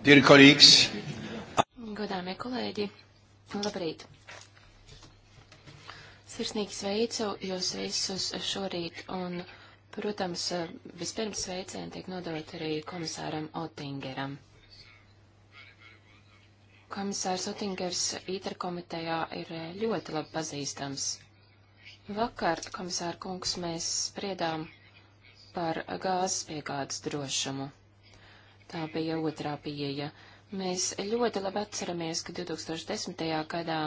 Dear colleagues. Godāmie kolēģi, labrīt. Sirsnīgi sveicu jūs visus šorīt un, protams, vispirms sveicieni tiek nodot arī komisāram Otingeram. Komisārs Otingers ITR komitejā ir ļoti labi pazīstams. Vakar, komisāra kungs, mēs spriedām par gāzes piegādes drošumu. Tā bija otrā pieeja. Mēs ļoti labi atceramies, ka 2010. gadā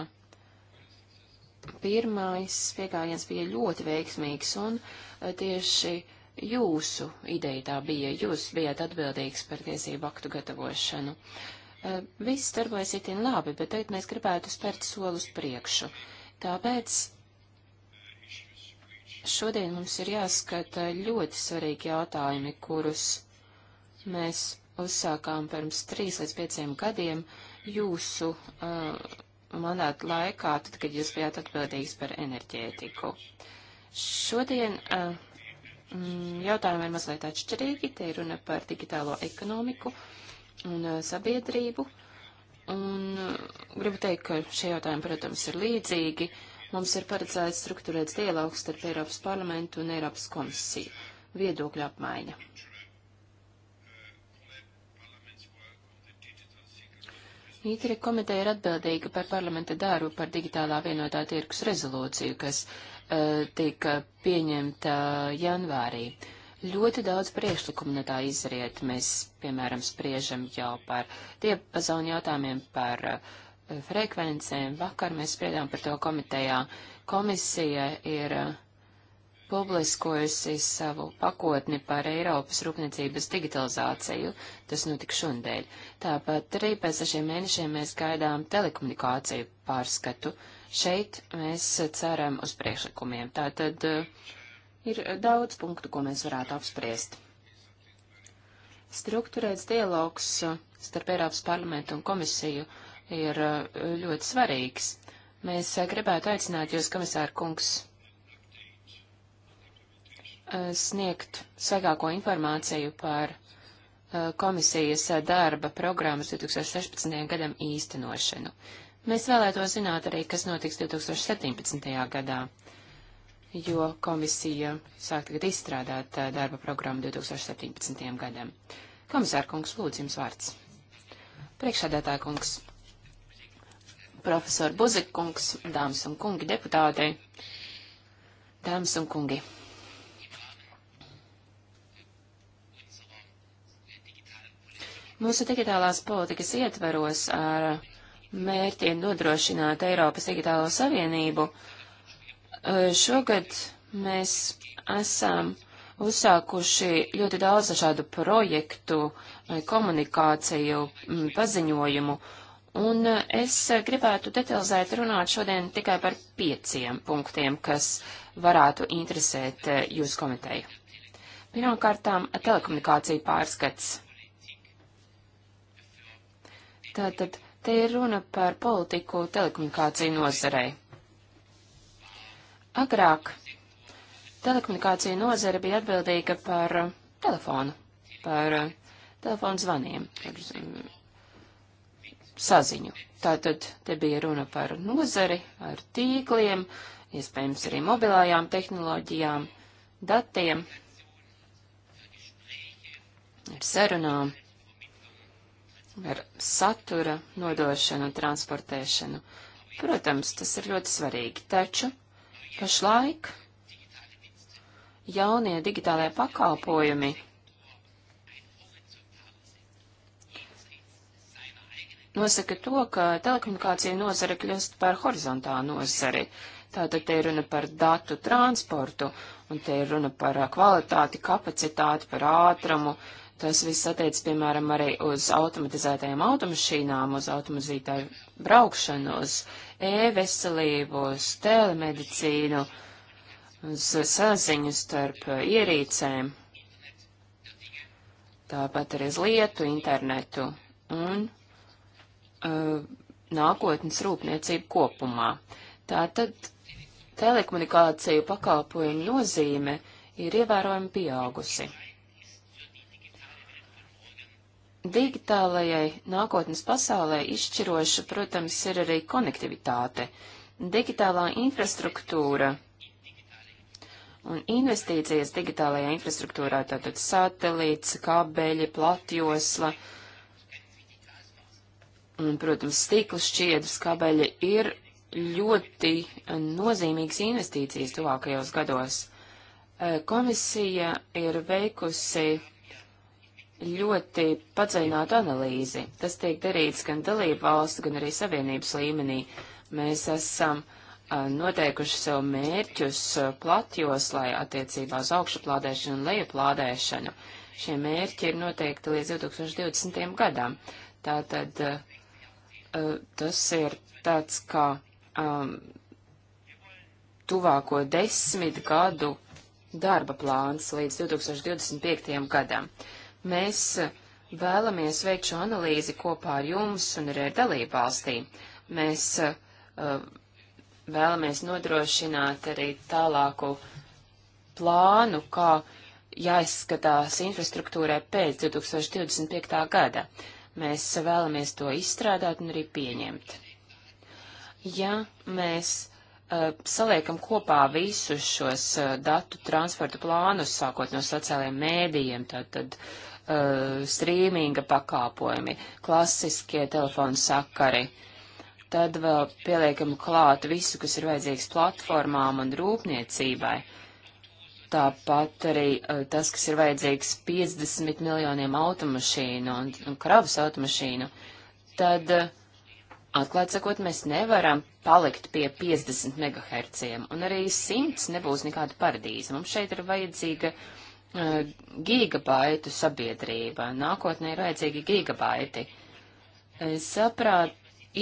pirmais pieejams bija ļoti veiksmīgs, un eh, tieši jūsu ideja tā bija. Jūs bijāt atbildīgs par tiesību aktu gatavošanu. Eh, viss darbojas itin labi, bet tagad mēs gribētu spērt solus priekšu. Tāpēc šodien mums ir jāskata ļoti svarīgi jautājumi, kurus mēs uzsākām pirms 3 līdz 5 gadiem jūsu uh, mandāta laikā, tad, kad jūs bijāt atbildīgs par enerģētiku. Šodien uh, mm, jautājumi ir mazliet atšķirīgi. Te ir runa par digitālo ekonomiku un uh, sabiedrību. Un uh, gribu teikt, ka šie jautājumi, protams, ir līdzīgi. Mums ir paredzēts struktūrēts dialogs starp Eiropas parlamentu un Eiropas komisiju. Viedokļa apmaiņa. Ītri komiteja ir atbildīga par parlamenta darbu par digitālā vienotā tirkus rezolūciju, kas uh, tika pieņemta eh, janvārī. Ļoti daudz priekšlikumu no tā izriet. Mēs, piemēram, spriežam jau par diapazonu jautājumiem, par uh, frekvencēm. Vakar mēs spriedām par to komitejā. Komisija ir uh, publiskojusi savu pakotni par Eiropas rūpniecības digitalizāciju. Tas notika šundēļ. Tāpat arī pēc sešiem mēnešiem mēs gaidām telekomunikāciju pārskatu. Šeit mēs ceram uz priekšlikumiem. Tātad eh, ir daudz punktu, ko mēs varētu apspriest. Struktūrēts dialogs eh, starp Eiropas parlamentu un komisiju ir eh, ļoti svarīgs. Mēs gribētu aicināt jūs, komisāra kungs, Uh, sniegt sagāko informāciju par uh, komisijas darba programmas 2016. gadam īstenošanu. Mēs vēlētos zināt arī, kas notiks 2017. gadā, jo komisija sāk tagad izstrādāt uh, darba programmu 2017. gadam. Komisāra kungs, lūdzu jums vārds. Priekšādātā kungs, profesor Buzek kungs, dāmas un kungi deputātei, dāmas un kungi. Mūsu digitālās politikas ietveros ar mērķi nodrošināt Eiropas digitālo savienību, eh, šogad mēs esam uzsākuši ļoti daudz dažādu projektu, eh, komunikāciju, mm, paziņojumu, un eh, es gribētu detalizēt runāt šodien tikai par pieciem punktiem, kas varētu interesēt jūs komiteju. Pirmkārtām, telekomunikācija pārskats. Tātad te ir runa par politiku telekomunikāciju nozarei. Agrāk telekomunikāciju nozare bija atbildīga par telefonu, par telefonu zvaniem, par saziņu. Tātad te bija runa par nozari ar tīkliem, iespējams arī mobilājām tehnoloģijām, datiem, ar sarunām ar satura nodošanu un transportēšanu. Protams, tas ir ļoti svarīgi, taču pašlaik jaunie digitālajie pakalpojumi nosaka to, ka telekomunikācija nozare kļūst par horizontālu nozari. Tātad te ir runa par datu transportu, un te ir runa par kvalitāti, kapacitāti, par ātrumu, uh, Tas viss attiec, piemēram, arī uz automatizētajām automašīnām, uz automazītāju braukšanu, uz e-veselību, uz telemedicīnu, uz saziņu starp ierīcēm, tāpat arī uz lietu, internetu un uh, nākotnes rūpniecību kopumā. Tātad telekomunikāciju pakalpojumu nozīme ir ievērojami pieaugusi. Digitālajai nākotnes pasaulē izšķiroša, protams, ir arī konektivitāte, digitālā infrastruktūra un investīcijas digitālajā infrastruktūrā, tātad satelīts, kabeļi, platjosla un, protams, stikla šķiedras kabeļi ir ļoti nozīmīgas investīcijas tuvākajos gados. Eh, komisija ir veikusi ļoti padziļinātu analīzi. Tas tiek darīts gan dalību valstu, gan arī savienības līmenī. Mēs esam uh, noteikuši sev mērķus uh, platjoslai attiecībā uz augšuplādēšanu un lejuplādēšanu. Šie mērķi ir noteikti līdz 2020. gadam. Tātad uh, tas ir tāds kā um, tuvāko desmit gadu darba plāns līdz 2025. gadam. Uh, Mēs eh, vēlamies veikt šo analīzi kopā ar jums un arī ar dalībvalstī. Mēs uh, vēlamies nodrošināt arī tālāku plānu, kā jāizskatās infrastruktūrai pēc 2025. gada. Mēs vēlamies to izstrādāt un arī pieņemt. Ja mēs saliekam kopā visus šos datu transporta plānus, sākot no sociālajiem mēdījiem, tātad uh, eh, strīminga pakāpojumi, klasiskie telefonu sakari. Tad vēl pieliekam klāt visu, kas ir vajadzīgs platformām un rūpniecībai. Tāpat arī uh, tas, kas ir vajadzīgs 50 miljoniem automašīnu un, un kravas automašīnu. Tad, uh, atklāt sakot, mēs nevaram palikt pie 50 MHz, un arī 100 nebūs nekāda paradīze. Mums šeit ir vajadzīga uh, Eh, gigabaitu sabiedrība. Nākotnē ir vajadzīgi gigabaiti. Eh, saprāt,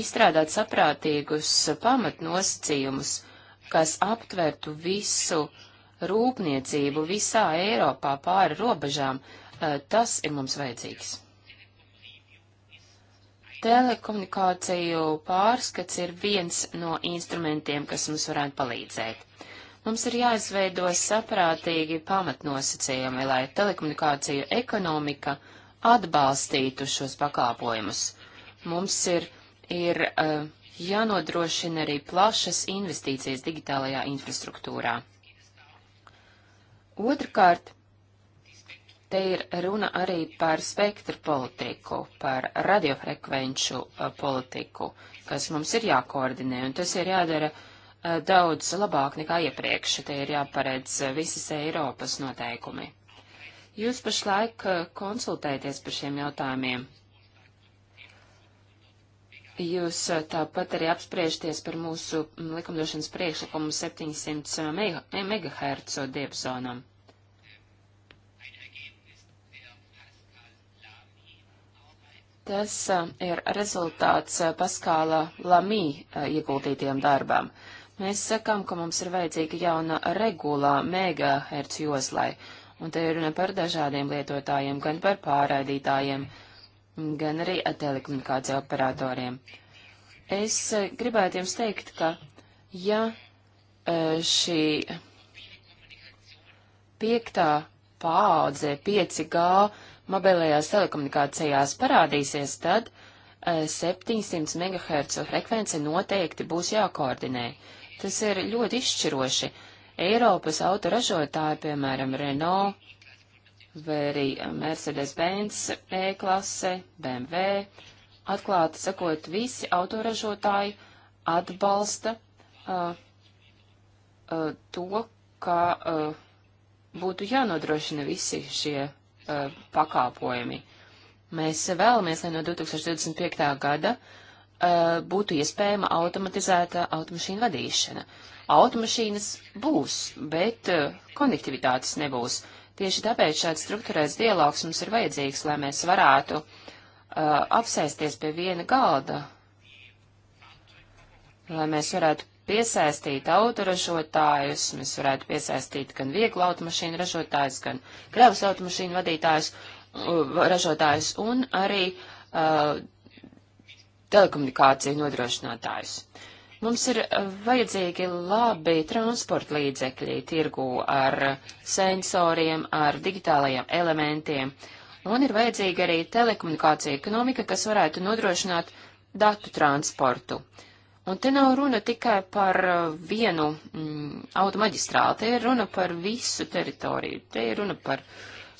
izstrādāt saprātīgus pamatnosacījumus, kas aptvertu visu rūpniecību visā Eiropā pāri robežām, eh, tas ir mums vajadzīgs. Telekomunikāciju pārskats ir viens no instrumentiem, kas mums varētu palīdzēt. Mums ir jāizveido saprātīgi pamatnosacījumi, lai telekomunikāciju ekonomika atbalstītu šos pakāpojumus. Mums ir, ir uh, jānodrošina arī plašas investīcijas digitālajā infrastruktūrā. Otrakārt, te ir runa arī par spektru politiku, par radiofrekvenču uh, politiku, kas mums ir jākoordinē, un tas ir jādara uh, Eh, daudz labāk nekā iepriekš. Te ir jāparedz eh, visas Eiropas noteikumi. Jūs pašlaik eh, konsultēties par šiem jautājumiem. Jūs tāpat arī apspriežties par mūsu mm, likumdošanas priekšlikumu 700 MHz diapazonam. Tas ir rezultāts Paskāla Lamī ieguldītiem darbām. Uh, Mēs sakām, ka mums ir vajadzīga jauna regulā megahertz joslai, un te ir runa par dažādiem lietotājiem, gan par pārraidītājiem, gan arī telekomunikāciju operatoriem. Es eh, gribētu jums teikt, ka ja eh, šī piektā paudze 5G mobilajās telekomunikācijās parādīsies, tad 700 eh, MHz frekvence noteikti būs jākoordinē. Tas ir ļoti izšķiroši. Eiropas autoražotāji, piemēram, Renault vai arī Mercedes-Benz E-klase, BMW, atklāti sakot, visi autoražotāji atbalsta uh, uh, to, ka uh, būtu jānodrošina visi šie uh, pakāpojumi. Mēs vēlamies, lai no 2025. gada uh, Uh, būtu iespējama automatizēta automašīna vadīšana. Automašīnas būs, bet uh, konektivitātes nebūs. Tieši tāpēc šāds struktūrēts dialogs mums ir vajadzīgs, lai mēs varētu uh, apsēsties pie viena galda, lai mēs varētu piesaistīt autoražotājus, mēs varētu piesaistīt gan vieglu automašīnu ražotājus, gan kravas automašīnu vadītājus, uh, ražotājus un arī uh, telekomunikāciju nodrošinātājus. Mums ir eh, vajadzīgi labi transporta līdzekļi tirgu ar sensoriem, ar digitālajiem elementiem, un ir vajadzīga arī telekomunikācija ekonomika, kas varētu nodrošināt datu transportu. Un te nav runa tikai par eh, vienu mm, automaģistrāli, te ir runa par visu teritoriju, te ir runa par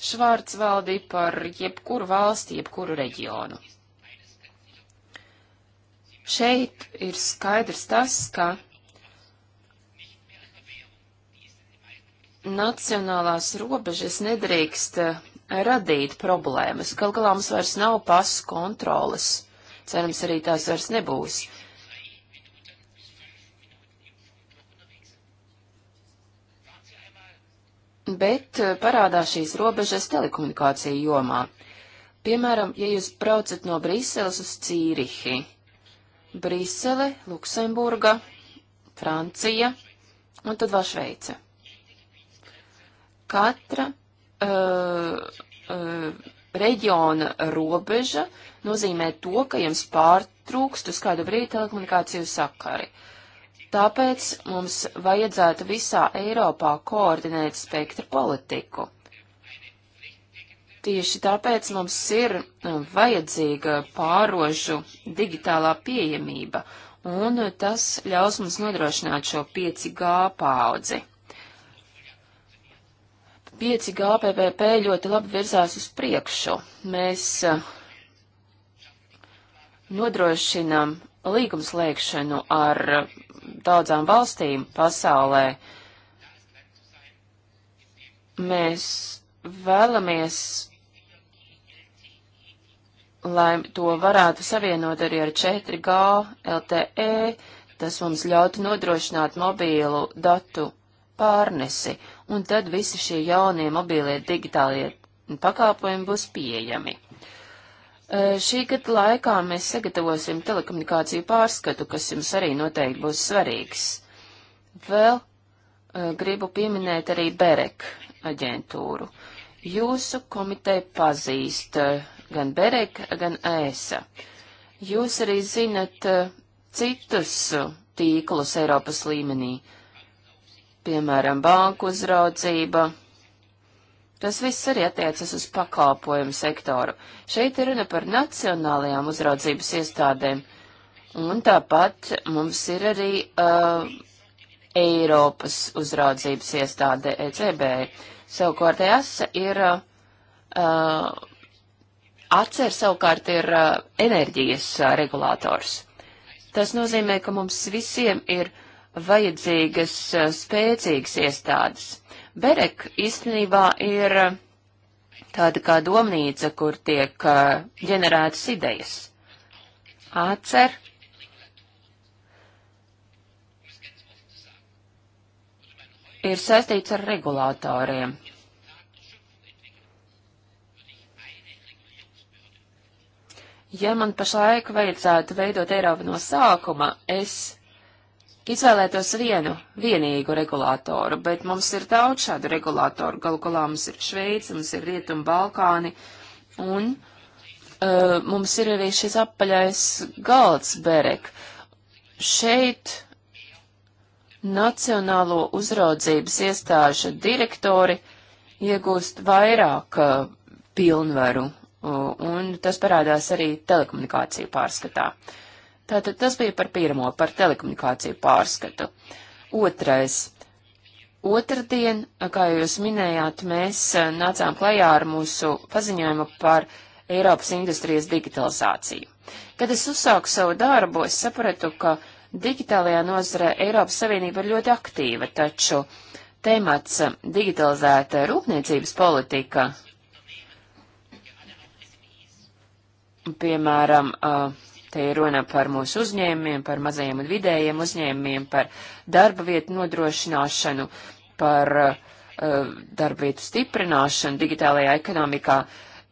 Švārdsvaldi, par jebkuru valsti, jebkuru reģionu. Šeit ir skaidrs tas, ka nacionālās robežas nedrīkst eh, radīt problēmas. Galu galā mums vairs nav pasu kontroles. Cerams, arī tās vairs nebūs. Bet eh, parādās šīs robežas telekomunikāciju jomā. Piemēram, ja jūs braucat no Brīseles uz Cīrihi, Brisele, Luksemburga, Francija un tad vēl Šveice. Katra uh, uh, reģiona robeža nozīmē to, ka jums pārtrūkst uz kādu brīdi telekomunikāciju sakari. Tāpēc mums vajadzētu visā Eiropā koordinēt spektra politiku. Tieši tāpēc mums ir um, vajadzīga pārožu digitālā pieejamība, un tas ļaus mums nodrošināt šo 5G paudzi. 5G PPP ļoti labi virzās uz priekšu. Mēs uh, nodrošinām līgumslēgšanu ar uh, daudzām valstīm pasaulē. Mēs vēlamies lai to varētu savienot arī ar 4G LTE, tas mums ļautu nodrošināt mobīlu datu pārnesi, un tad visi šie jaunie mobīlie digitālie pakalpojumi būs pieejami. Šī gada laikā mēs sagatavosim telekomunikāciju pārskatu, kas jums arī noteikti būs svarīgs. Vēl gribu pieminēt arī BEREK aģentūru. Jūsu komiteja pazīst uh, gan Berek, gan ESA. Jūs arī zinat eh, citus eh, tīklus Eiropas līmenī, piemēram, banku uzraudzība. Tas viss arī attiecas uz pakalpojumu sektoru. Šeit ir runa par nacionālajām uzraudzības iestādēm, un tāpat mums ir arī uh, Eiropas uzraudzības iestāde ECB. Savukārt EASA ir uh, Atcer savukārt ir enerģijas regulators. Tas nozīmē, ka mums visiem ir vajadzīgas spēcīgas iestādes. Berek īstenībā ir tāda kā domnīca, kur tiek ģenerētas idejas. Atcer ir saistīts ar regulātoriem. Ja man pašlaik vajadzētu veidot Eiropu no sākuma, es izvēlētos vienu, vienīgu regulātoru, bet mums ir daudz šādu regulātoru. Galu galā mums ir Šveica, mums ir Rietuma Balkāni, un uh, mums ir arī šis apaļais galds Berek. Šeit Nacionālo uzraudzības iestāžu direktori iegūst vairāk uh, pilnvaru un tas parādās arī telekomunikāciju pārskatā. Tātad tas bija par pirmo, par telekomunikāciju pārskatu. Otrais. Otradien, kā jūs minējāt, mēs eh, nācām klajā ar mūsu paziņojumu par Eiropas industrijas digitalizāciju. Kad es uzsāku savu darbu, es sapratu, ka digitālajā nozarē Eiropas Savienība ir ļoti aktīva, taču temats eh, digitalizēta rūpniecības politika Piemēram, uh, te ir runa par mūsu uzņēmumiem, par mazajiem un vidējiem uzņēmumiem, par darba vietu nodrošināšanu, par uh, darba vietu stiprināšanu digitālajā ekonomikā.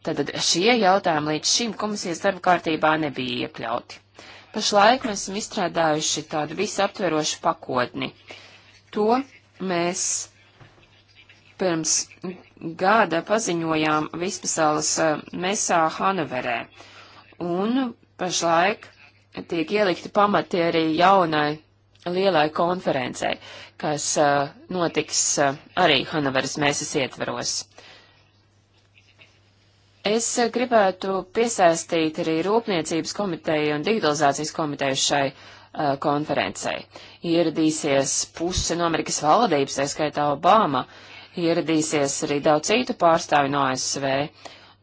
Tātad šie jautājumi līdz šim komisijas darba kārtībā nebija iekļauti. Pašlaik mēs esam izstrādājuši tādu visaptverošu pakotni. To mēs pirms gada paziņojām Vispasaules uh, mesā Hanoverē. Uh, Un pašlaik tiek ielikti pamati arī jaunai lielai konferencei, kas uh, notiks uh, arī Hanoveras mēsas ietveros. Es uh, gribētu piesaistīt arī Rūpniecības komiteju un digitalizācijas komiteju šai konferencei. Ieradīsies puse no Amerikas valdības, tā skaitā Obama, ieradīsies arī daudz citu pārstāvju no ASV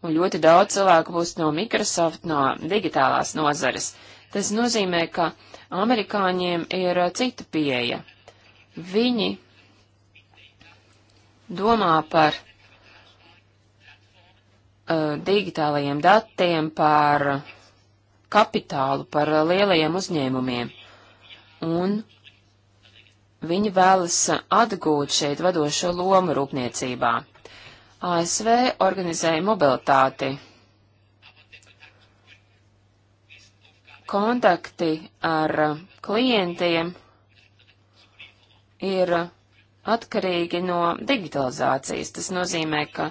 un ļoti daudz cilvēku būs no Microsoft, no digitālās nozares. Tas nozīmē, ka amerikāņiem ir uh, cita pieeja. Viņi domā par uh, digitālajiem datiem, par kapitālu, par uh, lielajiem uzņēmumiem. Un viņi vēlas uh, atgūt šeit vadošo lomu rūpniecībā. ASV organizēja mobilitāti. Kontakti ar klientiem ir atkarīgi no digitalizācijas. Tas nozīmē, ka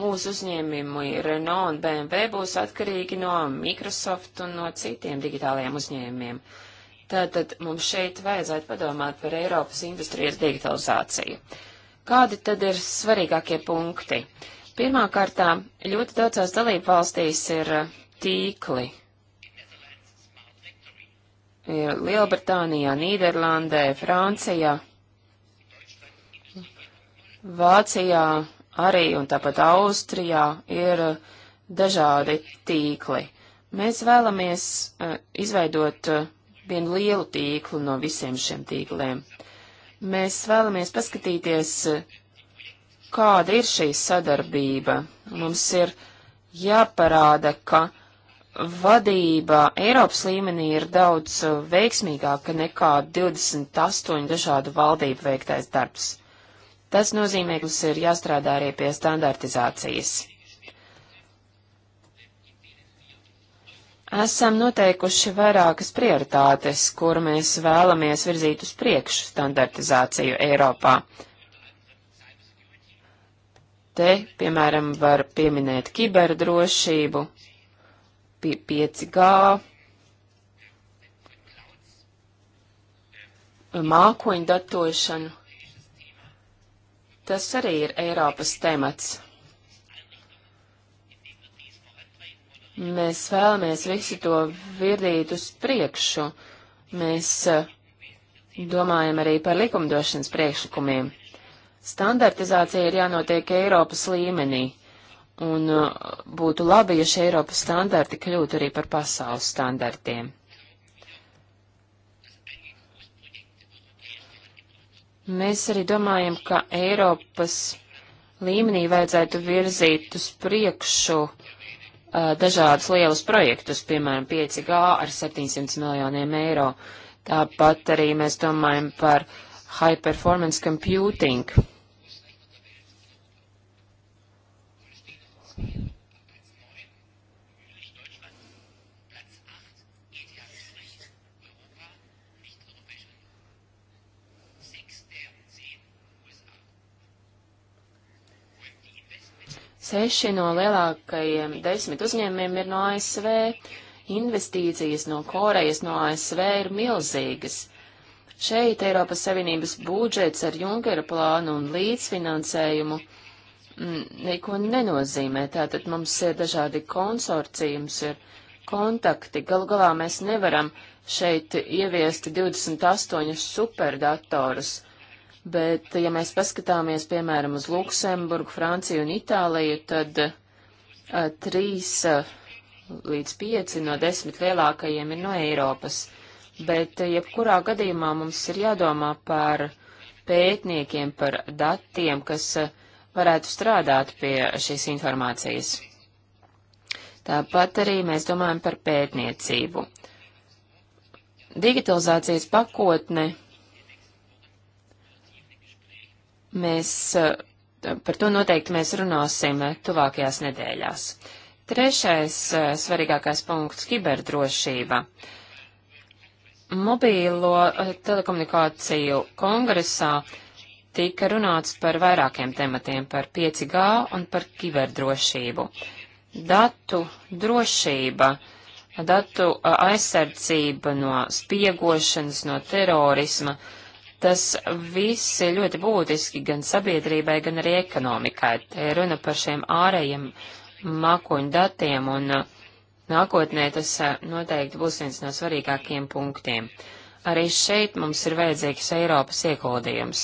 mūsu uzņēmumi Renault un BMW būs atkarīgi no Microsoft un no citiem digitālajiem uzņēmumiem. Tātad mums šeit vajadzētu padomāt par Eiropas industrijas digitalizāciju. Uh, Kādi tad ir svarīgākie punkti? Pirmkārtā, ļoti daudzās dalību valstīs ir eh, tīkli. Ir Lielbritānijā, Nīderlandē, Francijā, Vācijā arī un tāpat Austrijā ir eh, dažādi tīkli. Mēs vēlamies uh, izveidot uh, vienu lielu tīklu no visiem šiem tīkliem. Mēs vēlamies paskatīties, kāda ir šī sadarbība. Mums ir jāparāda, ka vadība Eiropas līmenī ir daudz veiksmīgāka nekā 28 dažādu valdību veiktais darbs. Tas nozīmē, ka mums ir jāstrādā arī pie standartizācijas. esam noteikuši vairākas prioritātes, kur mēs vēlamies virzīt uz priekšu standartizāciju Eiropā. Te, piemēram, var pieminēt kiberdrošību, 5G, mākoņu datošanu. Tas arī ir Eiropas temats. Mēs vēlamies visu to virdīt uz priekšu. Mēs eh, domājam arī par likumdošanas priekšlikumiem. Standartizācija ir jānotiek Eiropas līmenī, un eh, būtu labi, ja šie Eiropas standarti kļūtu arī par pasaules standartiem. Mēs arī domājam, ka Eiropas līmenī vajadzētu virzīt uz priekšu uh, Uh, dažādus lielus projektus, piemēram, 5G ar 700 miljoniem eiro. Tāpat arī mēs domājam par high performance computing. Seši no lielākajiem desmit uzņēmumiem ir no ASV. Investīcijas no Korejas, no ASV ir milzīgas. Šeit Eiropas Savienības budžets ar Junkera plānu un līdzfinansējumu mm, neko nenozīmē. Tātad mums ir dažādi konsorcijums, ir kontakti. Galu galā mēs nevaram šeit ieviest 28 superdatorus bet, ja mēs paskatāmies, piemēram, uz Luksemburgu, Franciju un Itāliju, tad trīs līdz pieci no desmit lielākajiem ir no Eiropas. Bet jebkurā gadījumā mums ir jādomā par pētniekiem, par datiem, kas varētu strādāt pie šīs informācijas. Tāpat arī mēs domājam par pētniecību. Digitalizācijas pakotne Mēs eh, par to noteikti mēs runāsim eh, tuvākajās nedēļās. Trešais eh, svarīgākais punkts - kiberdrošība. Mobīlo telekomunikāciju kongresā tika runāts par vairākiem tematiem - par 5G un par kiberdrošību. Datu drošība datu aizsardzība no spiegošanas, no terorisma. Tas viss ir ļoti būtiski gan sabiedrībai, gan arī ekonomikai. Te runa par šiem ārējiem mākoņu datiem, un uh, nākotnē tas uh, noteikti būs viens no svarīgākiem punktiem. Arī šeit mums ir vajadzīgs Eiropas ieguldījums.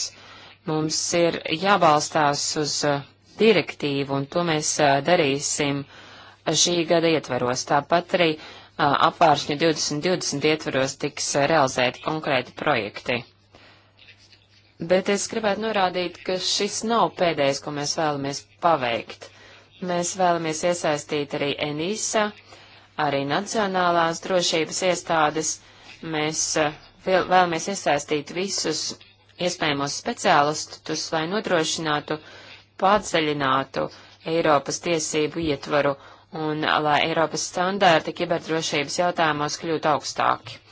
Mums ir jābalstās uz uh, direktīvu, un to mēs darīsim šī gada ietveros. Tāpat arī apvāršņu 2020 ietveros tiks realizēti konkrēti projekti. Bet es gribētu norādīt, ka šis nav pēdējais, ko mēs vēlamies paveikt. Mēs vēlamies iesaistīt arī ENISA, arī Nacionālās drošības iestādes. Mēs eh, vēlamies iesaistīt visus iespējamos speciālistus, lai nodrošinātu, padziļinātu Eiropas tiesību ietvaru un lai Eiropas standārti kiberdrošības jautājumos kļūtu augstāki.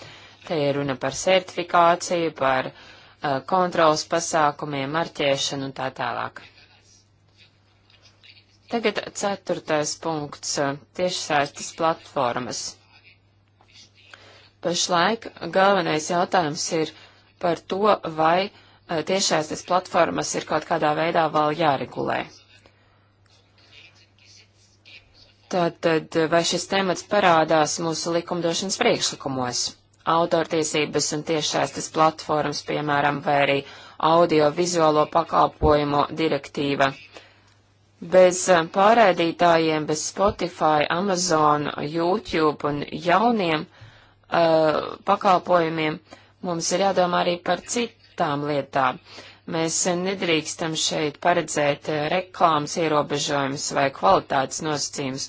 Te ir runa par sertifikāciju, par uh, Uh, kontrolas pasākumiem, marķēšanu un tā tālāk. Tagad ceturtais punkts uh, - tiešsaistes platformas. Pašlaik galvenais jautājums ir par to, vai uh, tiešsaistes platformas ir kaut kādā veidā vēl jāregulē. Tātad, vai šis temats parādās mūsu likumdošanas priekšlikumos? autortiesības un tiešsaistes platformas, piemēram, vai arī audio-vizuālo pakalpojumu direktīva. Bez eh, pārēdītājiem, bez Spotify, Amazon, YouTube un jauniem uh, pakalpojumiem mums ir jādomā arī par citām lietām. Mēs eh, nedrīkstam šeit paredzēt reklāmas ierobežojumus vai kvalitātes nosacījumus.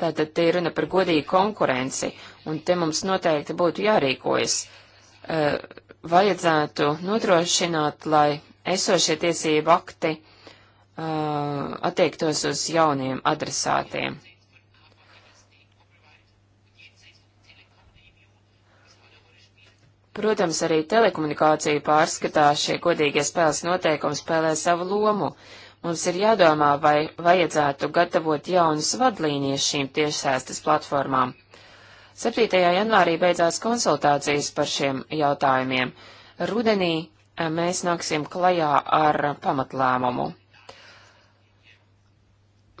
Tātad te ir runa par godīgu konkurenci un te mums noteikti būtu jārīkojas. E, vajadzētu nodrošināt, lai esošie tiesību akti e, attiektos uz jauniem adresātiem. Protams, arī telekomunikāciju pārskatā šie godīgie spēles noteikumi spēlē savu lomu. Mums ir jādomā, vai vajadzētu gatavot jaunas vadlīnijas šīm tiešsēstas platformām. 7. janvārī beidzās konsultācijas par šiem jautājumiem. Rudenī eh, mēs nāksim klajā ar pamatlēmumu.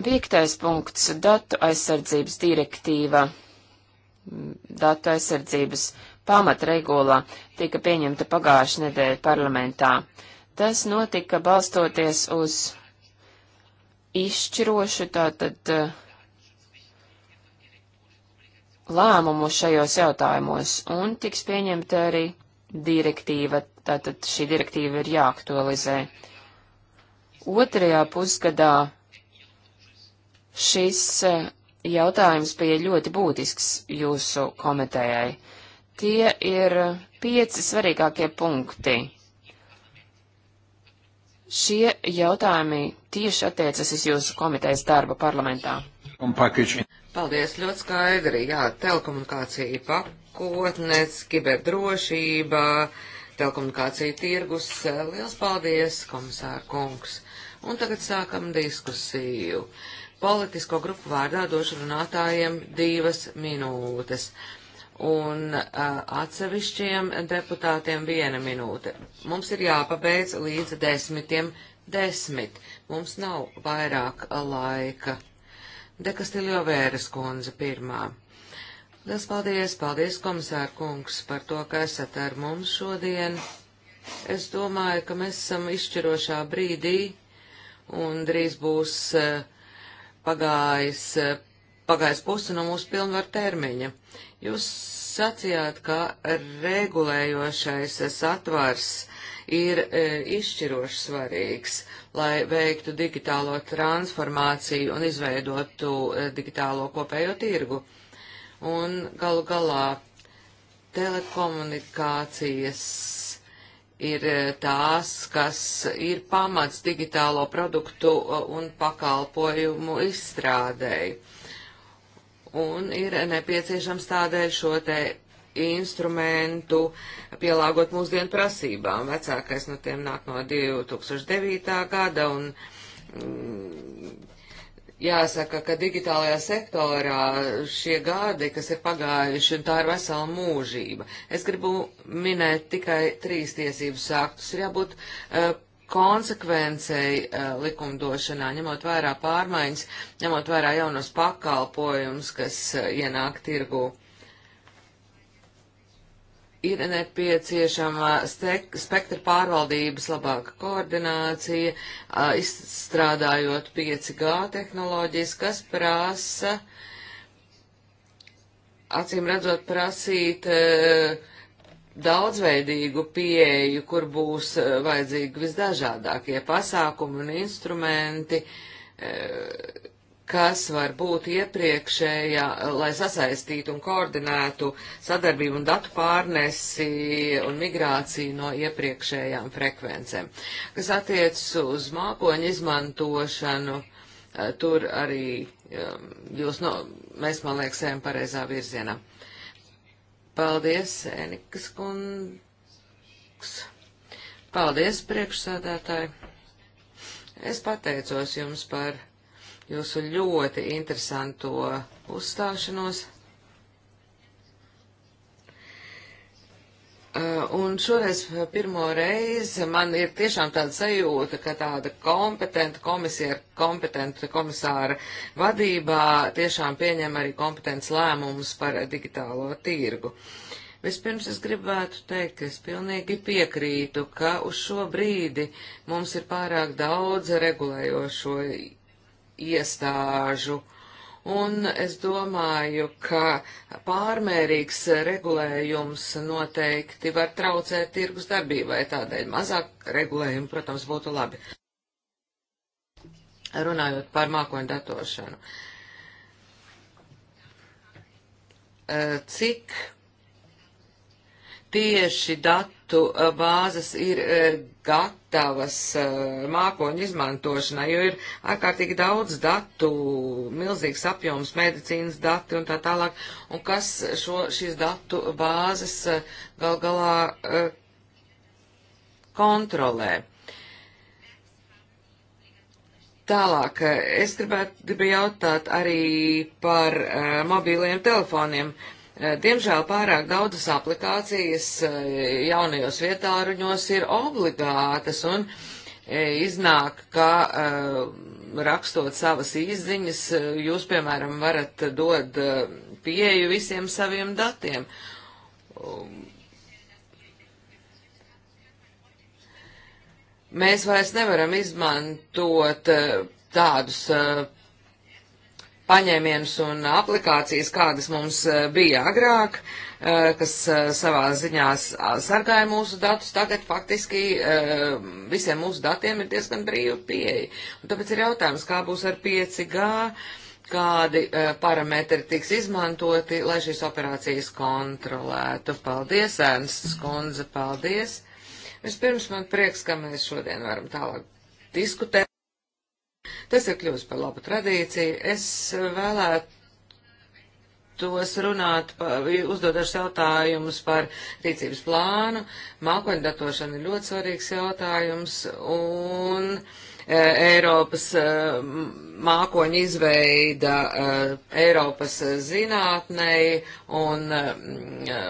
Piektais punkts - datu aizsardzības direktīva. Datu aizsardzības pamatregulā tika pieņemta pagājušajā nedēļa parlamentā. Tas notika balstoties uz izšķirošu tātad uh, lēmumu šajos jautājumos, un tiks pieņemta arī direktīva, tātad šī direktīva ir jāaktualizē. Otrajā pusgadā šis e, jautājums bija ļoti būtisks jūsu komitējai. Tie ir pieci svarīgākie punkti. Šie jautājumi tieši attiecas uz jūsu komitejas darba parlamentā. Paldies, ļoti skaidri. Jā, telekomunikācija pakotnes, kiberdrošība, telekomunikācija tirgus. Liels paldies, komisāra kungs. Un tagad sākam diskusiju. Politisko grupu vārdā došu runātājiem divas minūtes. Un uh, atsevišķiem deputātiem viena minūte. Mums ir jāpabeidz līdz desmitiem desmit. Mums nav vairāk laika. Dekastiljo Vēras kundze pirmā. Liels paldies, paldies, komisāra kungs, par to, ka esat ar mums šodien. Es domāju, ka mēs esam izšķirošā brīdī, un drīz būs eh, pagājis, eh, pagājis pusi no mūsu pilnvaru termiņa. Jūs sacījāt, ka regulējošais satvars ir e, eh, izšķiroši svarīgs, lai veiktu digitālo transformāciju un izveidotu e, digitālo kopējo tirgu. Un galu galā telekomunikācijas ir e, tās, kas ir pamats digitālo produktu e, un pakalpojumu izstrādēji. Un ir nepieciešams tādēļ šo te instrumentu pielāgot mūsdienu prasībām. Vecākais no tiem nāk no 2009. gada un mm, jāsaka, ka digitālajā sektorā šie gadi, kas ir pagājuši, un tā ir vesela mūžība. Es gribu minēt tikai trīs tiesības aktus. Ir jābūt uh, konsekvencei uh, likumdošanā, ņemot vērā pārmaiņas, ņemot vērā jaunos pakalpojumus, kas uh, ienāk tirgū ir nepieciešama spektra pārvaldības labāka koordinācija, izstrādājot 5G tehnoloģijas, kas prasa, acīm redzot, prasīt e, daudzveidīgu pieeju, kur būs e, vajadzīgi visdažādākie pasākumi un instrumenti, e, kas var būt iepriekšējā, lai sasaistītu un koordinētu sadarbību un datu pārnesi un migrāciju no iepriekšējām frekvencēm. Kas attiecas uz mākoņu izmantošanu, eh, tur arī um, jūs, no, mēs, man liekas, ejam pareizā virzienā. Paldies, Enikas kungs. Paldies, priekšsādātāji. Es pateicos jums par jūsu ļoti interesanto uzstāšanos. Uh, un šoreiz pirmo reizi man ir tiešām tāda sajūta, ka tāda kompetenta komisija ar kompetenta komisāra vadībā tiešām pieņem arī kompetents lēmumus par digitālo tirgu. Vispirms es gribētu teikt, ka es pilnīgi piekrītu, ka uz šo brīdi mums ir pārāk daudz regulējošo iestāžu. Un es domāju, ka pārmērīgs regulējums noteikti var traucēt tirgus darbībai, tādēļ mazāk regulējumu, protams, būtu labi. Runājot par mākoņu datošanu. Eh, cik tieši datu eh, bāzes ir eh, gatavas eh, mākoņu izmantošanai, jo ir ārkārtīgi daudz datu, milzīgs apjoms, medicīnas dati un tā tālāk, un kas šo, šīs datu bāzes gal galā kontrolē. Tālāk, es gribētu gribu jautāt arī par uh, mobīliem telefoniem. Eh, diemžēl pārāk daudzas aplikācijas eh, jaunajos vietāruņos ir obligātas un eh, iznāk, ka rakstot savas izziņas, jūs, piemēram, varat dod pieeju visiem saviem datiem. Mēs vairs nevaram izmantot tādus paņēmienus un aplikācijas, kādas mums eh, bija agrāk, eh, kas eh, savā ziņā sargāja mūsu datus, tagad faktiski visiem mūsu datiem ir diezgan brīva pieeja. Un tāpēc ir jautājums, kā būs ar 5G, kādi parametri tiks izmantoti, lai šīs operācijas kontrolētu. Paldies, Ernsts Skundze, paldies! Vispirms man prieks, ka mēs šodien varam tālāk diskutēt. Tas ir kļuvis par labu tradīciju. Es vēlētos runāt, uzdot dažus jautājumus par rīcības plānu. Mākoņdatošana ir ļoti svarīgs jautājums, un E, Eiropas e, mākoņa izveida e, Eiropas zinātnei un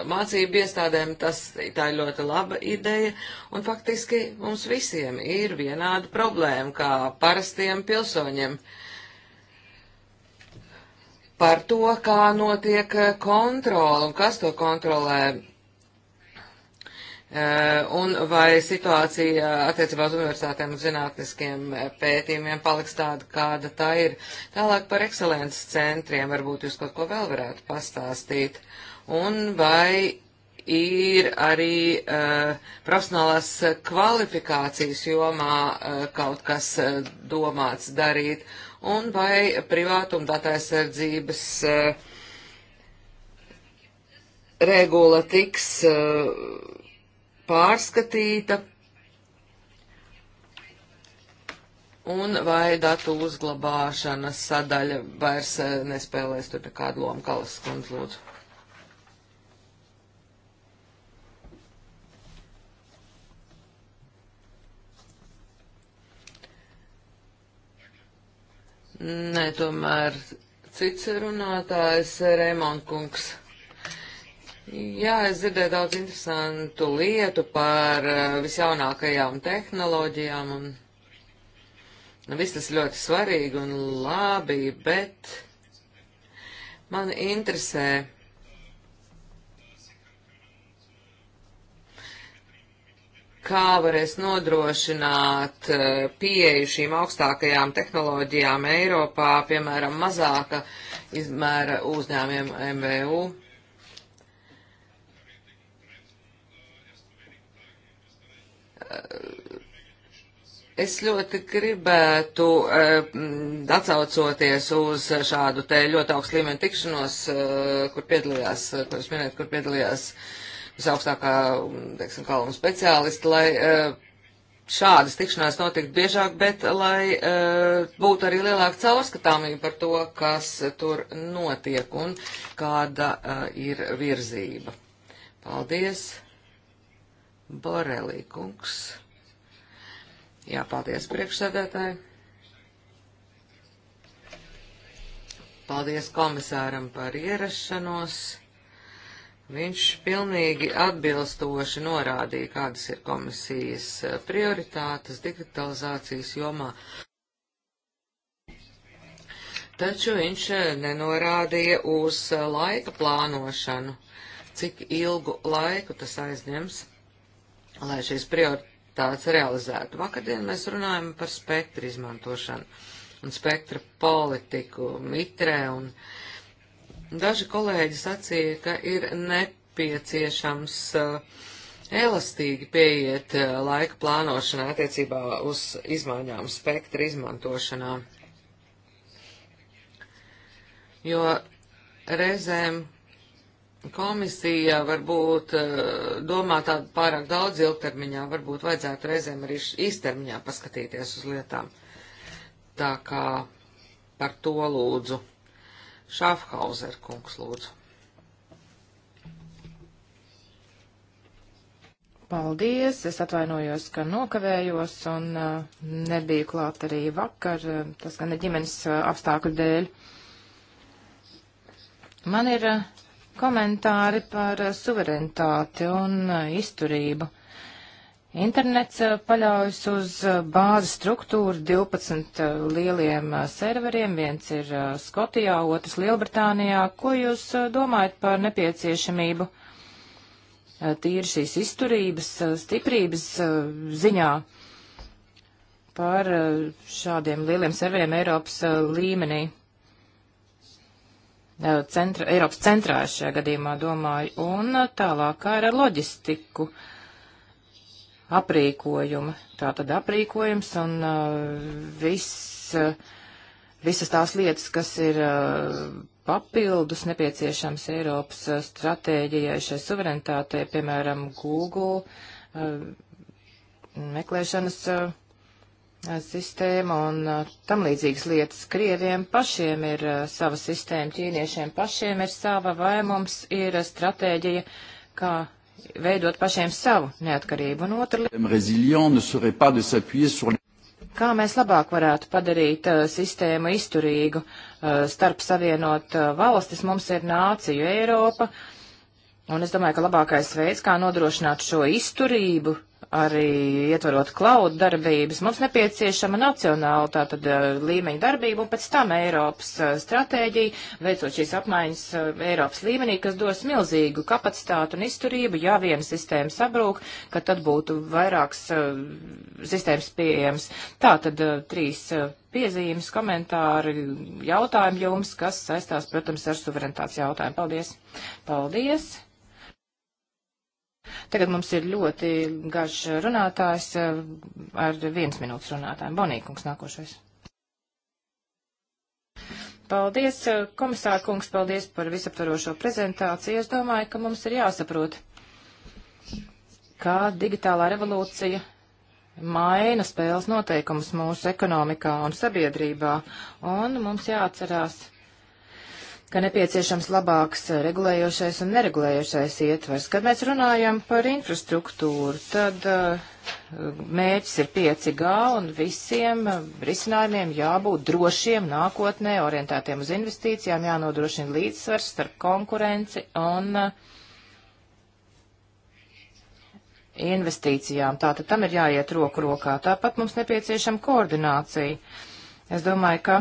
mācību iestādēm, tas tā ir ļoti laba ideja, un faktiski mums visiem ir vienāda problēma, kā parastiem pilsoņiem. Par to, kā notiek kontrola un kas to kontrolē Eh, un vai situācija eh, attiecībā uz universitātēm un zinātniskiem eh, pētījumiem paliks tāda, kāda tā ir? Tālāk par ekscelences centriem varbūt jūs kaut ko vēl varētu pastāstīt. Un vai ir arī uh, profesionālās kvalifikācijas jomā uh, kaut kas uh, domāts darīt? Un vai privātuma datu aizsardzības regula tiks pārskatīta un vai datu uzglabāšanas sadaļa vairs eh, nespēlēs tur nekādu lomu. Kalas skundz, lūdzu. Nē, tomēr cits runātājs Rēmonkungs. kungs. Jā, es dzirdēju daudz interesantu lietu par eh, visjaunākajām tehnoloģijām, un nu, viss tas ļoti svarīgi un labi, bet man interesē. Kā varēs nodrošināt eh, pieeju šīm augstākajām tehnoloģijām Eiropā, piemēram, mazāka izmēra uzņēmiem MVU? Es ļoti gribētu, eh, atsaucoties uz šādu te ļoti augstu līmeni tikšanos, eh, kur piedalījās, kur es minēju, kur piedalījās visaugstākā, teiksim, kalnu speciālisti, lai eh, šādas tikšanās notiktu biežāk, bet lai būtu arī lielāka caurskatāmība par to, kas tur notiek un kāda ir virzība. Paldies! Borelī kungs. Jā, paldies priekšsēdētāji. Paldies komisāram par ierašanos. Viņš pilnīgi atbilstoši norādīja, kādas ir komisijas eh, prioritātes digitalizācijas jomā. Taču viņš eh, nenorādīja uz eh, laika plānošanu, cik ilgu laiku tas aizņems lai šīs prioritātes realizētu. Vakardien mēs runājam par spektru izmantošanu un spektra politiku mitrē, un daži kolēģi sacīja, ka ir nepieciešams uh, elastīgi pieiet uh, laika plānošanā attiecībā uz izmaiņām spektra izmantošanā. Jo reizēm Komisija varbūt eh, domā tādu pārāk daudz ilgtermiņā, varbūt vajadzētu reizēm arī īstermiņā paskatīties uz lietām. Tā kā par to lūdzu. Šāfhauser kungs lūdzu. Paldies, es atvainojos, ka nokavējos un eh, nebiju klāt arī vakar, eh, tas gan ir ģimenes apstākļu dēļ. Man ir uh, komentāri par eh, suverenitāti un eh, izturību. Internets eh, paļaujas uz bāzes struktūru 12 lieliem serveriem, viens ir Skotijā, otrs Lielbritānijā. Ko jūs domājat par nepieciešamību tīri šīs izturības, stiprības ziņā par šādiem lieliem serveriem Eiropas līmenī? centra, Eiropas centrā es šajā gadījumā domāju, un tālākā ir ar loģistiku aprīkojumu. Tā tad aprīkojums un uh, viss, uh, visas tās lietas, kas ir uh, papildus nepieciešams Eiropas stratēģijai šai suverenitātei, piemēram, Google meklēšanas sistēma un tam līdzīgas lietas. Krieviem pašiem ir sava sistēma, ķīniešiem pašiem ir sava, vai mums ir stratēģija, kā veidot pašiem savu neatkarību. Un otra Kā mēs labāk varētu padarīt uh, sistēmu izturīgu uh, starp savienot uh, valstis, mums ir nāciju Eiropa, un es domāju, ka labākais veids, kā nodrošināt šo izturību arī ietvarot cloud darbības, mums nepieciešama nacionāla tātad eh, līmeņa darbība un pēc tam Eiropas eh, stratēģija, veicot šīs apmaiņas eh, Eiropas līmenī, kas dos milzīgu kapacitātu un izturību, ja viena sistēma sabrūk, ka tad būtu vairāks sistēmas pieejams. Tātad trīs piezīmes, komentāri, jautājumi jums, kas saistās, protams, ar suverenitātes jautājumu. Paldies! Paldies! Tagad mums ir ļoti garš runātājs eh, ar viens minūtes runātājiem. Bonīkungs nākošais. Paldies, eh, komisāra kungs, paldies par visaptvarošo prezentāciju. Es domāju, ka mums ir jāsaprot, kā digitālā revolūcija maina spēles noteikumus mūsu ekonomikā un sabiedrībā, un mums jāatcerās ka nepieciešams labāks eh, regulējošais un neregulējošais ietvers. Kad mēs runājam par infrastruktūru, tad eh, mērķis ir 5G un visiem eh, risinājumiem jābūt drošiem nākotnē, orientētiem uz investīcijām, jānodrošina līdzsvars starp konkurenci un investīcijām. Tātad tam ir jāiet roku rokā. Tāpat mums nepieciešama koordinācija. Es domāju, ka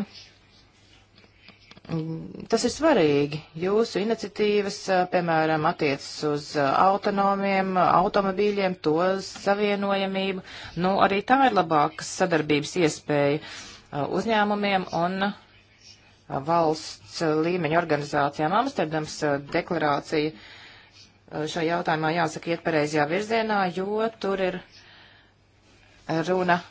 Mm, tas ir svarīgi. Jūsu iniciatīvas, piemēram, attiecas uz autonomiem automobīļiem, to savienojamību. Nu, arī tā ir labākas sadarbības iespēja uzņēmumiem un valsts līmeņa organizācijām. Amsterdams deklarācija šajā jautājumā jāsaka iet pareizajā virzienā, jo tur ir runa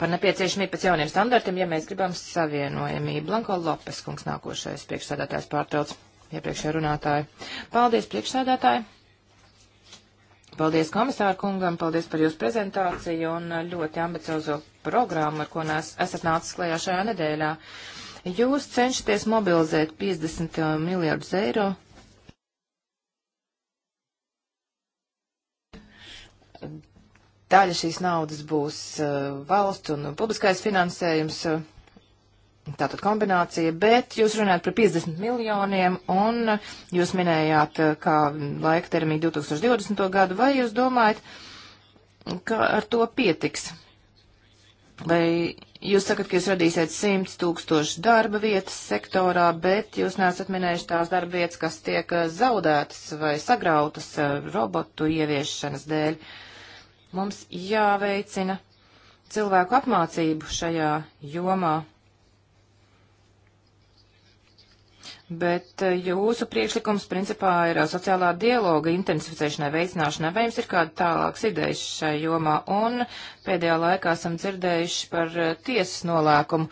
par nepieciešamību pēc jauniem standartiem, ja mēs gribam savienojamību. Blanko Lopes kungs nākošais priekšsēdētājs pārtrauc iepriekšējā runātāja. Paldies priekšsēdētāji! Paldies komisāru kungam, paldies par jūsu prezentāciju un ļoti ambiciozo programmu, ar ko nes, esat nācis klajā šajā nedēļā. Jūs cenšaties mobilizēt 50 uh, miljardus eiro daļa šīs naudas būs uh, valsts un publiskais finansējums, uh, tātad kombinācija, bet jūs runājat par 50 miljoniem un uh, jūs minējāt, kā laika termiņu 2020. gadu, vai jūs domājat, ka ar to pietiks? Vai jūs sakat, ka jūs radīsiet 100 tūkstoši darba vietas sektorā, bet jūs neesat minējuši tās darba vietas, kas tiek zaudētas vai sagrautas robotu ieviešanas dēļ? Uh, Mums jāveicina cilvēku apmācību šajā jomā. Bet eh, jūsu priekšlikums principā ir eh, sociālā dialoga intensificēšanai, veicināšanai, vai jums ir kāda tālāks idejas šai jomā? Un pēdējā laikā esam dzirdējuši par eh, tiesas nolēkumu,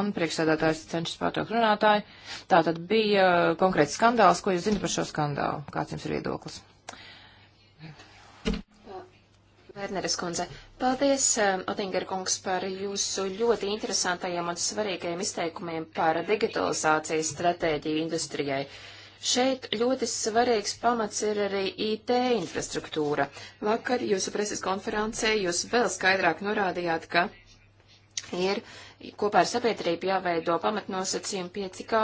un priekšsēdētājs cenšas pārtraukt runātāju. Tā tad bija konkrēts skandāls, ko jūs zinat par šo skandālu? Kāds jums ir viedoklis? Vērneres kundze, paldies, um, Otinger kungs, par jūsu ļoti interesantajiem un svarīgajiem izteikumiem par digitalizācijas stratēģiju industrijai. Šeit ļoti svarīgs pamats ir arī IT infrastruktūra. Vakar jūsu preses konferencē jūs vēl skaidrāk norādījāt, ka ir kopā ar sabiedrību jāveido pamatnosacījumi 5K.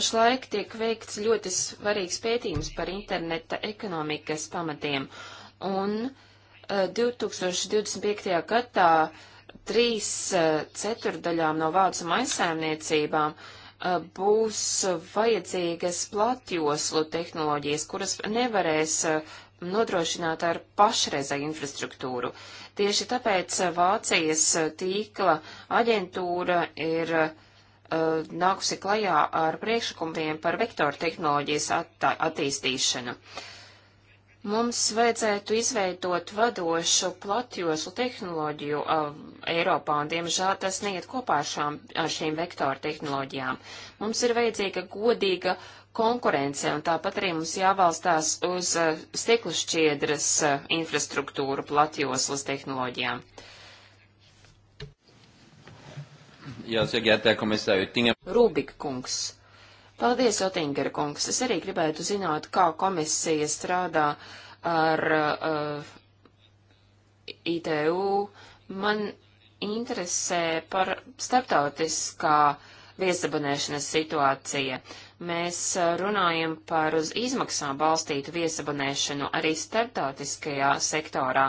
Pašlaik tiek veikts ļoti svarīgs pētījums par interneta ekonomikas pamatiem. Un uh, 2025. Eh, gadā trīs eh, ceturdaļām no vācu maisēmniecībām eh, būs vajadzīgas platjoslu tehnoloģijas, kuras nevarēs nodrošināt ar pašreizēju infrastruktūru. Tieši tāpēc Vācijas tīkla aģentūra ir uh, nākusi klajā ar priekšlikumiem par vektoru tehnoloģijas attā, attīstīšanu. Uh, Mums vajadzētu izveidot vadošu platjoslu tehnoloģiju uh, Eiropā, un diemžēl tas neiet kopā ar, šām, ar šīm vektoru tehnoloģijām. Mums ir vajadzīga godīga konkurence, un tāpat arī mums jābalstās uz uh, stikla šķiedras uh, infrastruktūru platjoslas tehnoloģijām. Jā, sehr geehrter Kommissar Oettinger. Rubik kungs. Paldies, Otingera kungs. Es arī gribētu zināt, kā komisija strādā ar uh, ITU. Man interesē par starptautiskā viesabonēšanas situācija. Mēs uh, runājam par uz izmaksām balstītu viesabonēšanu arī starptautiskajā sektorā.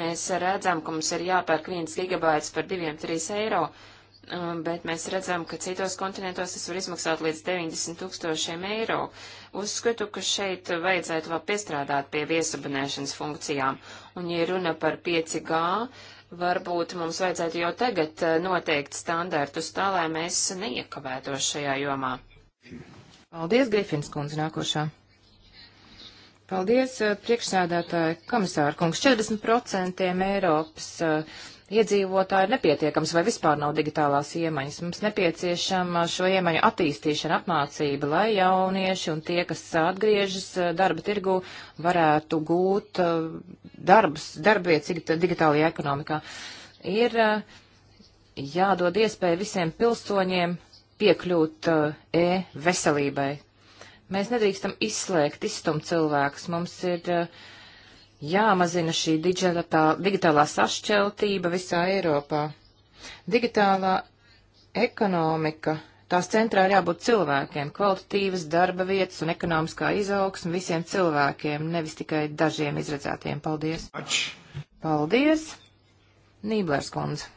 Mēs redzam, ka mums ir jāpērk viens gigabaits par 2-3 eiro Um, bet mēs redzam, ka citos kontinentos tas var izmaksāt līdz 90 tūkstošiem eiro. Uzskatu, ka šeit vajadzētu vēl piestrādāt pie viesabunēšanas funkcijām. Un, ja runa par 5G, varbūt mums vajadzētu jau tagad uh, noteikt standartus tā, lai mēs neiekavētos šajā jomā. Paldies, Grifins kundze, nākošā. Paldies, uh, priekšsēdētāji, komisāra kungs. 40% Eiropas uh, iedzīvotāju ir nepietiekams vai vispār nav digitālās iemaņas. Mums nepieciešama šo iemaņu attīstīšana, apmācība, lai jaunieši un tie, kas atgriežas eh, darba tirgu, varētu gūt eh, darbus, darbvietas digitālajā ekonomikā. Ir eh, jādod iespēja visiem pilsoņiem piekļūt e-veselībai. Mēs nedrīkstam izslēgt, izstumt cilvēkus. Mums ir uh, jāmazina šī diģelatā, digitālā sašķeltība visā Eiropā. Digitālā ekonomika, tās centrā ir jābūt cilvēkiem, kvalitatīvas darba vietas un ekonomiskā izaugsme visiem cilvēkiem, nevis tikai dažiem izredzētiem. Paldies! Paldies! Nīblērs kundze!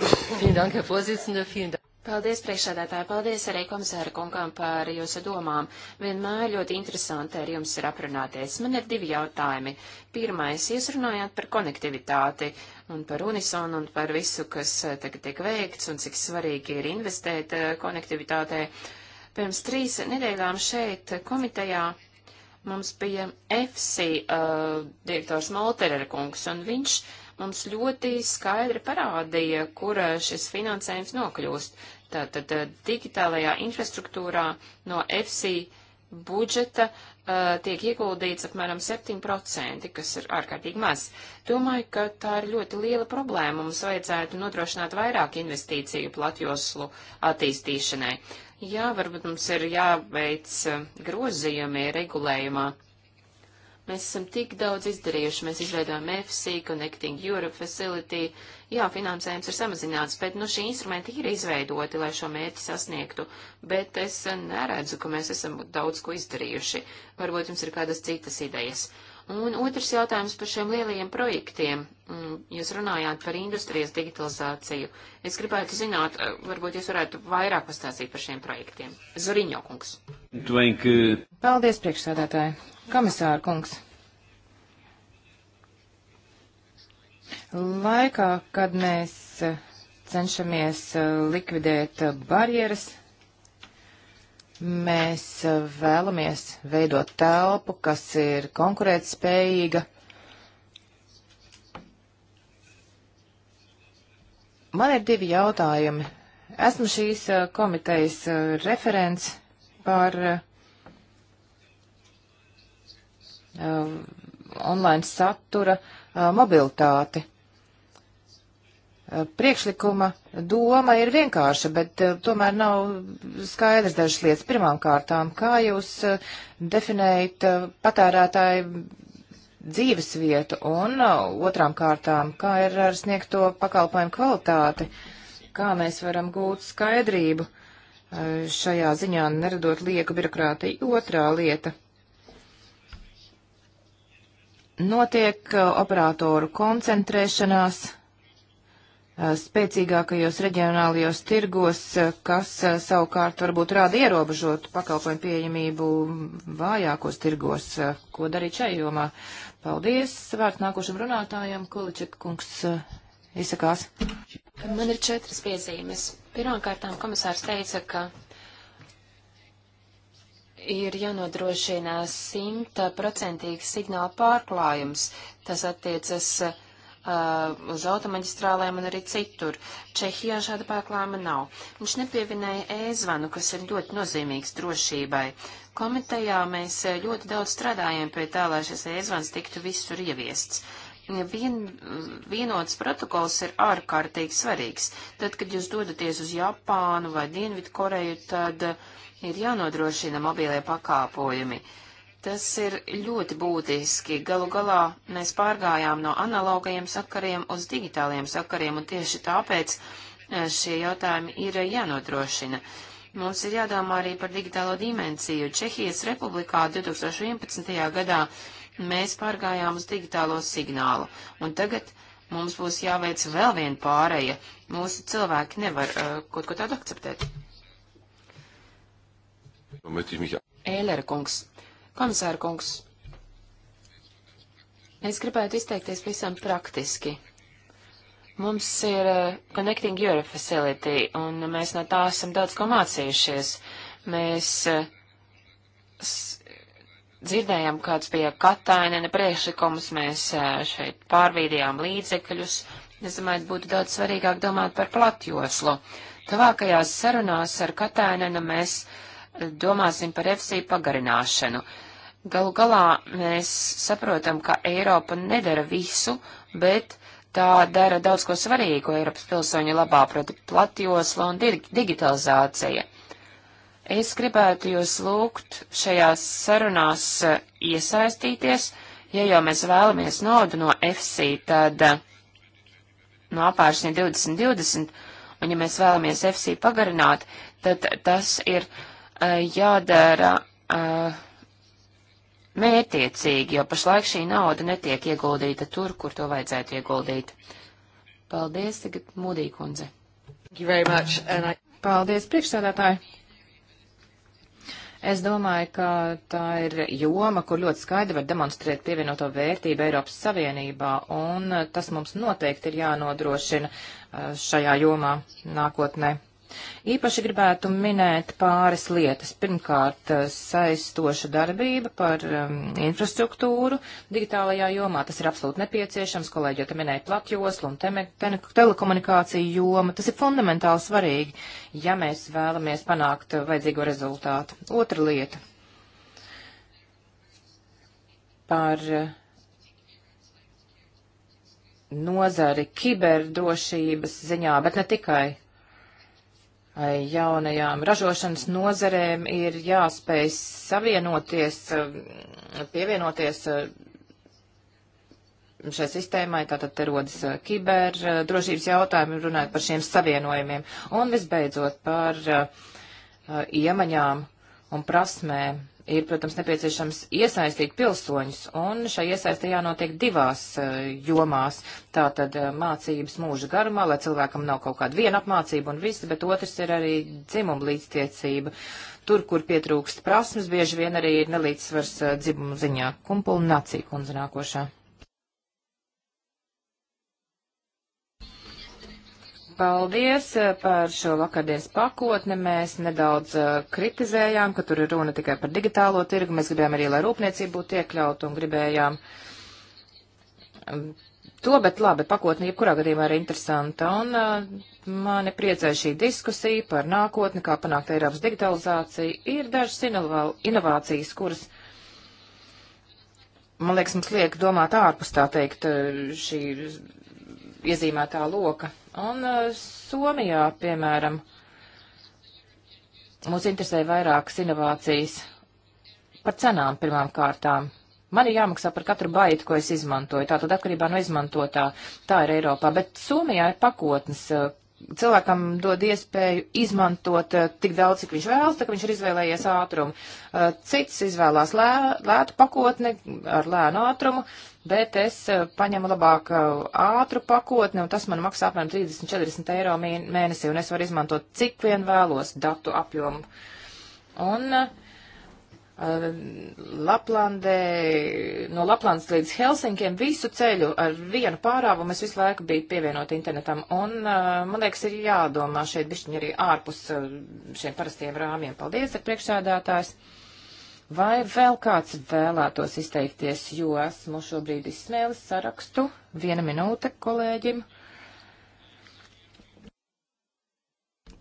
Vielen Dank, Herr Vorsitzender, vielen Dank. Paldies, priekšsēdētāji, paldies arī komisāra kungam par jūsu domām. Vienmēr ļoti interesanti ar jums ir aprunāties. Man ir divi jautājumi. Pirmais, jūs runājāt par konektivitāti un par unisonu un par visu, kas eh, tagad tiek veikts un cik svarīgi ir investēt eh, konektivitātē. Pirms trīs nedēļām šeit komitejā mums bija EFSI uh, direktors Molterera kungs, un viņš mums ļoti skaidri parādīja, kur eh, šis finansējums nokļūst. Tātad eh, digitālajā infrastruktūrā no EFSI budžeta uh, tiek ieguldīts apmēram 7%, kas ir ārkārtīgi maz. Domāju, ka tā ir ļoti liela problēma. Mums vajadzētu nodrošināt vairāk investīciju platjoslu attīstīšanai. Jā, varbūt mums ir jāveic eh, grozījumi regulējumā, Mēs esam tik daudz izdarījuši, mēs izveidojam FC, Connecting Europe Facility, jā, finansējums ir samazināts, bet nu šī instrumenta ir izveidoti, lai šo mērķi sasniegtu, bet es neredzu, ka mēs esam daudz ko izdarījuši. Varbūt jums ir kādas citas idejas. Un otrs jautājums par šiem lielajiem projektiem. Mm, jūs runājāt par industrijas digitalizāciju. Es gribētu zināt, eh, varbūt jūs varētu vairāk pastāstīt par šiem projektiem. Zuriņokungs. Paldies, priekšsēdētāji. Komisāra kungs. Laikā, kad mēs eh, cenšamies eh, likvidēt eh, barjeras, mēs vēlamies veidot telpu, kas ir konkurētspējīga. Man ir divi jautājumi. Esmu šīs komitejas referents par Uh, online satura uh, mobilitāti. Uh, priekšlikuma doma ir vienkārša, bet tomēr nav skaidrs dažas lietas. Pirmām kārtām, kā jūs definējat patērētāju dzīves vietu un otrām kārtām, kā ir ar sniegto pakalpojumu kvalitāti, kā mēs varam gūt skaidrību šajā ziņā, neradot lieku birokrātiju. Otrā lieta notiek uh, operātoru koncentrēšanās uh, spēcīgākajos reģionālajos tirgos, uh, kas savukārt varbūt rāda ierobežotu pakalpojumu pieejamību vājākos tirgos. Ko darīt šai jomā? Paldies! Vārds nākošam runātājam, Količek kungs izsakās. Man ir četras piezīmes. Pirmkārtām komisārs teica, ka ir jānodrošina simtaprocentīgs signāla pārklājums. Tas attiecas uh, uz automaģistrālēm un arī citur. Čehijā šāda pārklājuma nav. Viņš nepievinēja e-zvanu, kas ir ļoti nozīmīgs drošībai. Komitejā mēs uh, ļoti daudz strādājam pie tā, lai šis e-zvans tiktu visur ieviests. Vien, vienots protokols ir ārkārtīgi svarīgs. Tad, kad jūs dodaties uz Japānu vai Dienvidu Koreju, tad uh, ir jānodrošina mobīlie pakāpojumi. Tas ir ļoti būtiski. Galu galā mēs pārgājām no analogajiem sakariem uz digitāliem sakariem, un tieši tāpēc e, šie jautājumi ir jānodrošina. Mums ir jādomā arī par digitālo dimensiju. Čehijas republikā 2011. gadā mēs pārgājām uz digitālo signālu, un tagad mums būs jāveic vēl viena pāreja. Mūsu cilvēki nevar uh, kaut ko tādu akceptēt. Ēlera kungs, komisāra kungs, es gribētu izteikties visam praktiski. Mums ir eh, Connecting Europe Facility, un mēs no tā esam daudz ko mācījušies. Mēs eh, dzirdējām, kāds bija Katainena priekšlikums, mēs eh, šeit pārvīdījām līdzekļus. Es domāju, būtu daudz svarīgāk domāt par platjoslu. Tavākajās sarunās ar Katainena mēs domāsim par FC pagarināšanu. Galu galā mēs saprotam, ka Eiropa nedara visu, bet tā dara daudz ko svarīgu Eiropas pilsoņu labā, proti platjosla un dig digitalizācija. Es gribētu jūs lūgt šajās sarunās eh, iesaistīties, ja jau mēs vēlamies naudu no FC, tad eh, no apāršņa 2020, un ja mēs vēlamies FC pagarināt, tad tas ir Eh, jādara eh, mērtiecīgi, jo pašlaik šī nauda netiek ieguldīta tur, kur to vajadzētu ieguldīt. Paldies, tagad Mūdī kundze. Much, I... Paldies, priekšsēdētāji. Es domāju, ka tā ir joma, kur ļoti skaidri var demonstrēt pievienoto vērtību Eiropas Savienībā, un tas mums noteikti ir jānodrošina eh, šajā jomā nākotnē. Īpaši gribētu minēt pāris lietas. Pirmkārt, eh, saistoša darbība par um, infrastruktūru digitālajā jomā. Tas ir absolūti nepieciešams. Kolēģi jau te minēja platjoslu un teme, te, telekomunikāciju jomu. Tas ir fundamentāli svarīgi, ja mēs vēlamies panākt vajadzīgo rezultātu. Otra lieta par eh, nozari kiberdrošības ziņā, bet ne tikai jaunajām ražošanas nozerēm ir jāspēj savienoties, eh, pievienoties eh, šai sistēmai, tātad te rodas eh, kiber drošības jautājumi, runājot par šiem savienojumiem. Un visbeidzot par iemaņām un prasmēm ir, protams, nepieciešams iesaistīt pilsoņus, un šai iesaistē jānotiek divās uh, jomās. Tātad uh, mācības mūža garumā, lai cilvēkam nav kaut kāda viena apmācība un viss, bet otrs ir arī dzimuma līdztiecība. Tur, kur pietrūkst prasmes, bieži vien arī ir nelīdzsvars uh, eh, dzimumu ziņā. Kumpula nācija kundze nākošā. Paldies eh, par šo vakardienas pakotni. Mēs nedaudz eh, kritizējām, ka tur ir runa tikai par digitālo tirgu. Mēs gribējām arī, lai rūpniecība būtu iekļaut un gribējām mm, to, bet labi, pakotne jebkurā gadījumā ir interesanta. Un uh, mani priecē šī diskusija par nākotni, kā panākt Eiropas digitalizāciju. Ir dažas inovācijas, kuras, man liekas, mums liek domāt ārpus tā teikt šī iezīmētā loka. Un uh, Somijā, piemēram, mūs interesē vairākas inovācijas par cenām pirmām kārtām. Man ir jāmaksā par katru baitu, ko es izmantoju. Tātad atkarībā no izmantotā tā ir Eiropā. Bet Somijā ir pakotnes. Uh, cilvēkam dod iespēju izmantot uh, tik daudz, cik viņš vēlas, tā ka viņš ir izvēlējies ātrumu. Uh, cits izvēlās lē, lētu pakotni ar lēnu ātrumu bet es eh, paņemu labāk eh, ātru pakotni, un tas man maksā apmēram 30-40 eiro mēnesī, un es varu izmantot cik vien vēlos datu apjomu. Un uh, Laplandē, no Laplandes līdz Helsinkiem visu ceļu ar vienu pārāvumu es visu laiku biju pievienota internetam, un uh, man liekas, ir jādomā šeit bišķiņi arī ārpus šiem parastiem rāmjiem. Paldies, ir priekšsēdētājs. Vai vēl kāds vēlētos izteikties, jo esmu šobrīd izsmēlis sarakstu. Viena minūte kolēģim.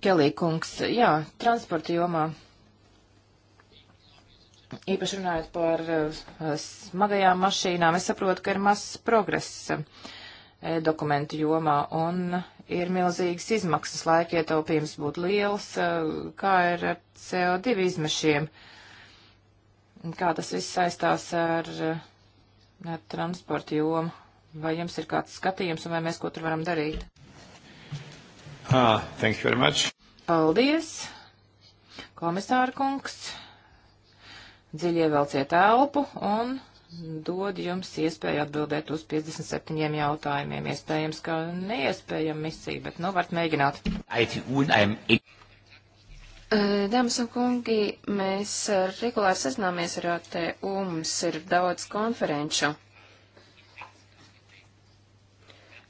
Kelīkungs, jā, transporta jomā. Īpaši runājot par uh, smagajām mašīnām, es saprotu, ka ir mazs progress uh, dokumentu jomā un ir milzīgas izmaksas, laika ietaupījums būtu liels, uh, kā ir ar CO2 izmešiem. Uh, kā tas viss saistās ar, eh, ar transporta jomu. Vai jums ir kāds skatījums un vai mēs ko tur varam darīt? Ah, thank you very much. Paldies, komisāra kungs. Dziļi ievelciet elpu un dod jums iespēju atbildēt uz 57 jautājumiem. Iespējams, ka neiespējama misija, bet nu varat mēģināt. Dāmas un kungi, mēs regulāri sazināmies ar ATU, mums ir daudz konferenču.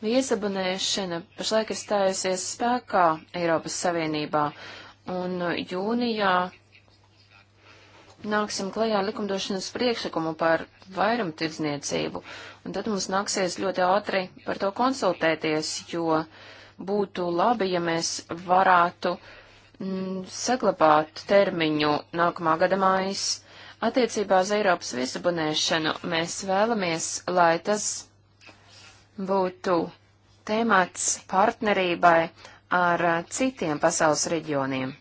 Viesabunēšana pašlaik ir stājusies spēkā Eiropas Savienībā, un jūnijā nāksim klajā likumdošanas priekšlikumu par vairumtirdzniecību, un tad mums nāksies ļoti ātri par to konsultēties, jo būtu labi, ja mēs varētu uh, Mm, saglabāt termiņu nākamā gada mājas. Attiecībā uz Eiropas viesabunēšanu mēs vēlamies, lai tas būtu tēmats partnerībai ar citiem pasaules reģioniem.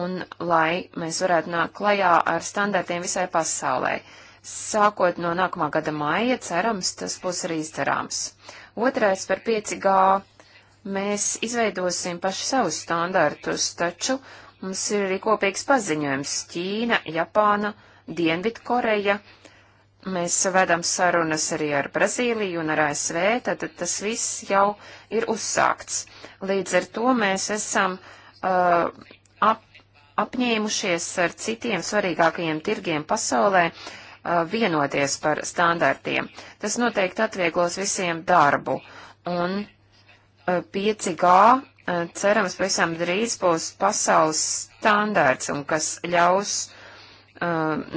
Un lai mēs varētu nākt klajā ar standartiem visai pasaulē. Sākot no nākamā gada māja, cerams, tas būs arī izdarāms. Otrais par 5G Mēs izveidosim paši savus standartus, taču mums ir arī kopīgs paziņojums - Ķīna, Japāna, Dienvidkoreja. Mēs vedam sarunas arī ar Brazīliju un ar ASV, tad tas viss jau ir uzsākts. Līdz ar to mēs esam uh, ap, apņēmušies ar citiem svarīgākajiem tirgiem pasaulē uh, vienoties par standartiem. Tas noteikti atvieglos visiem darbu. Un 5G eh, eh, cerams pavisam drīz būs pasaules standārts un kas ļaus uh,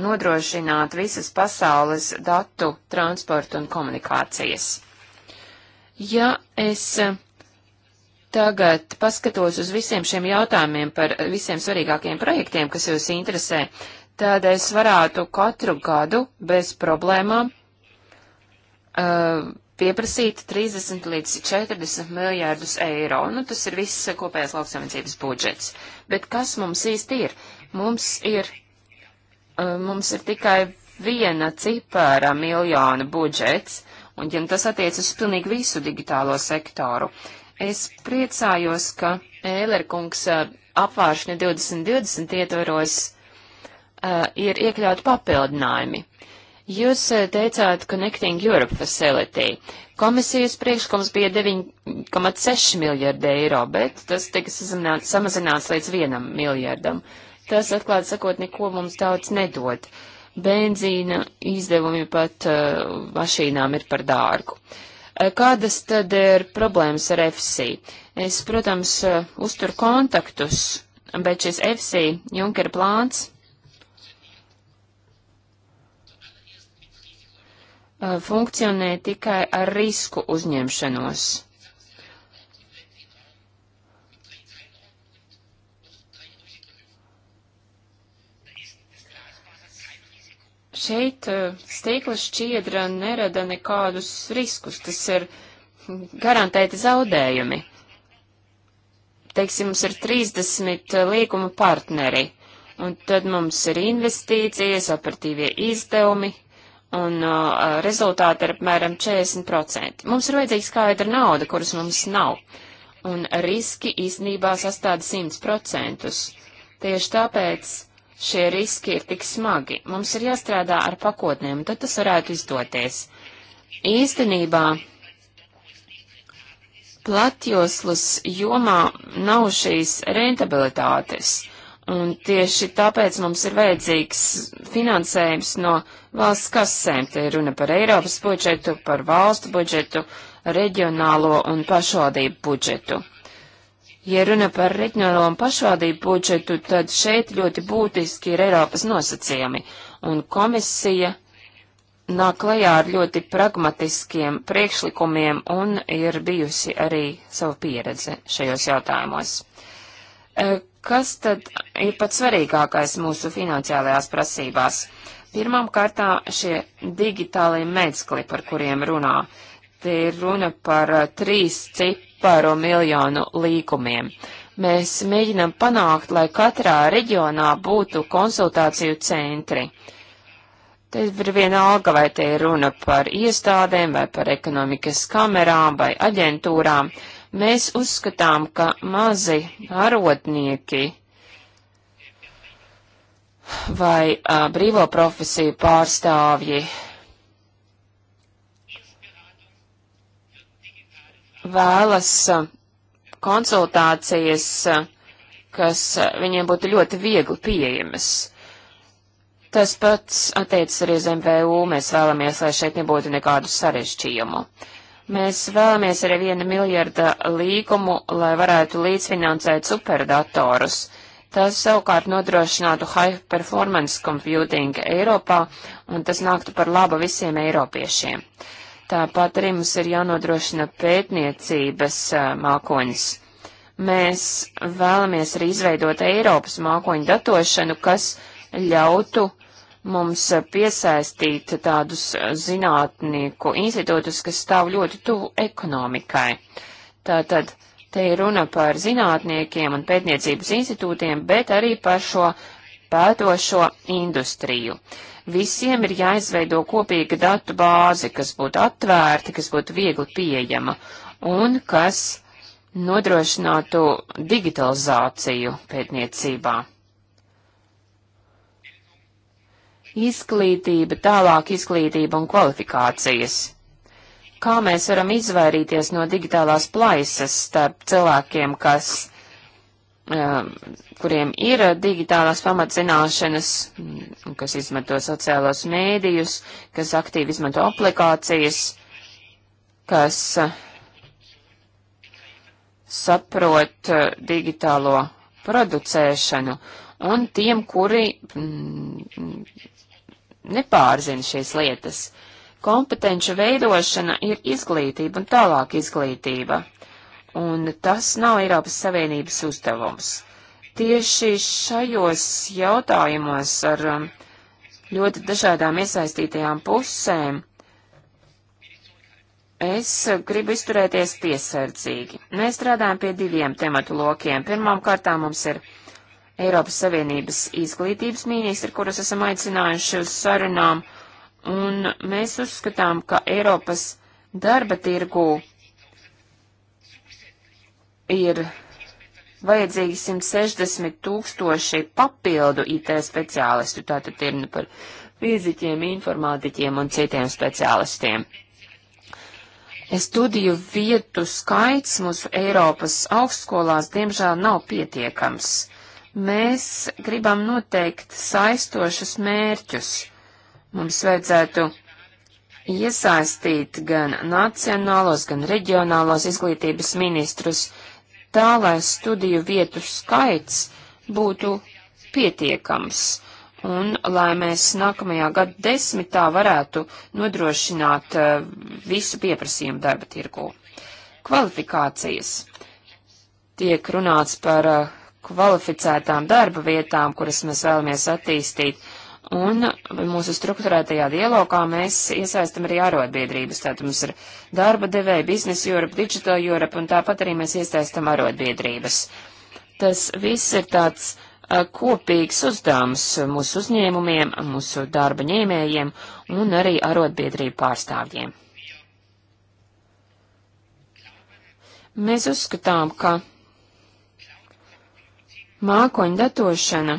nodrošināt visas pasaules datu transportu un komunikācijas. Ja es tagad paskatos uz visiem šiem jautājumiem par visiem svarīgākiem projektiem, kas jūs interesē, tad es varētu katru gadu bez problēmām uh, pieprasīt 30 līdz 40 miljārdus eiro. Nu, tas ir viss kopējais lauksaimniecības budžets. Bet kas mums īsti ir? Mums ir, uh, mums ir tikai viena cipara miljona budžets, un ja nu tas attiecas uz pilnīgi visu digitālo sektoru. Es priecājos, ka Ēlerkungs uh, apvāršņa 2020 ietvaros uh, ir iekļauti papildinājumi. Uh, Jūs eh, teicāt Connecting Europe Facility. Komisijas priekšlikums bija 9,6 miljārdi eiro, bet tas tika samazināts līdz 1 miljardam. Tas, atklāti sakot, neko mums daudz nedod. Benzīna izdevumi pat uh, mašīnām ir par dārgu. Eh, kādas tad ir problēmas ar FC? Es, protams, uzturu kontaktus, bet šis FC Junkera plāns Uh, funkcionē tikai ar risku uzņemšanos. Šeit uh, stikla šķiedra nerada nekādus riskus, tas ir garantēti zaudējumi. Teiksim, mums ir 30 uh, līguma partneri, un tad mums ir investīcijas, operatīvie izdevumi, un uh, rezultāti ir apmēram 40%. Mums ir vajadzīga skaidra nauda, kuras mums nav, un riski īstenībā sastāda 100%. Tieši tāpēc šie riski ir tik smagi. Mums ir jāstrādā ar pakotnēm, tad tas varētu izdoties. Īstenībā platjoslas jomā nav šīs rentabilitātes. Un tieši tāpēc mums ir vajadzīgs finansējums no valsts kasēm. Te ir runa par Eiropas budžetu, par valstu budžetu, reģionālo un pašvaldību budžetu. Ja runa par reģionālo un pašvaldību budžetu, tad šeit ļoti būtiski ir Eiropas nosacījumi, un komisija nāk klajā ar ļoti pragmatiskiem priekšlikumiem un ir bijusi arī sava pieredze šajos jautājumos eh, Kas tad ir pats svarīgākais mūsu finansiālajās prasībās? Pirmām kārtām šie digitālie medskli, par kuriem runā. Te ir runa par eh, trīs ciparu miljonu līkumiem. Mēs mēģinam panākt, lai katrā reģionā būtu konsultāciju centri. Te ir vienalga, vai te ir runa par iestādēm, vai par ekonomikas kamerām, vai aģentūrām. Uh, Mēs uzskatām, ka mazi arotnieki vai a, brīvo profesiju pārstāvji vēlas a, konsultācijas, a, kas a, viņiem būtu ļoti viegli pieejamas. Tas pats attiecas arī uz MVU. Mēs vēlamies, lai šeit nebūtu nekādu sarežģījumu. Mēs vēlamies arī viena miljarda līgumu, lai varētu līdzfinansēt superdatorus. Tas savukārt nodrošinātu high performance computing Eiropā, un tas nāktu par labu visiem eiropiešiem. Tāpat arī mums ir jānodrošina pētniecības uh, mākoņas. Mēs vēlamies arī izveidot Eiropas mākoņu datošanu, kas ļautu uh, mums piesaistīt tādus zinātnieku institūtus, kas stāv ļoti tuvu ekonomikai. Tātad te ir runa par zinātniekiem un pētniecības institūtiem, bet arī par šo pētošo industriju. Visiem ir jāizveido kopīga datu bāze, kas būtu atvērta, kas būtu viegli pieejama un kas nodrošinātu digitalizāciju pētniecībā. Izglītība, tālāk izglītība un kvalifikācijas. Kā mēs varam izvairīties no digitālās plaisas starp cilvēkiem, kas, um, kuriem ir digitālās pamatzināšanas, mm, kas izmanto sociālos mēdījus, kas aktīvi izmanto aplikācijas, kas uh, saprot uh, digitālo producēšanu, un tiem, kuri mm, nepārzina šīs lietas. Kompetenču veidošana ir izglītība un tālāk izglītība, un tas nav Eiropas Savienības uzdevums. Tieši šajos jautājumos ar um, ļoti dažādām iesaistītajām pusēm Es gribu izturēties piesardzīgi. Mēs strādājam pie diviem tematu lokiem. Pirmām kārtām mums ir Eiropas Savienības izglītības ministri, kurus esam aicinājuši uz sarunām, un mēs uzskatām, ka Eiropas darba tirgū ir vajadzīgi 160 tūkstoši papildu IT speciālistu, tātad ir nu par fiziķiem, informātiķiem un citiem speciālistiem. Studiju vietu skaits mūsu Eiropas augstskolās diemžēl nav pietiekams. Mēs gribam noteikt saistošus mērķus. Mums vajadzētu iesaistīt gan nacionālos, gan reģionālos izglītības ministrus, tā lai studiju vietu skaits būtu pietiekams un lai mēs nākamajā gada desmitā varētu nodrošināt uh, visu pieprasījumu darba tirgu. Kvalifikācijas. Tiek runāts par uh, kvalificētām darba vietām, kuras mēs vēlamies attīstīt. Un mūsu struktūrētajā dialogā mēs iesaistam arī arotbiedrības. Tātad mums ir darba devēja, biznesa Europe, Digital Europe, un tāpat arī mēs iesaistam arotbiedrības. Tas viss ir tāds kopīgs uzdevums mūsu uzņēmumiem, mūsu darba ņēmējiem un arī arotbiedrību pārstāvjiem. Mēs uzskatām, ka Mākoņu datošana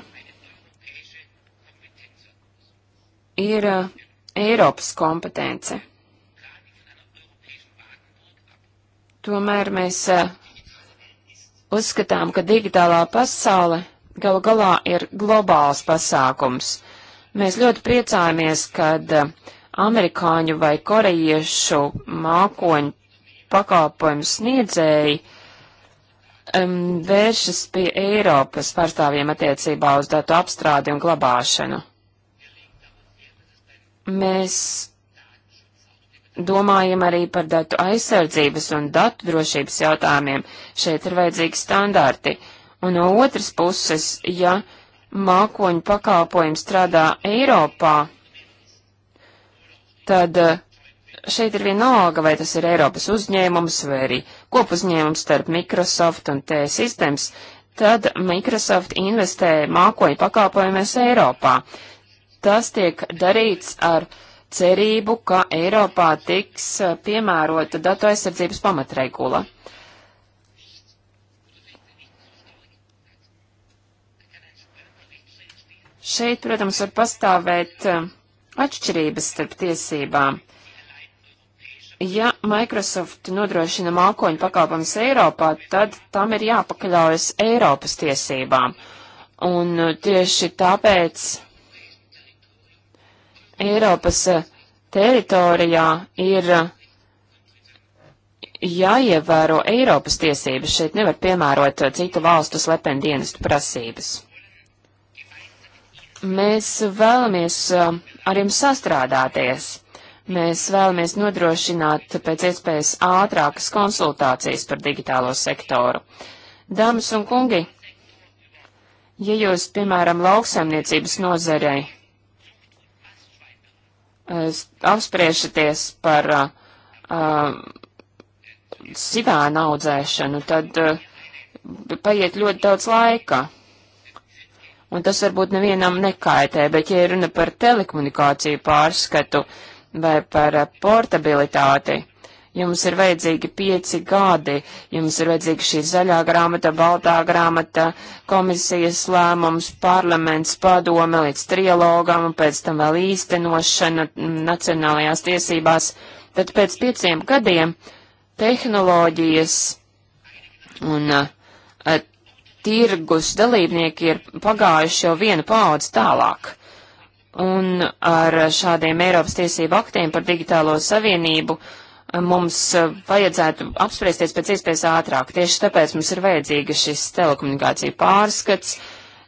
ir uh, Eiropas kompetence. Tomēr mēs uh, uzskatām, ka digitālā pasaule galu galā ir globāls pasākums. Mēs ļoti priecājamies, kad uh, amerikāņu vai korejiešu mākoņu pakalpojumu sniedzēji uh, um, vēršas pie Eiropas pārstāvjiem attiecībā uz datu apstrādi un glabāšanu. Mēs domājam arī par datu aizsardzības un datu drošības jautājumiem. Šeit ir vajadzīgi standarti. Un no otras puses, ja mākoņu pakalpojums strādā Eiropā, tad uh, šeit ir vienalga, vai tas ir Eiropas uzņēmums vai arī kopuzņēmums starp Microsoft un T-Systems, tad Microsoft investē mākoņu pakalpojumies Eiropā. Tas tiek darīts ar cerību, ka Eiropā tiks piemērota datu aizsardzības pamatregula. Šeit, protams, var pastāvēt atšķirības starp tiesībām. Uh, Ja Microsoft nodrošina mākoņu pakalpojumus Eiropā, tad tam ir jāpakaļaujas Eiropas tiesībām. Un uh, tieši tāpēc Eiropas uh, teritorijā ir uh, jāievēro Eiropas tiesības. Šeit nevar piemērot citu valstu slepeni dienestu prasības. Mēs vēlamies ar jums sastrādāties. Mēs vēlamies nodrošināt pēc iespējas ātrākas konsultācijas par digitālo sektoru. Dāmas un kungi, ja jūs, piemēram, lauksaimniecības nozarei eh, apspriešaties par uh, eh, sivēna eh, audzēšanu, tad uh, paiet ļoti daudz laika. Un tas varbūt nevienam nekaitē, bet ja runa par telekomunikāciju pārskatu, uh, vai par eh, portabilitāti. Jums ir vajadzīgi pieci gadi, jums ir vajadzīga šī zaļā grāmata, baltā grāmata, komisijas lēmums, parlaments, padome līdz trilogam, un pēc tam vēl īstenošana mm, nacionālajās tiesībās. Tad pēc pieciem gadiem tehnoloģijas un a, eh, a, tirgus dalībnieki ir pagājuši jau vienu paudzi tālāk. Un ar šādiem Eiropas tiesību aktiem par digitālo savienību eh, mums eh, vajadzētu apspriesties pēc iespējas ātrāk. Tieši tāpēc mums ir vajadzīga šis telekomunikācija pārskats.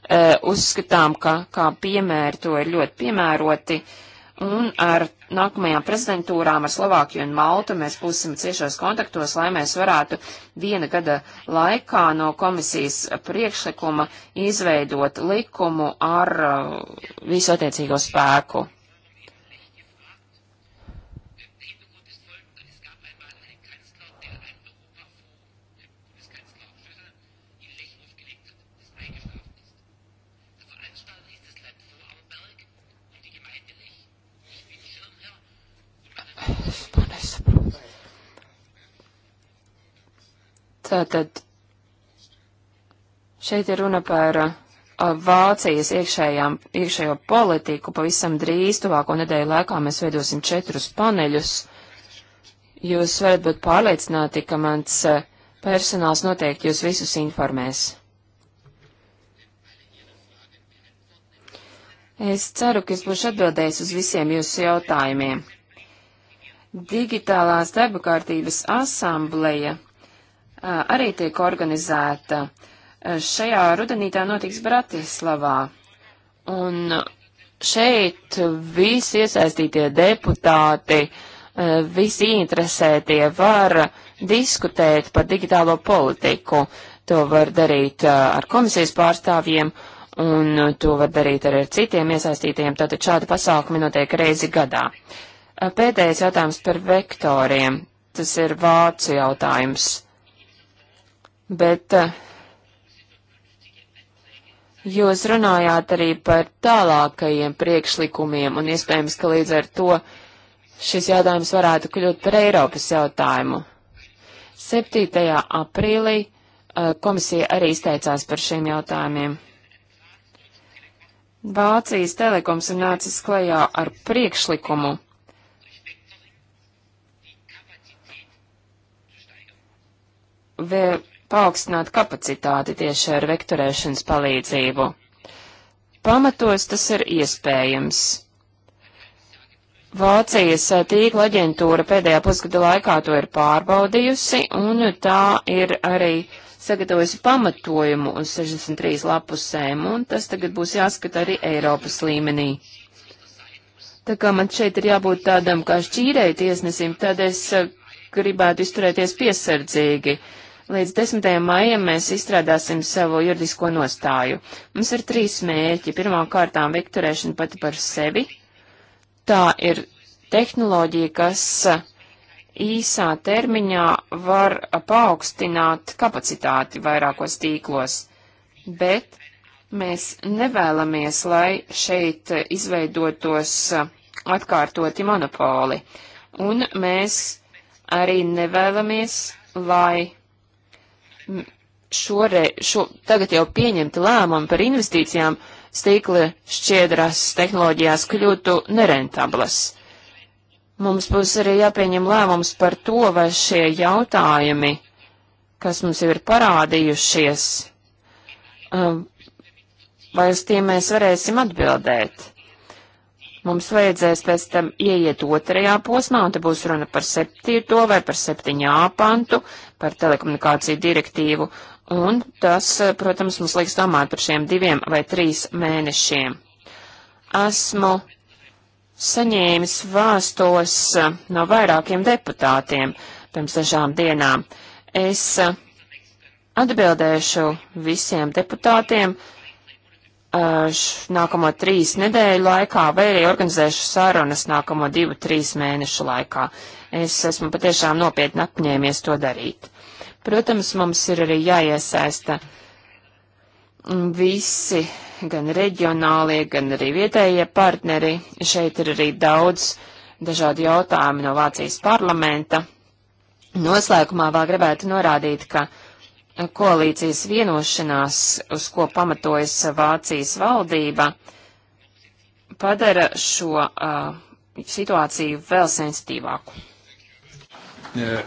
Eh, uzskatām, ka kā piemēri to ir ļoti piemēroti. Un ar nākamajām prezidentūrām ar Slovākiju un Maltu mēs būsim ciešos kontaktos, lai mēs varētu viena gada laikā no komisijas priekšlikuma izveidot likumu ar uh, visu attiecīgo spēku. Tātad šeit ir runa par a, Vācijas iekšējām, iekšējo politiku. Pavisam drīz, tuvāko nedēļu laikā, mēs veidosim četrus paneļus. Jūs varat būt pārliecināti, ka mans personāls noteikti jūs visus informēs. Es ceru, ka es būšu atbildējis uz visiem jūsu jautājumiem. Digitālās darba kārtības asambleja Eh, arī tiek organizēta. Eh, šajā rudenī tā notiks Bratislavā. Un šeit visi iesaistītie deputāti, eh, visi interesētie var diskutēt par digitālo politiku. To var darīt ar komisijas pārstāvjiem un to var darīt arī ar citiem iesaistītiem. Tātad šādi pasākumi notiek reizi gadā. Pēdējais jautājums par vektoriem. Tas ir vācu jautājums bet eh, jūs runājāt arī par tālākajiem priekšlikumiem, un iespējams, ka līdz ar to šis jautājums varētu kļūt par Eiropas jautājumu. 7. aprīlī eh, komisija arī izteicās par šiem jautājumiem. Vācijas telekoms ir nācis klajā ar priekšlikumu. Vēl paaugstināt kapacitāti tieši ar vektorēšanas palīdzību. Pamatos tas ir iespējams. Vācijas tīkla aģentūra pēdējā pusgada laikā to ir pārbaudījusi, un tā ir arī sagatavojusi pamatojumu uz 63 lapusēm, un tas tagad būs jāskata arī Eiropas līmenī. Tā kā man šeit ir jābūt tādam kā šķīrēji tiesnesim, tad es gribētu izturēties piesardzīgi. Uh, Līdz 10. maijam mēs izstrādāsim savu juridisko nostāju. Mums ir trīs mērķi. Pirmām kārtām vikturēšana pati par sevi. Tā ir tehnoloģija, kas uh, īsā termiņā var paaugstināt kapacitāti vairākos tīklos, bet mēs nevēlamies, lai šeit izveidotos uh, atkārtoti monopoli, un mēs arī nevēlamies, lai šore, šo, tagad jau pieņemti lēmumi par investīcijām stikla šķiedrās tehnoloģijās kļūtu nerentablas. Mums būs arī jāpieņem lēmums par to, vai šie jautājumi, kas mums jau ir parādījušies, um, vai uz tiem mēs varēsim atbildēt. Mums vajadzēs pēc tam ieiet otrajā posmā, un te būs runa par septīto vai par septiņā pantu, par telekomunikāciju direktīvu, un tas, protams, mums liekas domāt par šiem diviem vai trīs mēnešiem. Esmu saņēmis vēstos eh, no vairākiem deputātiem pirms dažām dienām. Es eh, atbildēšu visiem deputātiem, uh, Eh, nākamo trīs nedēļu laikā, vai arī organizēšu sarunas nākamo divu, trīs mēnešu laikā. Es esmu patiešām nopietni apņēmies to darīt. Protams, mums ir arī jāiesaista mm, visi, gan reģionālie, gan arī vietējie partneri. Šeit ir arī daudz dažādu jautājumu no Vācijas parlamenta. Noslēgumā vēl gribētu norādīt, ka uh, koalīcijas vienošanās, uz ko pamatojas Vācijas valdība, padara šo uh, situāciju vēl sensitīvāku. Jā.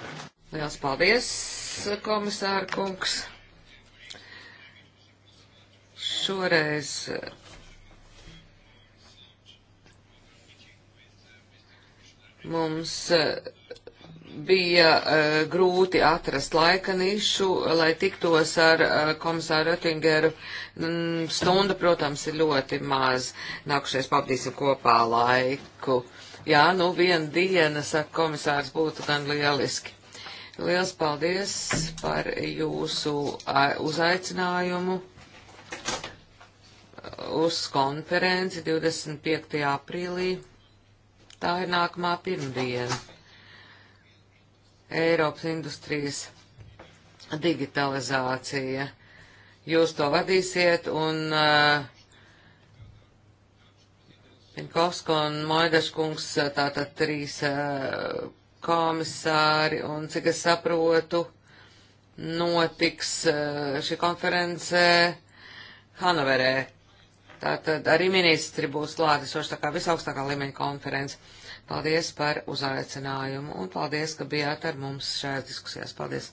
Liels paldies, komisāra kungs. Šoreiz mums uh, bija uh, grūti atrast laika nišu, lai tiktos ar uh, komisāru Otingeru. Mm, stunda, protams, ir ļoti maz. Nākušais pavadīsim kopā laiku. Jā, nu viena diena, saka komisārs, būtu gan lieliski. Liels paldies par jūsu eh, uzaicinājumu uz konferenci 25. aprīlī. Tā ir nākamā pirmdiena. Eiropas industrijas digitalizācija. Jūs to vadīsiet un uh, Pinkovska un Maidaškungs, eh, tātad trīs uh, komisāri, un cik es saprotu, notiks uh, šī konference Hanoverē. Tātad arī ministri būs klātesoši, tā kā visaugstākā līmeņa konference. Paldies par uzaicinājumu un paldies, ka bijāt ar mums šajās diskusijās. Paldies!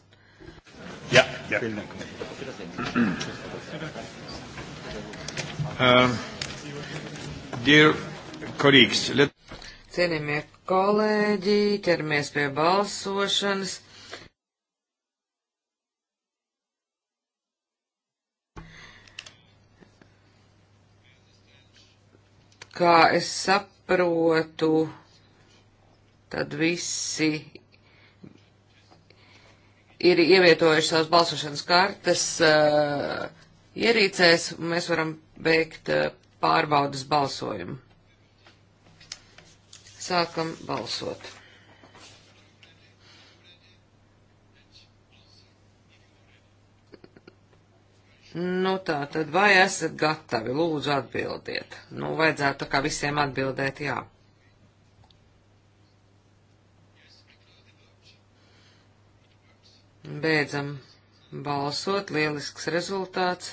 Ja, ja. Uh, dear colleagues, let... Cienījamie kolēģi, ķeramies pie balsošanas. Kā es saprotu, tad visi ir ievietojuši savas balsošanas kartes uh, ierīcēs, un mēs varam veikt uh, eh, pārbaudas balsojumu. Sākam balsot. Nu tā, tad vai esat gatavi? Lūdzu atbildiet. Nu, vajadzētu tā kā visiem atbildēt jā. Beidzam balsot, lielisks rezultāts.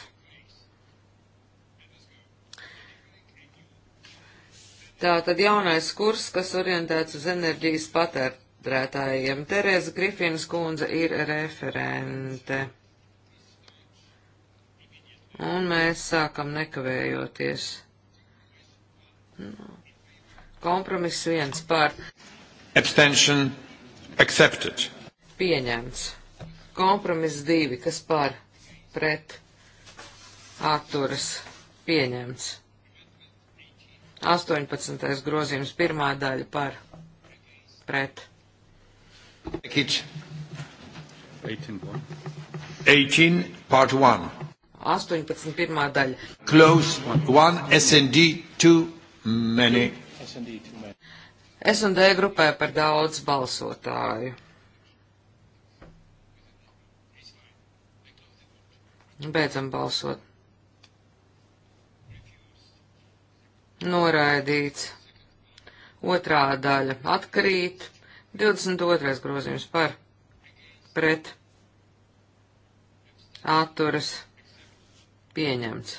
Tā tad jaunais kurs, kas orientēts uz enerģijas patērētājiem. Tereza Grifins kundze ir referente. Un mēs sākam nekavējoties. Kompromiss viens par. Abstention accepted. Pieņemts. Kompromiss divi, kas par pret atturas pieņemts. 18. grozījums pirmā daļa par pret. Kič. 18. 18. part 1. 18. pirmā daļa. Close one SND too many. SND grupai par daudz balsotāju. Beidzam balsot. Noraidīts. Otrā daļa atkrīt. 22. grozījums par pret atturas pieņemts.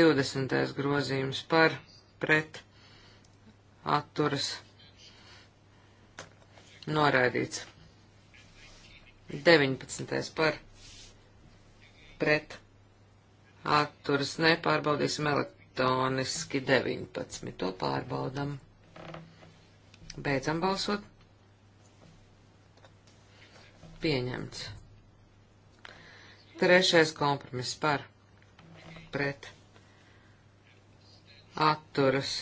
20. grozījums par pret atturas noraidīts. 19. par pret atturas nepārbaudīsim elektroniski 19. To pārbaudam. Beidzam balsot. Pieņemts. Trešais kompromiss par pret atturas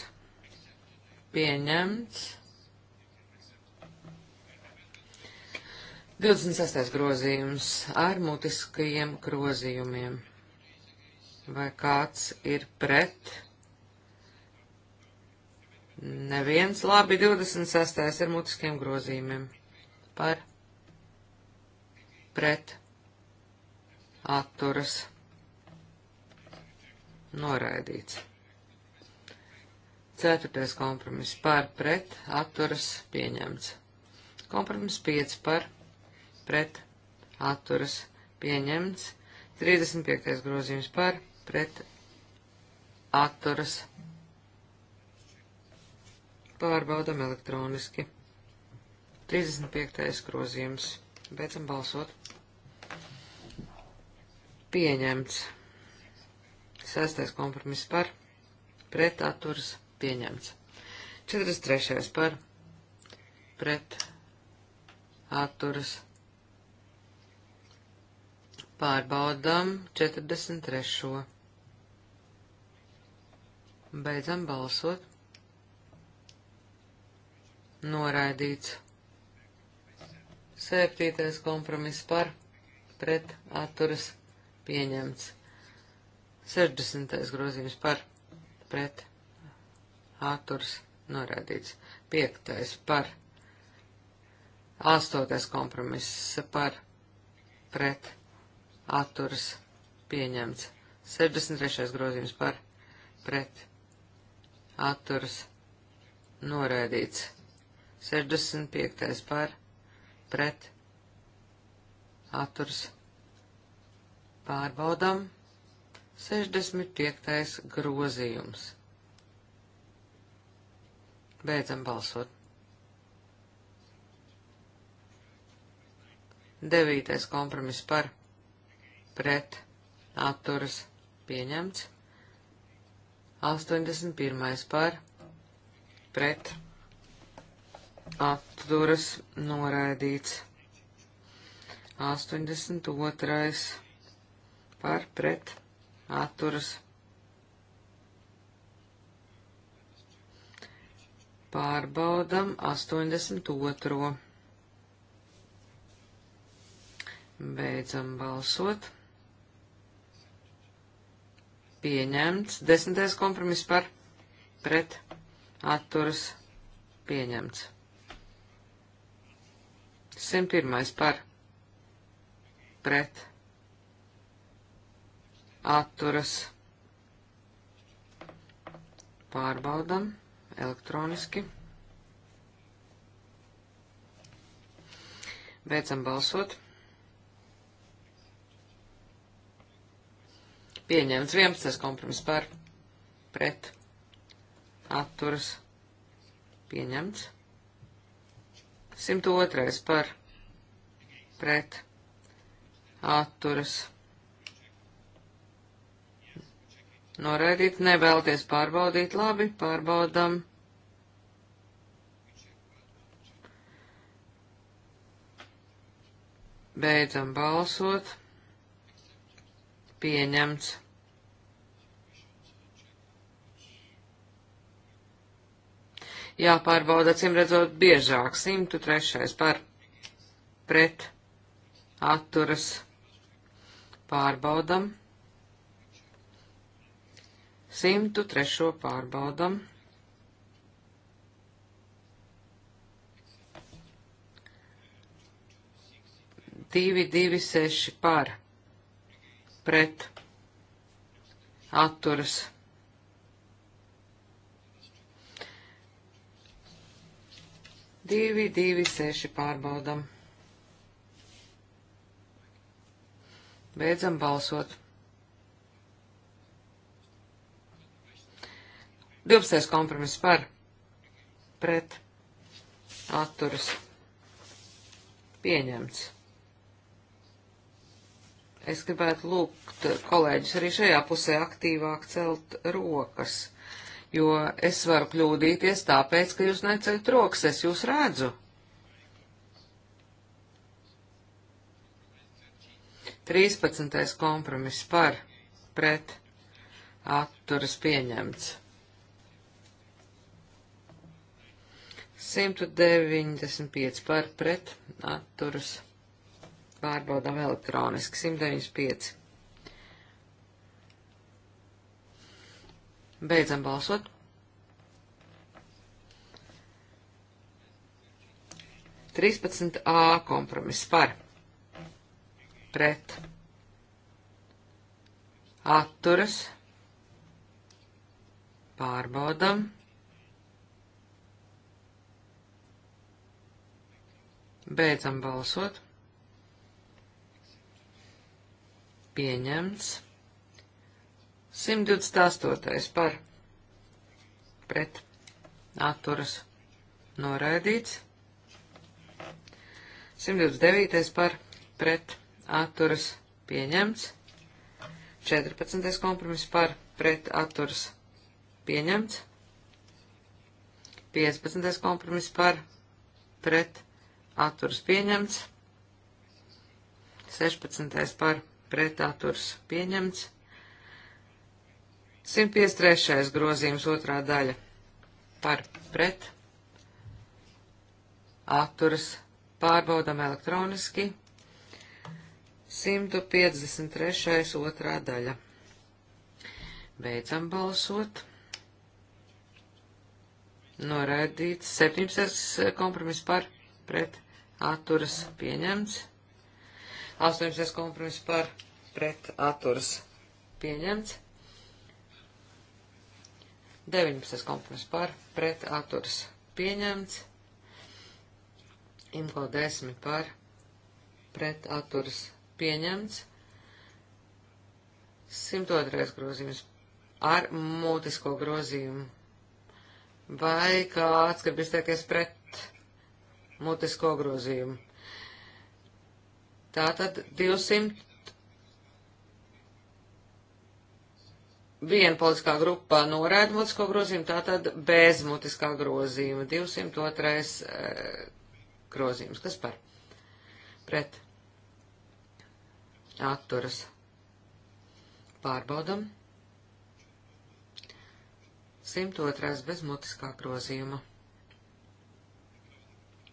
pieņemts. 26. grozījums ar mutiskajiem grozījumiem. Vai kāds ir pret? Neviens. Labi, 26. ar mutiskiem grozījumiem. Par. Pret. Atturas. Noraidīts. Ceturtais kompromiss par pret atturas pieņemts. Kompromiss 5 par pret atturas pieņemts. 35. grozījums par pret atturas pārbaudam elektroniski. 35. grozījums. Beidzam balsot. Pieņemts. Sestais kompromiss par pret atturas pieņemts. 43. par pret atturas pieņemts Pārbaudām 43. Beidzam balsot. Noraidīts. Septītais kompromiss par pret atturas pieņemts. 60. grozījums par pret atturas noraidīts. 5. par 8. kompromiss par pret atturas atturas pieņemts. 63. grozījums par pret atturas noraidīts. 65. par pret atturas pārbaudam. 65. grozījums. Beidzam balsot. Devītais kompromiss par pret atturas pieņemts. 81. par pret atturas noraidīts. 82. par pret atturas pārbaudam 82. Beidzam balsot pieņemts. Desmitais kompromiss par pret atturas pieņemts. 101. par pret atturas pārbaudam elektroniski. Beidzam balsot. pieņemts 11. kompromiss par pret atturas pieņemts 102. par pret atturas noraidīt, nevēlties pārbaudīt, labi, pārbaudam. Beidzam balsot pieņemts. Jāpārbauda, acīm redzot, biežāk 103. par pret atturas pārbaudam. 103. pārbaudam. Divi, divi, seši par pret atturas. Divi, divi, seši pārbaudam. Beidzam balsot. 12. kompromiss par, pret, atturas, pieņemts. Es gribētu lūgt kolēģis arī šajā pusē aktīvāk celt rokas, jo es varu kļūdīties tāpēc, ka jūs neceļat rokas, es jūs redzu. 13. kompromiss par, pret, atturas pieņemts. 195 par, pret, atturas Pārbaudām elektroniski 195. Beidzam balsot. Trīspadsmit A kompromiss par pret atturas pārbaudam. Beidzam balsot. pieņemts. 128. par pret atturas noraidīts. 129. par pret atturas pieņemts. 14. kompromiss par pret atturas pieņemts. 15. kompromiss par pret atturas pieņemts. 16. par pret pretāturs pieņemts. 153. grozījums otrā daļa par pret atturas pārbaudam elektroniski. 153. otrā daļa. Beidzam balsot. Noraidīts 17. Eh, kompromis par pret atturas pieņemts. 18. kompromis par pret atturas pieņemts. 19. kompromiss par pret atturas pieņemts. Imko 10 par pret atturas pieņemts. 102. grozījums ar mūtisko grozījumu. Vai kāds grib izteikties pret mutisko grozījumu? Tātad 200 viena politiskā grupa norēda mutisko grozījumu, tātad bez mutiskā grozījuma. 202. E, eh, grozījums. Kas par? Pret. Atturas. Pārbaudam. 102. bez mutiskā grozījuma.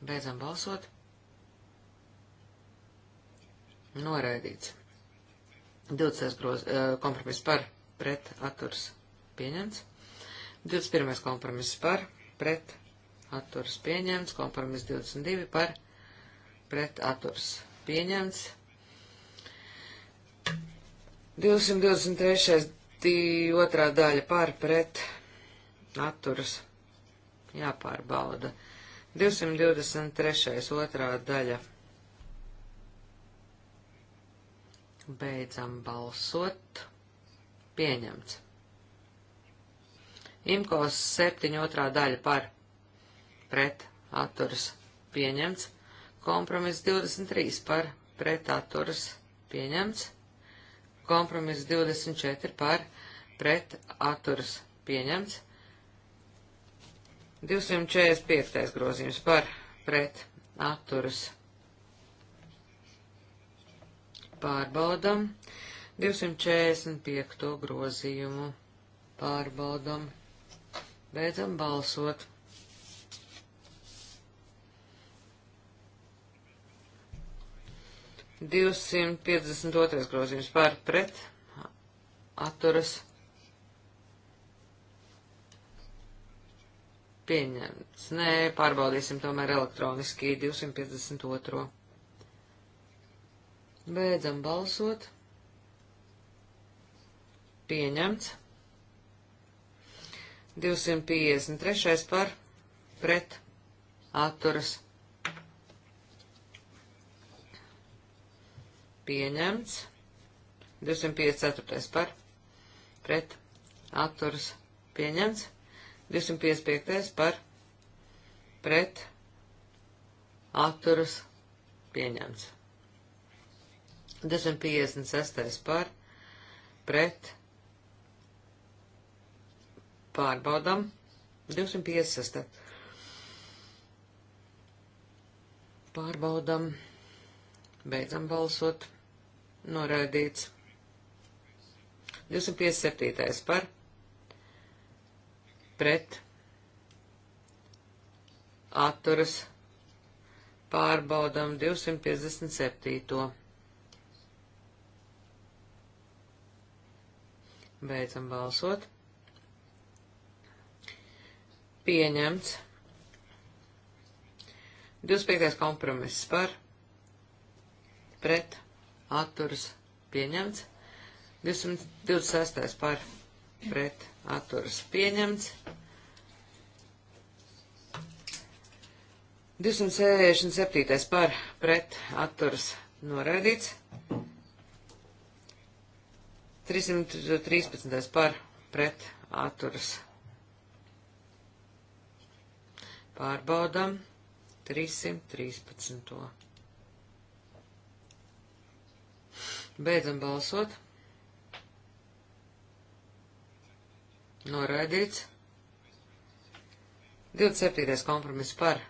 Beidzam balsot. Noraidīts. 20. Groz, e, kompromiss par pret atturs pieņemts. 21. kompromiss par pret atturs pieņemts. Kompromiss 22 par pret atturs pieņemts. 223. otrā daļa par pret atturs jāpārbauda. 223. otrā daļa. Beidzam balsot. Pieņemts. Imkos 7. otrā daļa par pret atturas pieņemts. Kompromiss 23 par pret atturas pieņemts. Kompromiss 24 par pret atturas pieņemts. 245. grozījums par pret atturas pārbaudam. 245. grozījumu pārbaudam. Beidzam balsot. Divsimt piecdesmit otrais grozījums pār pret atturas pieņemts. Nē, pārbaudīsim tomēr elektroniski 252. Beidzam balsot. 252 pieņemts. 253. par pret atturas pieņemts. 254. par pret atturas pieņemts. 255. par pret atturas pieņemts. 256. par pret Pārbaudām. 256. Pārbaudām. Beidzam balsot. Noraidīts. 257. par pret atturas pārbaudam 257. Beidzam balsot. Pieņemts. 25. kompromiss par, pret, atturas, pieņemts. 226. par, pret, atturas, pieņemts. 267. par, pret, atturas, noraidīts. 313. par, pret, atturas, pieņemts. Pārbaudam 313. Beidzam balsot. Noraidīts. 27. kompromiss par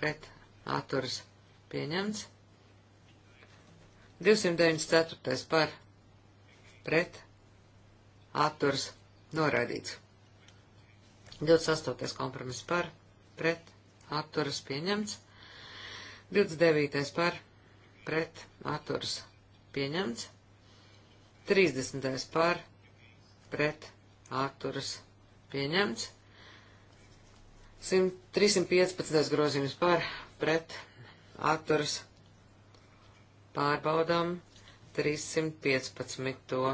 pret atturas pieņemts. 294. par pret atturas noraidīts. 28. kompromiss par pret pret atturas pieņemts, 29. par pret atturas pieņemts, 30. par pret atturas pieņemts, 100, 315. grozījums par pret atturas pārbaudām 315.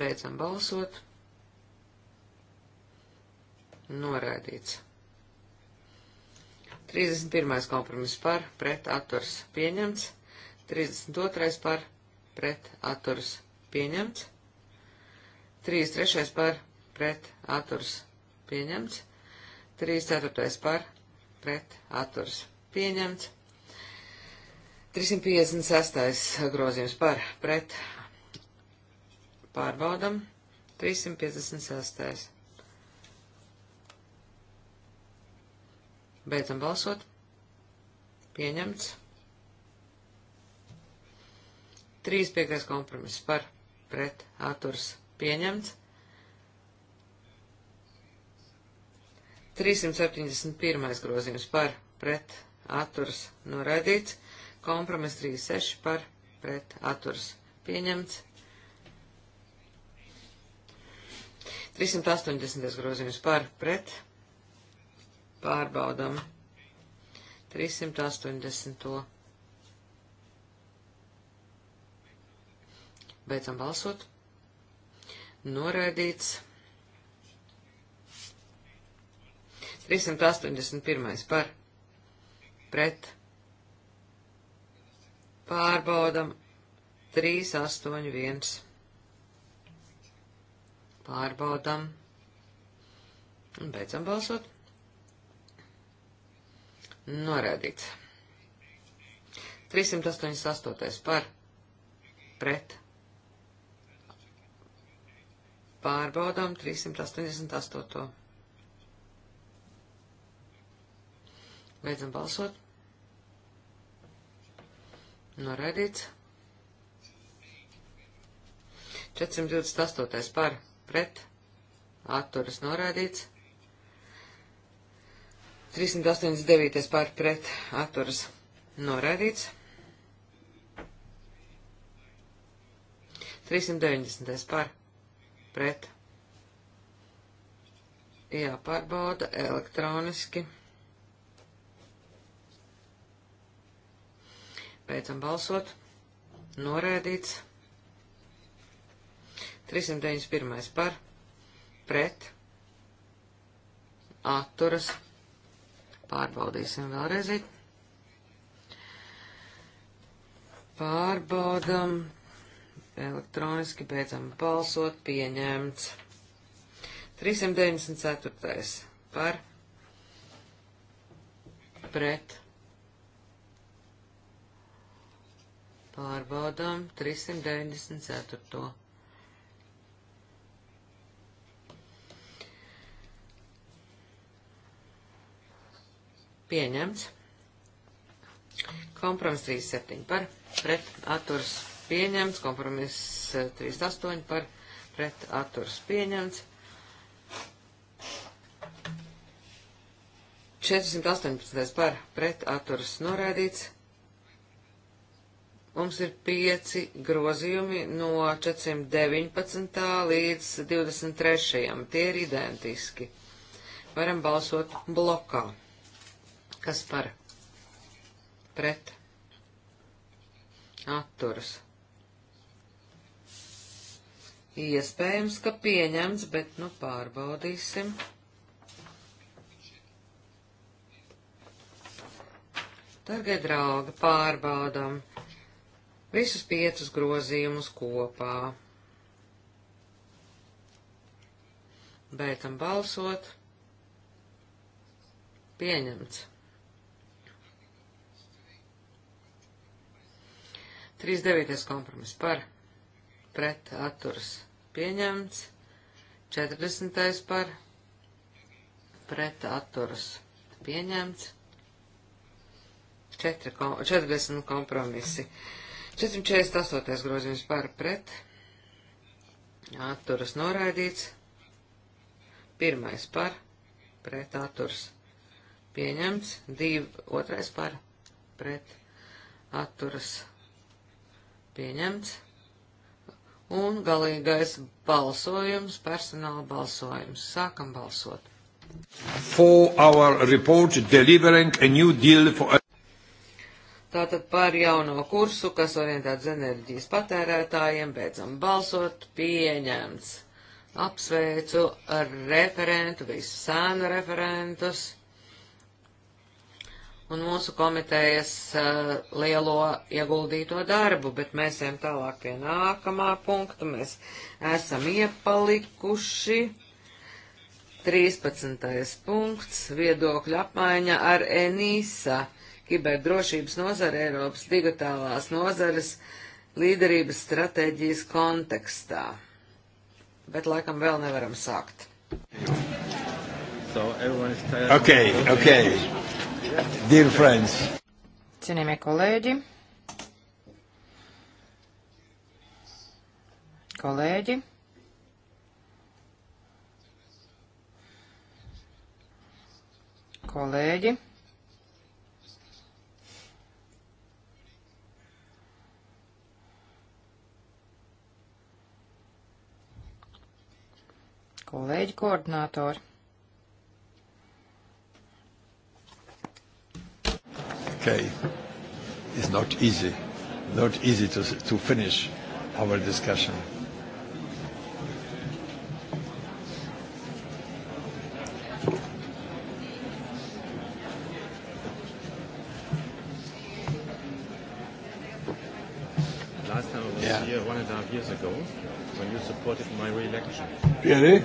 Beidzam balsot. Noraidīts. 31. kompromiss par, pret, atturs, pieņemts. 32. par, pret, atturs, pieņemts. 33. par, pret, atturs, pieņemts. 34. par, pret, atturs, pieņemts. 356. grozījums par, pret, pārbaudam. 356. Beidzam balsot. Pieņemts. 35. kompromiss par pret atturs pieņemts. 371. grozījums par pret atturs noraidīts. Kompromiss 36 par pret atturs pieņemts. 380. grozījums par pret Pārbaudam. 380. Beidzam balsot. Noraidīts. 381. par pret. Pārbaudam. 381. Pārbaudam. Un beidzam balsot. Norādīts. 388. par pret. Pārbaudām 388. Beidzam balsot. Norādīts. 428. par pret. Atturas norādīts. 389. pār pret atturas noraidīts. 390. pār pret jāpārbauda elektroniski. Beidzam balsot. Noraidīts. 391. par pret atturas noraidīts Pārbaudīsim vēlreiz. Pārbaudam. Elektroniski beidzam balsot. Pieņemts. 394. Par. Pret. Pārbaudām 394. pieņemts. Kompromiss 37 par pret atturs pieņemts. Kompromiss 38 eh, par pret atturs pieņemts. 418 par pret atturs norēdīts. Mums ir pieci grozījumi no 419. līdz 23. Tie ir identiski. Varam balsot blokā. Kas par? Pret. Atturas. Iespējams, ka pieņemts, bet nu pārbaudīsim. Dargie draugi, pārbaudam visus piecus grozījumus kopā. Beidzam balsot. Pieņemts. 39. kompromiss par pret atturas pieņemts, 40. par pret atturas pieņemts, 4, 40 kompromisi, 448. grozījums par pret atturas noraidīts, pirmais par pret atturas pieņemts, div, otrais par pret atturas pieņemts pieņemts. Un galīgais balsojums, personāla balsojums. Sākam balsot. For our report delivering a new deal for... Tātad par jauno kursu, kas orientēts enerģijas patērētājiem, beidzam balsot, pieņemts. Apsveicu referentu, visus sēnu referentus un mūsu komitejas uh, lielo ieguldīto darbu, bet mēs ejam tālāk pie nākamā punkta. Mēs esam iepalikuši. 13. punkts - viedokļa apmaiņa ar ENISA, kiberdrošības nozara Eiropas digitālās nozares līderības stratēģijas kontekstā. Bet laikam vēl nevaram sākt. So okay, okay. Dear friends. Cienījamie kolēģi. Kolēģi. Kolēģi. Kolēģi koordinātori. okay. It's not easy, not easy to, to finish our discussion. Last time I was yeah. here one and a half years ago when you supported my re-election. Really?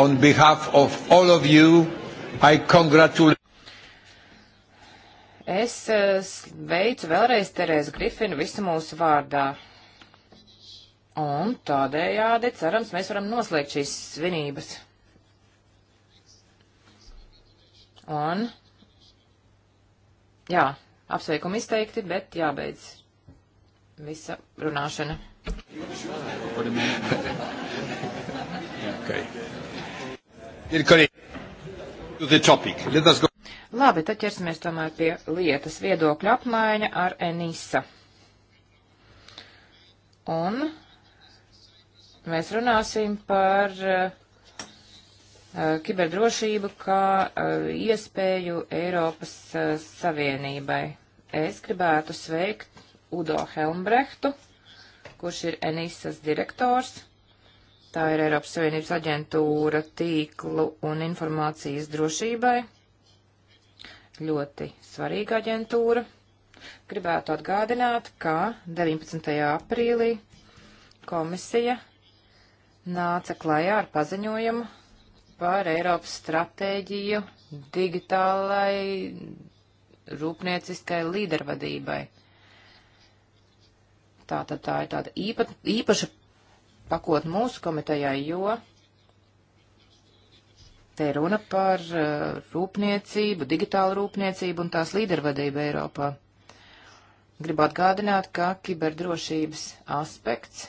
On behalf of all of you, I congratulate. Es eh, sveicu vēlreiz Terēzu Grifinu visu mūsu vārdā. Un tādējādi, cerams, mēs varam noslēgt šīs svinības. Un, jā, apsveikumi izteikti, bet jābeidz visa runāšana. okay. Ir kolēģi. Labi, tad ķersimies tomēr pie lietas viedokļa apmaiņa ar Enisa. Un mēs runāsim par uh, kiberdrošību kā uh, iespēju Eiropas uh, Savienībai. Es gribētu sveikt Udo Helmbrechtu, kurš ir Enisas direktors. Tā ir Eiropas Savienības aģentūra tīklu un informācijas drošībai. Ļoti svarīga aģentūra. Gribētu atgādināt, ka 19. aprīlī komisija nāca klajā ar paziņojumu par Eiropas stratēģiju digitālai rūpnieciskai līdervadībai. Tātad tā ir tāda īpa, īpaša pakot mūsu komitejai, jo te runa par uh, rūpniecību, digitālu rūpniecību un tās līdervadību Eiropā. Gribu atgādināt, ka kiberdrošības aspekts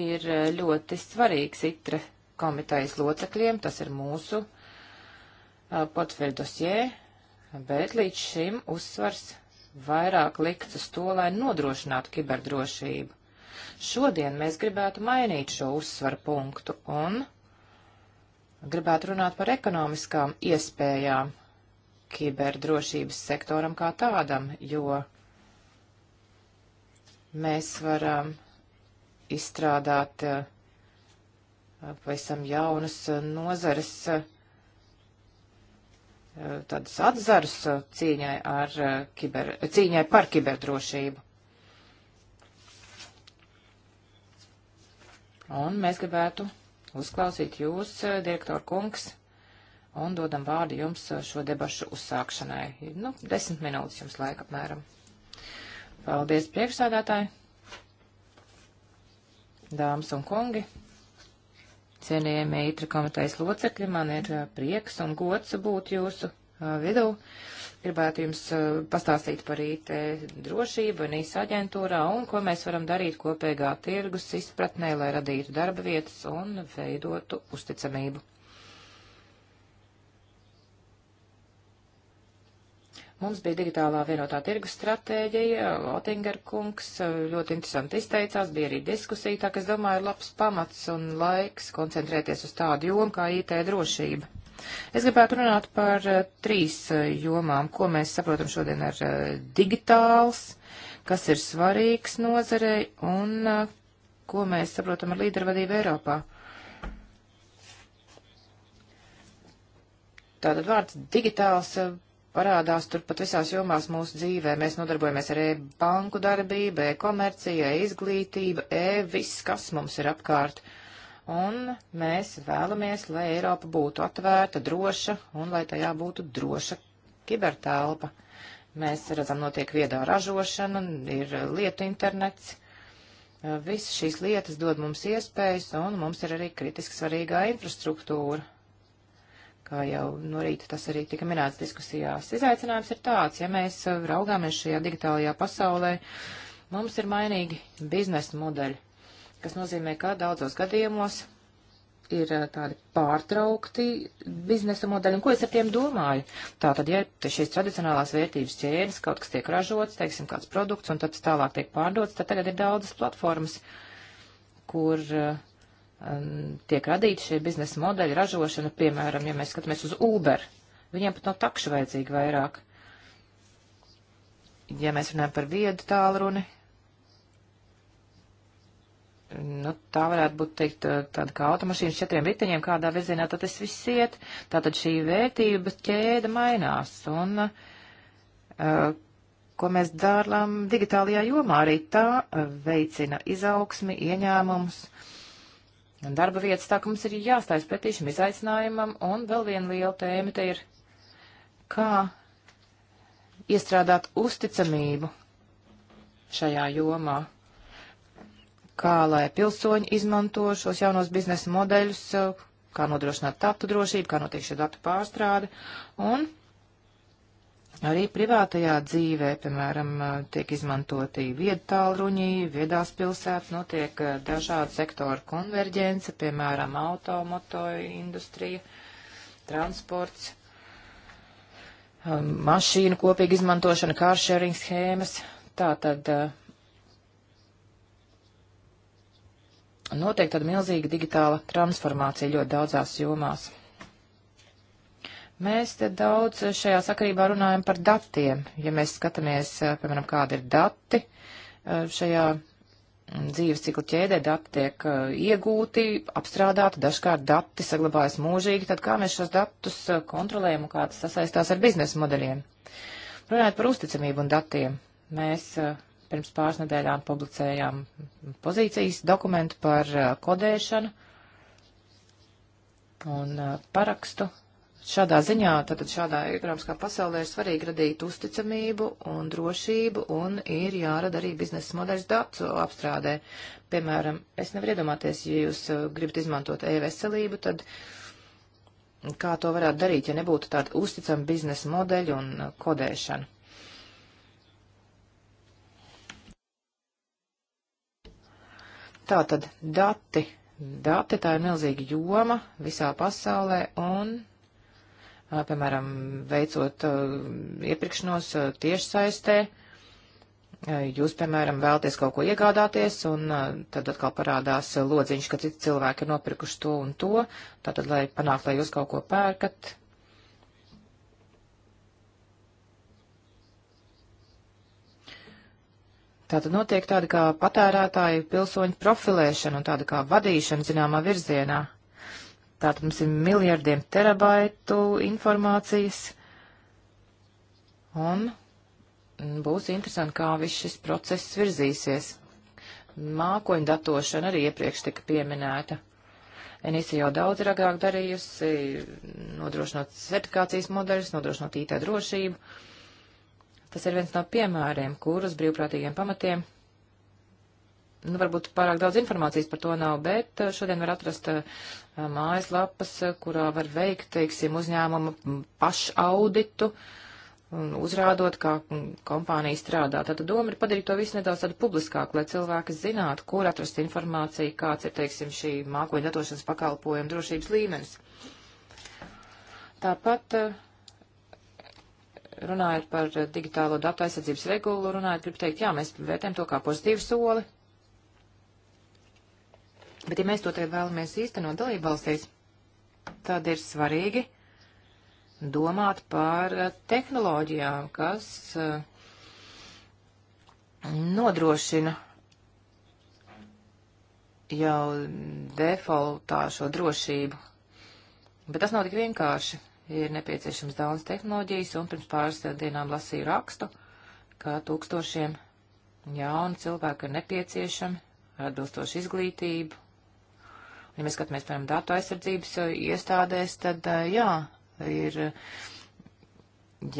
ir uh, ļoti svarīgs itre komitejas locekļiem, tas ir mūsu uh, portfeļu dosjē, bet līdz šim uzsvars vairāk likts uz to, lai nodrošinātu kiberdrošību. Šodien mēs gribētu mainīt šo uzsvaru punktu un gribētu runāt par ekonomiskām iespējām kiberdrošības sektoram kā tādam, jo mēs varam izstrādāt eh, pavisam jaunas eh, nozares eh, tādas atzaras cīņai, ar, kiber, cīņai par kiberdrošību. Un mēs gribētu uzklausīt jūs, eh, direktor kungs, un dodam vārdu jums eh, šo debašu uzsākšanai. Nu, desmit minūtes jums laika apmēram. Paldies, priekšsādātāji, dāmas un kungi, cienījamie itra komitejas locekļi, man ir eh, prieks un gods būt jūsu vidū. Uh, gribētu jums eh, pastāstīt par IT drošību un īsa aģentūrā un ko mēs varam darīt kopējā tirgus izpratnē, lai radītu darba vietas un veidotu uzticamību. Mums bija digitālā vienotā tirgus stratēģija, Otinger kungs eh, ļoti interesanti izteicās, bija arī diskusija, tā ka es domāju, labs pamats un laiks koncentrēties uz tādu jomu kā IT drošība. Es gribētu runāt par eh, trīs eh, jomām, ko mēs saprotam šodien ar eh, digitāls, kas ir svarīgs nozarei un ko mēs saprotam ar līdervadību Eiropā. Tātad vārds digitāls parādās turpat visās jomās mūsu dzīvē. Mēs nodarbojamies ar e-banku darbību, e-komercija, e-izglītība, e-viss, kas mums ir apkārt. Uh, un mēs vēlamies, lai Eiropa būtu atvērta, droša, un lai tajā būtu droša kibertelpa. Mēs redzam, notiek viedā ražošana, ir lietu internets. Viss šīs lietas dod mums iespējas, un mums ir arī kritiski svarīgā infrastruktūra. Kā jau no rīta tas arī tika minēts diskusijās. Izaicinājums ir tāds, ja mēs raugāmies šajā digitālajā pasaulē, mums ir mainīgi biznesa modeļi kas nozīmē, ka daudzos gadījumos ir eh, tādi pārtraukti biznesa modeļi, un ko es ar tiem domāju? Tātad, ja šīs tradicionālās vērtības ķēdes, kaut kas tiek ražots, teiksim, kāds produkts, un tad tālāk tiek pārdots, tad tagad ir daudzas platformas, kur um, tiek radīti šie biznesa modeļi, ražošana, piemēram, ja mēs skatāmies uz Uber, viņiem pat nav no takšu vajadzīgi vairāk. Ja mēs runājam par viedu tālruni, nu, tā varētu būt teikt, eh, tāda kā automašīna četriem riteņiem, kādā virzienā tad tas viss iet. Tātad šī vērtības ķēda mainās. Un, uh, ko mēs dārām digitālajā jomā, arī tā eh, veicina izaugsmi, ieņēmumus. Un darba vietas tā, ka mums ir jāstājas pretī šim izaicinājumam, un vēl viena liela tēma te ir, kā iestrādāt uzticamību šajā jomā kā lai pilsoņi izmanto šos jaunos biznesa modeļus, kā nodrošināt datu drošību, kā notiek šī datu pārstrāde. Un arī privātajā dzīvē, piemēram, tiek izmantoti viedtālruņi, viedās pilsētas, notiek eh, dažādu sektoru konverģence, piemēram, automoto industrija, transports um, mašīnu kopīga izmantošana, kāršēringa schēmas. Tātad eh, notiek tāda milzīga digitāla transformācija ļoti daudzās jomās. Mēs te daudz šajā sakarībā runājam par datiem. Ja mēs skatāmies, eh, piemēram, kādi ir dati eh, šajā mm, dzīves cikla ķēdē, dati tiek eh, iegūti, apstrādāti, dažkārt dati saglabājas mūžīgi, tad kā mēs šos datus kontrolējam un kā tas sasaistās ar biznesa modeļiem? Runājot par uzticamību un datiem, mēs Pirms pāris nedēļām publicējām pozīcijas dokumentu par uh, kodēšanu un uh, parakstu. Šādā ziņā, tātad šādā ekonomiskā pasaulē ir svarīgi radīt uzticamību un drošību un ir jārada arī biznesa modeļas datu apstrādē. Piemēram, es nevaru iedomāties, ja jūs uh, gribat izmantot e-veselību, tad kā to varētu darīt, ja nebūtu tāda uzticama biznesa modeļa un kodēšana. Tātad dati. Dati tā ir milzīga joma visā pasaulē un, piemēram, veicot iepirkšanos tiešsaistē, jūs, piemēram, vēlties kaut ko iegādāties, un tad atkal parādās lodziņš, ka citi cilvēki ir nopirkuši to un to, tātad, lai panākt, lai jūs kaut ko pērkat, Tātad notiek tāda kā patērētāju pilsoņu profilēšana un tāda kā vadīšana zināmā virzienā. Tātad mums ir miljardiem terabaitu informācijas, un būs interesanti, kā viss šis process virzīsies. Mākoņu datošana arī iepriekš tika pieminēta. Enisa jau daudz ir agrāk darījusi, nodrošinot certifikācijas modeļus, nodrošinot IT drošību. Uh, Tas ir viens no piemēriem, kurus brīvprātīgiem pamatiem. Nu, varbūt pārāk daudz informācijas par to nav, bet eh, šodien var atrast eh, mājaslapas, eh, kurā var veikt, teiksim, uzņēmuma pašauditu, uzrādot, kā kompānija strādā. Tātad doma ir padarīt to visu nedaudz tādu publiskāku, lai cilvēki zinātu, kur atrast informāciju, kāds ir, teiksim, šī mākoņa datošanas pakalpojuma drošības līmenis. Tāpat uh, runājot par digitālo datu aizsardzības regulu, runājot, gribu teikt, jā, mēs vērtējam to kā pozitīvu soli. Bet, ja mēs to te vēlamies īstenot dalībvalstīs, tad ir svarīgi domāt par eh, tehnoloģijām, kas eh, nodrošina jau defaultā šo drošību. Bet tas nav tik vienkārši ir nepieciešams daudz tehnoloģijas, un pirms pāris dienām lasīju rakstu, ka tūkstošiem jaunu cilvēku ir nepieciešami ar atbilstošu izglītību. Ja mēs skatāmies, piemēram, datu aizsardzības eh, iestādēs, tad eh, jā, ir eh,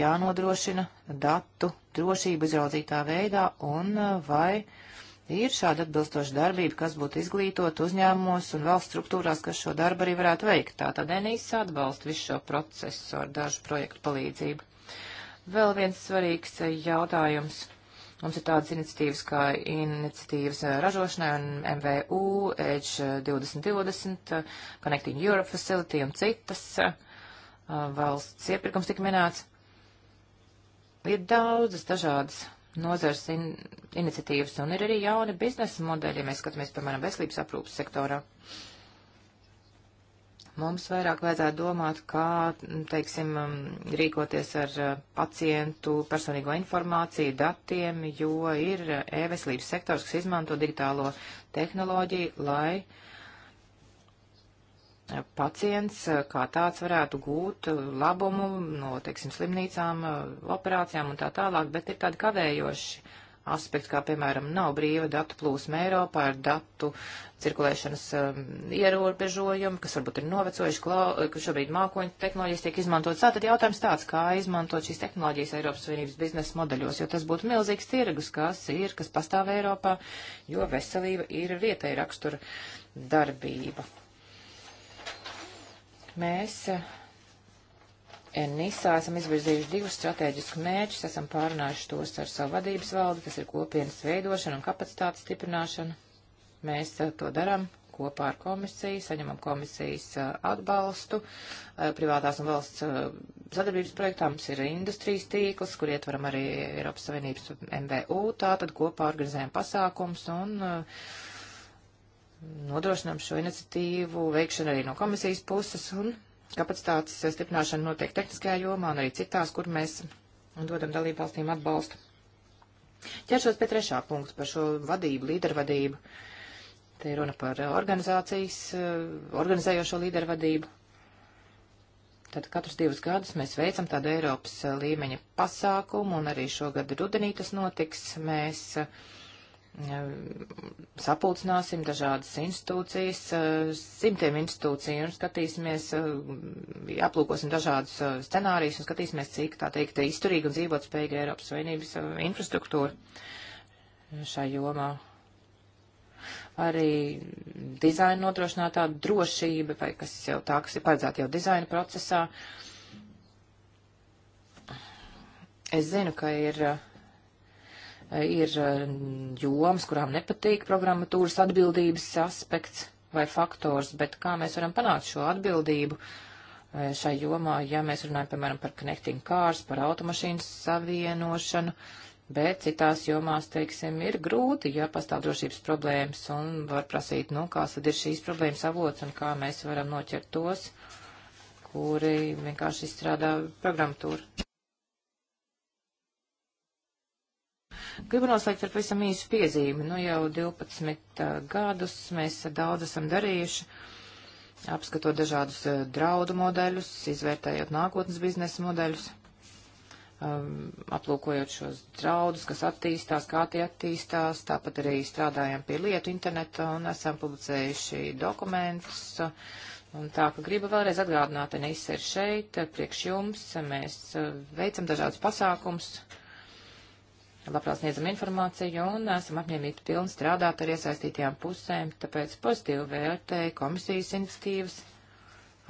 jānodrošina datu drošību izraudzītā veidā, un vai uh, ir šāda atbilstoša darbība, kas būtu izglītot uzņēmumos un valsts struktūrās, kas šo darbu arī varētu veikt. Tātad NIS atbalsta visu šo procesu ar dažu projektu palīdzību. Vēl viens svarīgs eh, jautājums. Mums ir tādas iniciatīvas kā iniciatīvas eh, ražošanai un MVU, Edge 2020, eh, Connecting Europe Facility un citas. Valsts iepirkums tika minēts. Ir daudzas dažādas nozars in iniciatīvas, un ir arī jauni biznesa modeļi, ja mēs skatāmies, piemēram, veselības aprūpas sektorā. Mums vairāk vajadzētu domāt, kā, teiksim, um, rīkoties ar uh, pacientu personīgo informāciju, datiem, jo ir uh, e-veselības sektors, kas izmanto digitālo tehnoloģiju, lai uh, pacients eh, kā tāds varētu gūt eh, labumu no, teiksim, slimnīcām, eh, operācijām un tā tālāk, bet ir tādi kavējoši aspekti, kā piemēram nav brīva datu plūsma Eiropā ar datu cirkulēšanas um, ierobežojumi, kas varbūt ir novecojuši, klau, ka šobrīd mākoņu tehnoloģijas tiek izmantotas. Tātad jautājums tāds, kā izmantot šīs tehnoloģijas Eiropas Savienības biznesa modeļos, jo tas būtu milzīgs tirgus, kas ir, kas pastāv Eiropā, jo veselība ir vietēja rakstura darbība. Mēs eh, NISA esam izvirzījuši divus strateģiskus mēģus, esam pārunājuši tos ar savu vadības valdi, tas ir kopienas veidošana un kapacitātes stiprināšana. Mēs eh, to darām kopā ar komisiju, saņemam komisijas eh, atbalstu privātās un valsts sadarbības projektā. Mums ir industrijas tīkls, kur ietveram arī Eiropas Savienības MBU, tātad kopā organizējam pasākums un uh, nodrošinām šo iniciatīvu veikšanu arī no komisijas puses un kapacitātes stiprināšana notiek tehniskajā jomā un arī citās, kur mēs dodam dalību valstīm atbalstu. Ķeršos pie trešā punkta par šo vadību, līdervadību. Te ir runa par organizācijas, eh, organizējošo līdervadību. Tad katrs divus gadus mēs veicam tādu Eiropas eh, līmeņa pasākumu, un arī šogad rudenī tas notiks. Mēs uh, sapulcināsim dažādas institūcijas, eh, simtiem institūciju un skatīsimies, eh, aplūkosim dažādus eh, scenārijus un skatīsimies, cik tā teikt izturīga un dzīvotspējīga Eiropas Savienības infrastruktūra šai jomā. Arī dizaina nodrošinātā drošība, vai kas jau tā, kas ir paredzēta jau dizaina procesā. Es zinu, ka ir uh, ir eh, jomas, kurām nepatīk programmatūras atbildības aspekts vai faktors, bet kā mēs varam panākt šo atbildību eh, šai jomā, ja mēs runājam, piemēram, par connecting cars, par automašīnu savienošanu, bet citās jomās, teiksim, ir grūti, ja pastāv drošības problēmas un var prasīt, nu, kāds tad ir šīs problēmas avots un kā mēs varam noķert tos, kuri vienkārši izstrādā programmatūru. Gribu noslēgt ar pavisam īsu piezīmi. Nu, jau 12 uh, gadus mēs daudz esam darījuši, apskatot dažādus uh, draudu modeļus, izvērtējot nākotnes biznesa modeļus, um, aplūkojot šos draudus, kas attīstās, kā tie attīstās. Tāpat arī strādājam pie lietu interneta un esam publicējuši dokumentus. Uh, Un tā, ka gribu vēlreiz atgādināt, Enisa ir šeit, priekš jums, mēs veicam dažādas pasākums, labprāt sniedzam informāciju un esam apņēmīgi pilni strādāt ar iesaistītajām pusēm, tāpēc pozitīvi vērtēju komisijas iniciatīvas,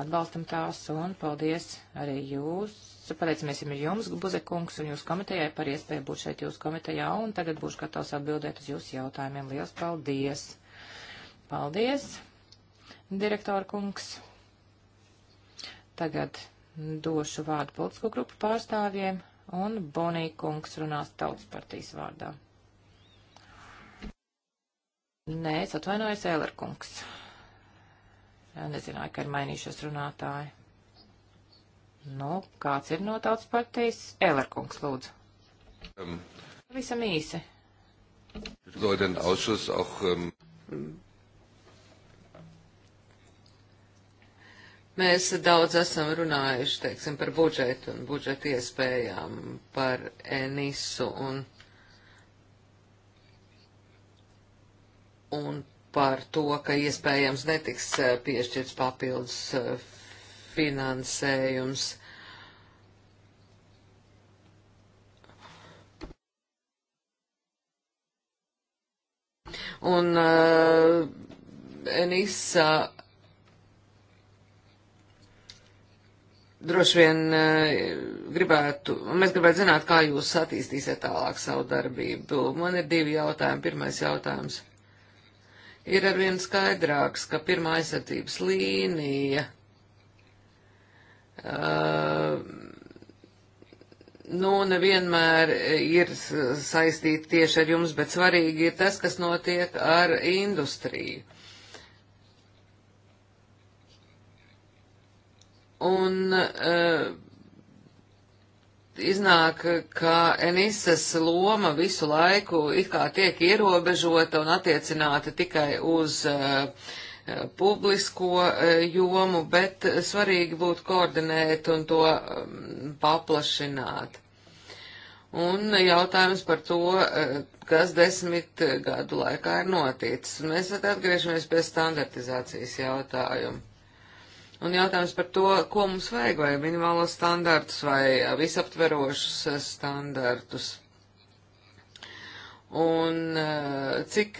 atbalstam tās un paldies arī jūs. Pateicamies jums, Buzekungs, un jūsu komitejai par iespēju būt šeit jūsu komitejā, un tagad būšu gatavs atbildēt uz jūsu jautājumiem. Lielas paldies! Paldies, direktora kungs! Tagad došu vārdu politisko grupu pārstāvjiem un Bonija kungs runās tautas partijas vārdā. Nē, es atvainojos, Ēler kungs. Nezināju, ka ir mainījušos runātāji. Nu, kāds ir no tautas partijas? Ēler kungs, lūdzu. Um. Visam īsi. Soll den Ausschuss auch ähm um mm. Mēs daudz esam runājuši, teiksim, par budžetu un budžeta iespējām, par ENISu un, un par to, ka iespējams netiks e, piešķirts papildus e, finansējums. Un uh, e, NISA droši vien eh, gribētu, mēs gribētu zināt, kā jūs attīstīsiet tālāk savu darbību. Man ir divi jautājumi. Pirmais jautājums. Ir arvien skaidrāks, ka pirmā aizsardzības līnija uh, nu, nevienmēr ir saistīta tieši ar jums, bet svarīgi ir tas, kas notiek ar industriju Un uh, iznāk, ka Enisas loma visu laiku it kā tiek ierobežota un attiecināta tikai uz uh, publisko uh, jomu, bet svarīgi būtu koordinēt un to um, paplašināt. Un jautājums par to, uh, kas desmit gadu laikā ir noticis. Un mēs atgriežamies pie standartizācijas jautājumu Un jautājums par to, ko mums vajag, vai minimālos standartus, vai visaptverošus standartus. Un eh, cik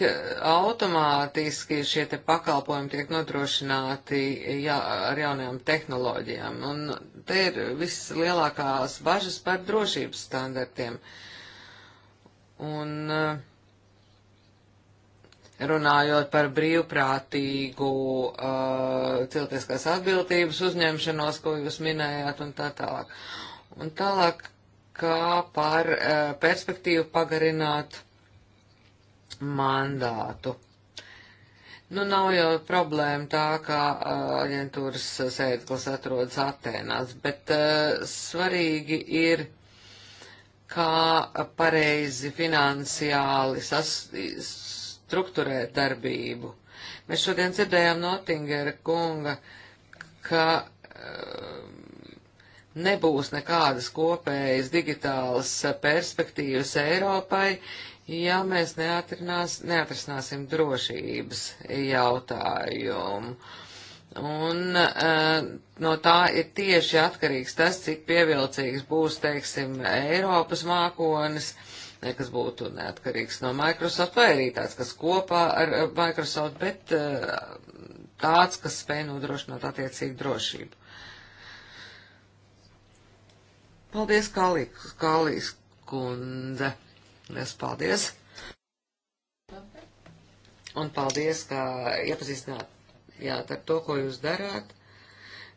automātiski šie te pakalpojumi tiek nodrošināti ja, ar jaunajām tehnoloģijām. Un te ir vislielākās bažas par drošības standartiem. Un uh, runājot par brīvprātīgu uh, cilvēciskās atbildības uzņemšanos, ko jūs minējāt, un tā tālāk. Un tālāk, kā par uh, perspektīvu pagarināt mandātu. Nu, nav jau problēma tā, ka uh, aģentūras sēdeklis atrodas Atēnās, bet uh, svarīgi ir kā pareizi finansiāli sas, strukturēt darbību. Mēs šodien dzirdējām no Tingera kunga, ka um, nebūs nekādas kopējas digitālas perspektīvas Eiropai, ja mēs neatrisināsim drošības jautājumu. Un uh, no tā ir tieši atkarīgs tas, cik pievilcīgs būs, teiksim, Eiropas mākonis. Uh, kas būtu neatkarīgs no Microsoft vai arī tāds, kas kopā ar Microsoft, bet eh, tāds, kas spēj nodrošināt attiecīgu drošību. Paldies, Kalijas Kalī, kundze. Es paldies. Un paldies, ka iepazīstinājāt ar to, ko jūs darāt.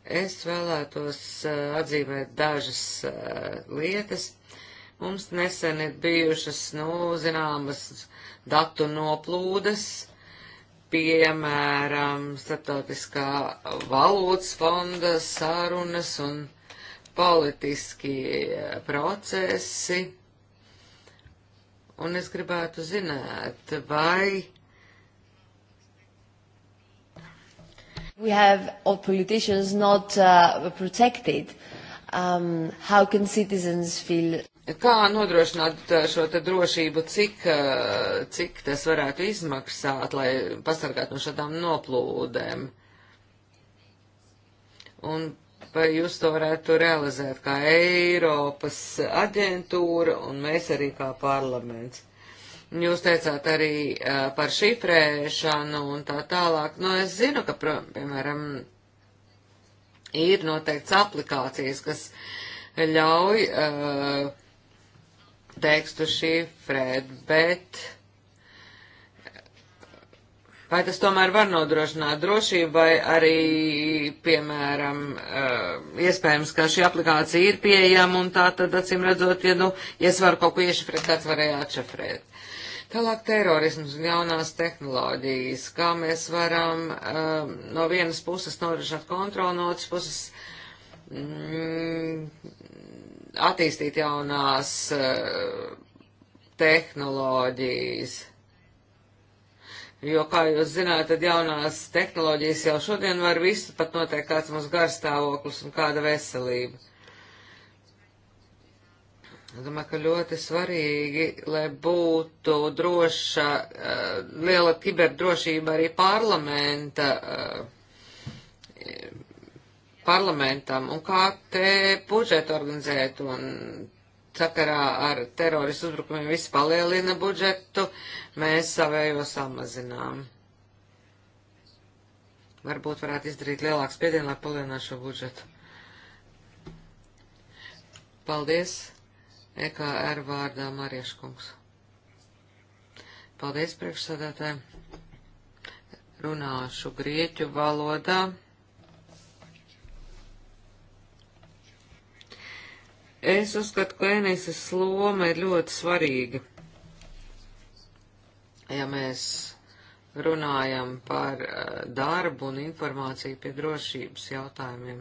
Es vēlētos uh, atzīmēt dažas uh, lietas. Mums nesen ir bijušas, nu, zināmas datu noplūdes, piemēram, Startautiskā valūtas fonda sārunas un politiskie procesi. Un es gribētu zināt, vai. We have all politicians not uh, protected. Um, how can citizens feel? Kā nodrošināt uh, šo te drošību, cik, uh, cik tas varētu izmaksāt, lai pasargātu no šādām noplūdēm? Un vai jūs to varētu realizēt kā Eiropas aģentūra un mēs arī kā parlaments? Jūs teicāt arī uh, par šifrēšanu un tā tālāk. Nu, es zinu, ka, piemēram, ir noteikts aplikācijas, kas ļauj uh, tekstu šifrēt, bet vai tas tomēr var nodrošināt drošību, vai arī, piemēram, eh, iespējams, ka šī aplikācija ir pieejama un tā tad, acīm redzot, ja, nu, ja es varu kaut ko iešifrēt, tad varēja atšifrēt. Tālāk terorisms un jaunās tehnoloģijas, kā mēs varam um, no vienas puses norisināt kontroli, no otras puses mm, attīstīt jaunās eh, tehnoloģijas. Jo, kā jūs zināt, tad jaunās tehnoloģijas jau šodien var visu pat noteikt, kāds mums garstāvoklis un kāda veselība. Es domāju, ka ļoti svarīgi, lai būtu droša, uh, liela kiberdrošība arī parlamenta uh, parlamentam un kā te budžetu organizēt un sakarā ar teroristu uzbrukumiem viss palielina budžetu, mēs savējo samazinām. Varbūt varētu izdarīt lielāku spiedienu, lai palielinātu šo budžetu. Paldies, EKR vārdā Marieškungs. Paldies, priekšsādātāji. Runāšu grieķu valodā. Es uzskatu, ka Enisas loma ir ļoti svarīga. Ja mēs runājam par eh, darbu un informāciju pie drošības jautājumiem.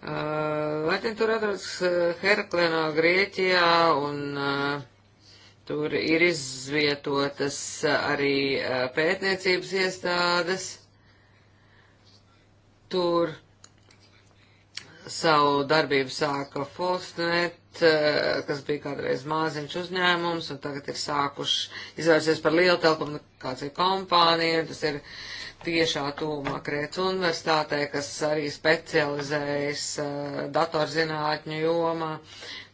Uh, Aģentūra atrodas eh, Heraklēnā, Grieķijā, un uh, tur ir izvietotas arī uh, pētniecības iestādes. Tur savu darbību sāka Folsnet, eh, kas bija kādreiz māziņš uzņēmums, un tagad ir sākuši izvērsies par lielu telekomunikāciju kompāniju. Tas ir tiešā tūmā Krietas universitātē, kas arī specializējas eh, datorzinātņu jomā.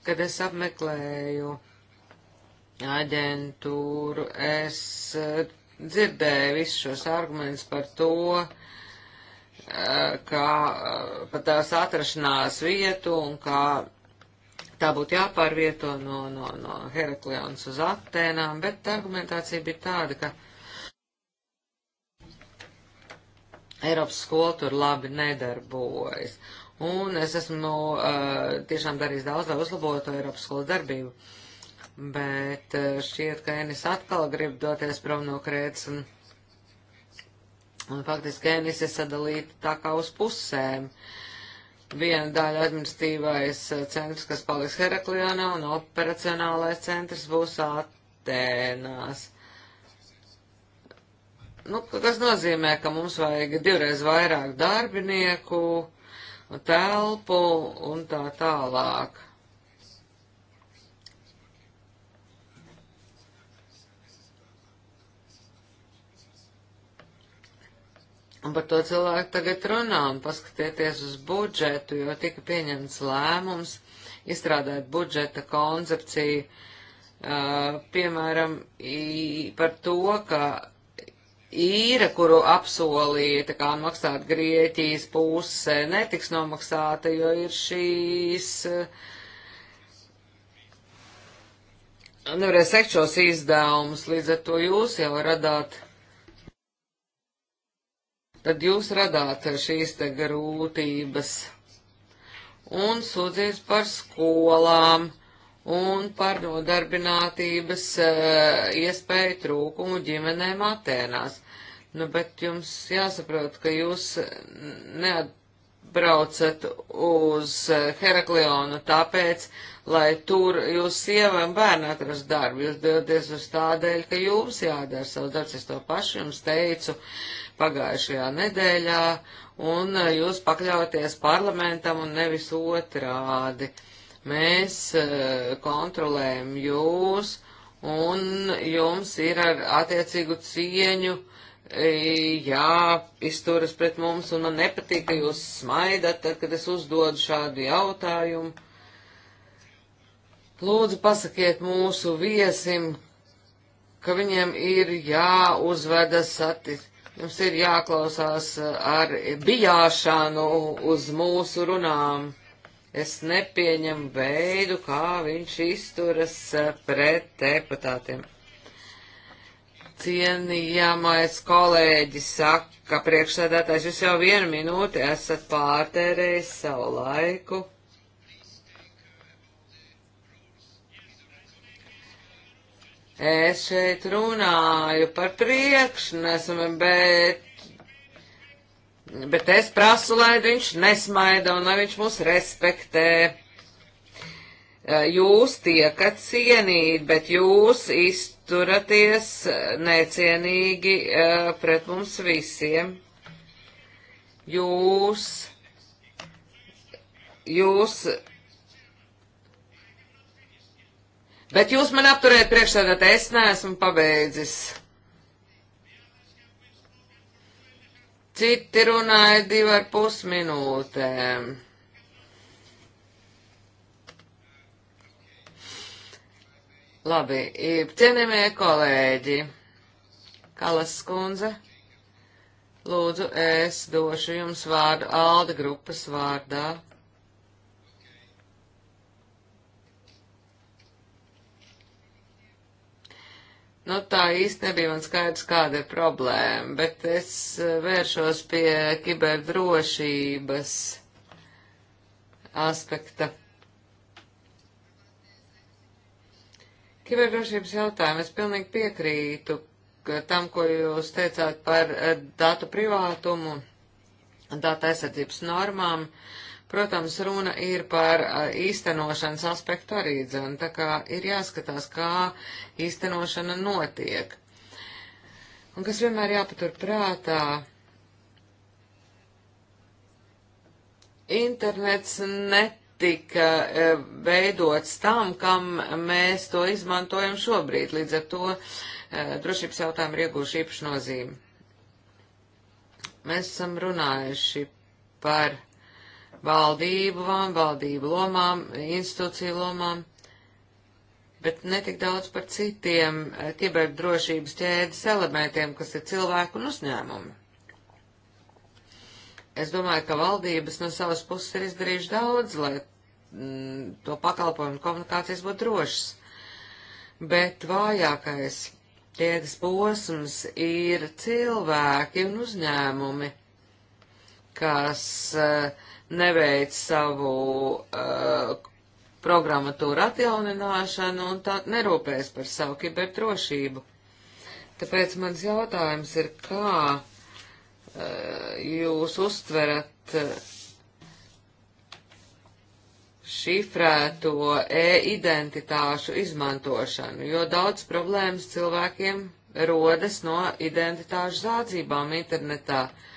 Kad es apmeklēju aģentūru, es eh, dzirdēju visus šos argumentus par to, Eh, kā eh, pat tās atrašanās vietu un kā tā būtu jāpārvieto no, no, no Heraklions uz Atēnām, bet argumentācija bija tāda, ka Eiropas skola tur labi nedarbojas. Un es esmu uh, tiešām darījis daudz, lai uzlabotu Eiropas skolas darbību. Bet uh, šķiet, ka Enis atkal grib doties prom no Krētas un Un faktiski ēnis ir sadalīta tā kā uz pusēm. Viena daļa administratīvais eh, centrs, kas paliks Heraklionā, un operacionālais centrs būs Atēnās. Nu, kas nozīmē, ka mums vajag divreiz vairāk darbinieku, telpu un tā tālāk. Un par to cilvēku tagad runā un paskatieties uz budžetu, jo tika pieņemts lēmums izstrādāt budžeta koncepciju, uh, piemēram, i, par to, ka īra, kuru apsolīja, tā kā maksāt Grieķijas puse, netiks nomaksāta, jo ir šīs. Uh, Nevarēs sekt šos izdevumus, līdz ar to jūs jau radāt tad jūs radāt šīs te grūtības un sūdzies par skolām un par nodarbinātības uh, iespēju trūkumu ģimenēm Atēnās. Nu, bet jums jāsaprot, ka jūs neatbraucat uz Heraklionu tāpēc, lai tur jūs sieva un bērni atrast darbu. Jūs dodaties uz tādēļ, ka jums jādara savs darbs. Es to pašu jums teicu. Uh, pagājušajā nedēļā, un eh, jūs pakļauties parlamentam un nevis otrādi. Mēs eh, kontrolējam jūs, un jums ir ar attiecīgu cieņu eh, jāizturas pret mums, un man nepatīk, ka jūs smaidat, tad, kad es uzdodu šādu jautājumu. Lūdzu, pasakiet mūsu viesim, ka viņiem ir jāuzvedas satisfaktīvi Mums ir jāklausās eh, ar bijāšanu uz mūsu runām. Es nepieņemu veidu, kā viņš izturas eh, pret deputātiem. Cienījamais kolēģis saka, priekšsēdētājs, jūs jau vienu minūti esat pārtērējis savu laiku. Es šeit runāju par priekšnesumu, bet, bet es prasu, lai viņš nesmaida un lai viņš mūs respektē. Jūs tiekat cienīt, bet jūs izturaties necienīgi eh, pret mums visiem. Jūs, jūs Bet jūs man apturējat priekšsēdēt, es neesmu pabeidzis. Citi runāja divi ar pus minūtēm. Labi, cienījamie kolēģi, Kalas skundze, lūdzu, es došu jums vārdu Alda grupas vārdā. Nu, tā īsti nebija man skaidrs, kāda ir problēma, bet es eh, vēršos pie kiberdrošības aspekta. Kiberdrošības jautājumu es pilnīgi piekrītu tam, ko jūs teicāt par eh, datu privātumu un datu aizsardzības normām. Uh, Protams, runa ir par īstenošanas aspektu arī dzene, tā kā ir jāskatās, kā īstenošana notiek. Un kas vienmēr jāpatur prātā, internets netika e, veidots tam, kam mēs to izmantojam šobrīd, līdz ar to e, drošības jautājumi ir iegūši īpašu nozīmi. Mēs esam runājuši par valdībām, valdību lomām, institūciju lomām, bet netik daudz par citiem eh, kiberdrošības ķēdes elementiem, kas ir cilvēku un uzņēmumi. Es domāju, ka valdības no savas puses ir izdarījuši daudz, lai mm, to pakalpojumu komunikācijas būtu drošas. Bet vājākais ķēdes posms ir cilvēki un uzņēmumi, kas uh, neveic savu uh, programmatūru atjaunināšanu un tā nerūpēs par savu kiberdrošību. Tāpēc mans jautājums ir, kā uh, jūs uztverat uh, šifrēto e-identitāšu izmantošanu, jo daudz problēmas cilvēkiem rodas no identitāšu zādzībām internetā. Uh,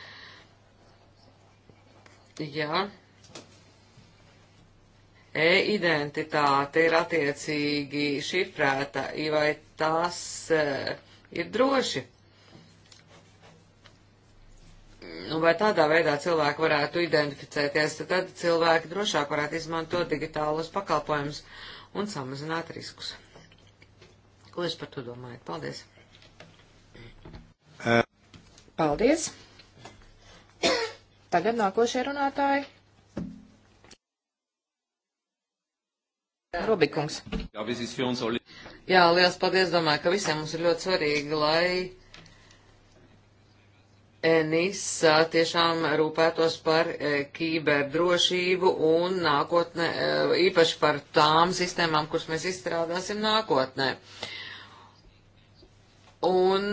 ja e-identitāte ir attiecīgi šifrēta, vai tas eh, ir droši. Un vai tādā veidā cilvēki varētu identificēties, tad cilvēki drošāk varētu izmantot digitālos pakalpojumus un samazināt riskus. Ko jūs par to domājat? Paldies! Eh. Paldies! Tagad nākošie runātāji. Robikungs. Jā, liels paldies. Domāju, ka visiem mums ir ļoti svarīgi, lai Enisa tiešām rūpētos par e, kiberdrošību un nākotnē, e, īpaši par tām sistēmām, kuras mēs izstrādāsim nākotnē. Un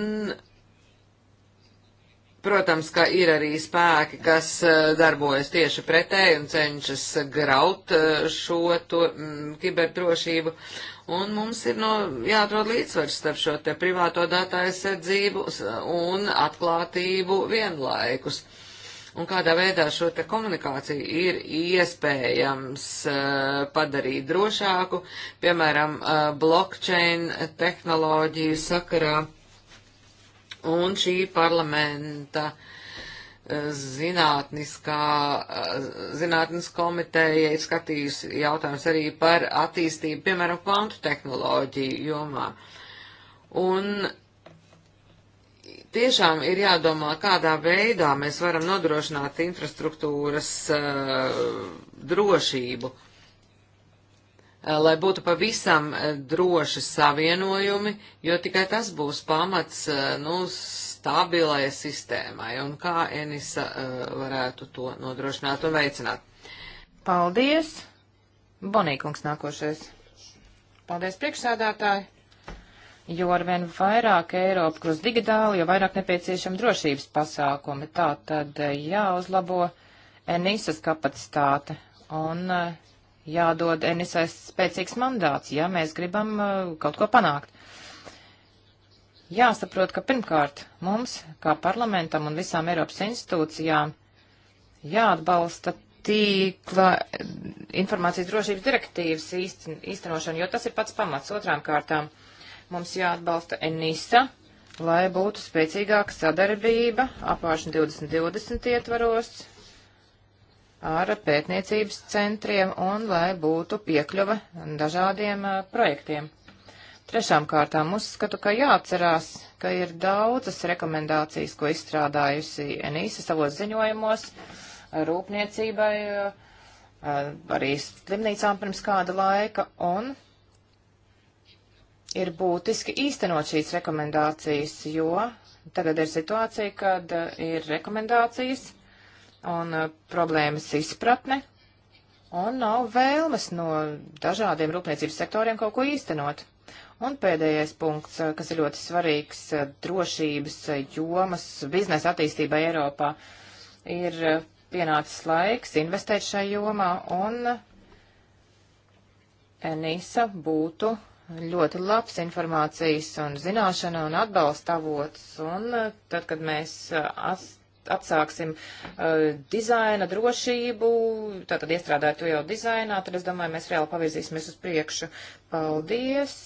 Protams, ka ir arī spēki, kas eh, darbojas tieši pretēji un cenšas graut eh, šo to, mm, kiberdrošību. Un mums ir no, nu, jāatrod līdzsvars starp šo te privāto datu aizsardzību un atklātību vienlaikus. Un kādā veidā šo te komunikāciju ir iespējams uh, padarīt drošāku, piemēram, uh, blockchain tehnoloģiju sakarā un šī parlamenta eh, zinātniskā, eh, zinātnes komiteja ir skatījusi jautājums arī par attīstību, piemēram, kvantu tehnoloģiju jomā. Un tiešām ir jādomā, kādā veidā mēs varam nodrošināt infrastruktūras uh, drošību. Uh, Eh, lai būtu pavisam eh, droši savienojumi, jo tikai tas būs pamats eh, nu, stabilai sistēmai un kā Enisa varētu to nodrošināt un veicināt. Paldies! Bonīkungs nākošais. Paldies priekšsādātāji! jo arvien vairāk Eiropa kļūst digitāli, jo vairāk nepieciešama drošības pasākumi. Tā tad jāuzlabo Enisas kapacitāte. Un uh, jādod NSA spēcīgs mandāts, ja mēs gribam uh, kaut ko panākt. Jāsaprot, ka pirmkārt mums, kā parlamentam un visām Eiropas institūcijām, jāatbalsta tīkla eh, informācijas drošības direktīvas īsten, īstenošana, jo tas ir pats pamats. Otrām kārtām mums jāatbalsta ENISA, lai būtu spēcīgāka sadarbība apvāršana 2020 ietvaros, ar pētniecības centriem un lai būtu piekļuva dažādiem projektiem. Trešām kārtām uzskatu, ka jāatcerās, ka ir daudzas rekomendācijas, ko izstrādājusi Enīsa savos ziņojumos rūpniecībai, arī slimnīcām pirms kāda laika, un ir būtiski īstenot šīs rekomendācijas, jo tagad ir situācija, kad ir rekomendācijas, un uh, problēmas izpratne, un nav vēlmes no dažādiem rūpniecības sektoriem kaut ko īstenot. Un pēdējais punkts, uh, kas ir ļoti svarīgs uh, drošības jomas biznesa attīstībai Eiropā, ir pienācis laiks investēt šajā jomā, un Enisa būtu ļoti labs informācijas un zināšana un atbalsta avots, un tad, kad mēs ast atsāksim uh, dizaina drošību, tātad iestrādājot to jau dizainā, tad es domāju, mēs reāli pavirzīsimies uz priekšu. Paldies!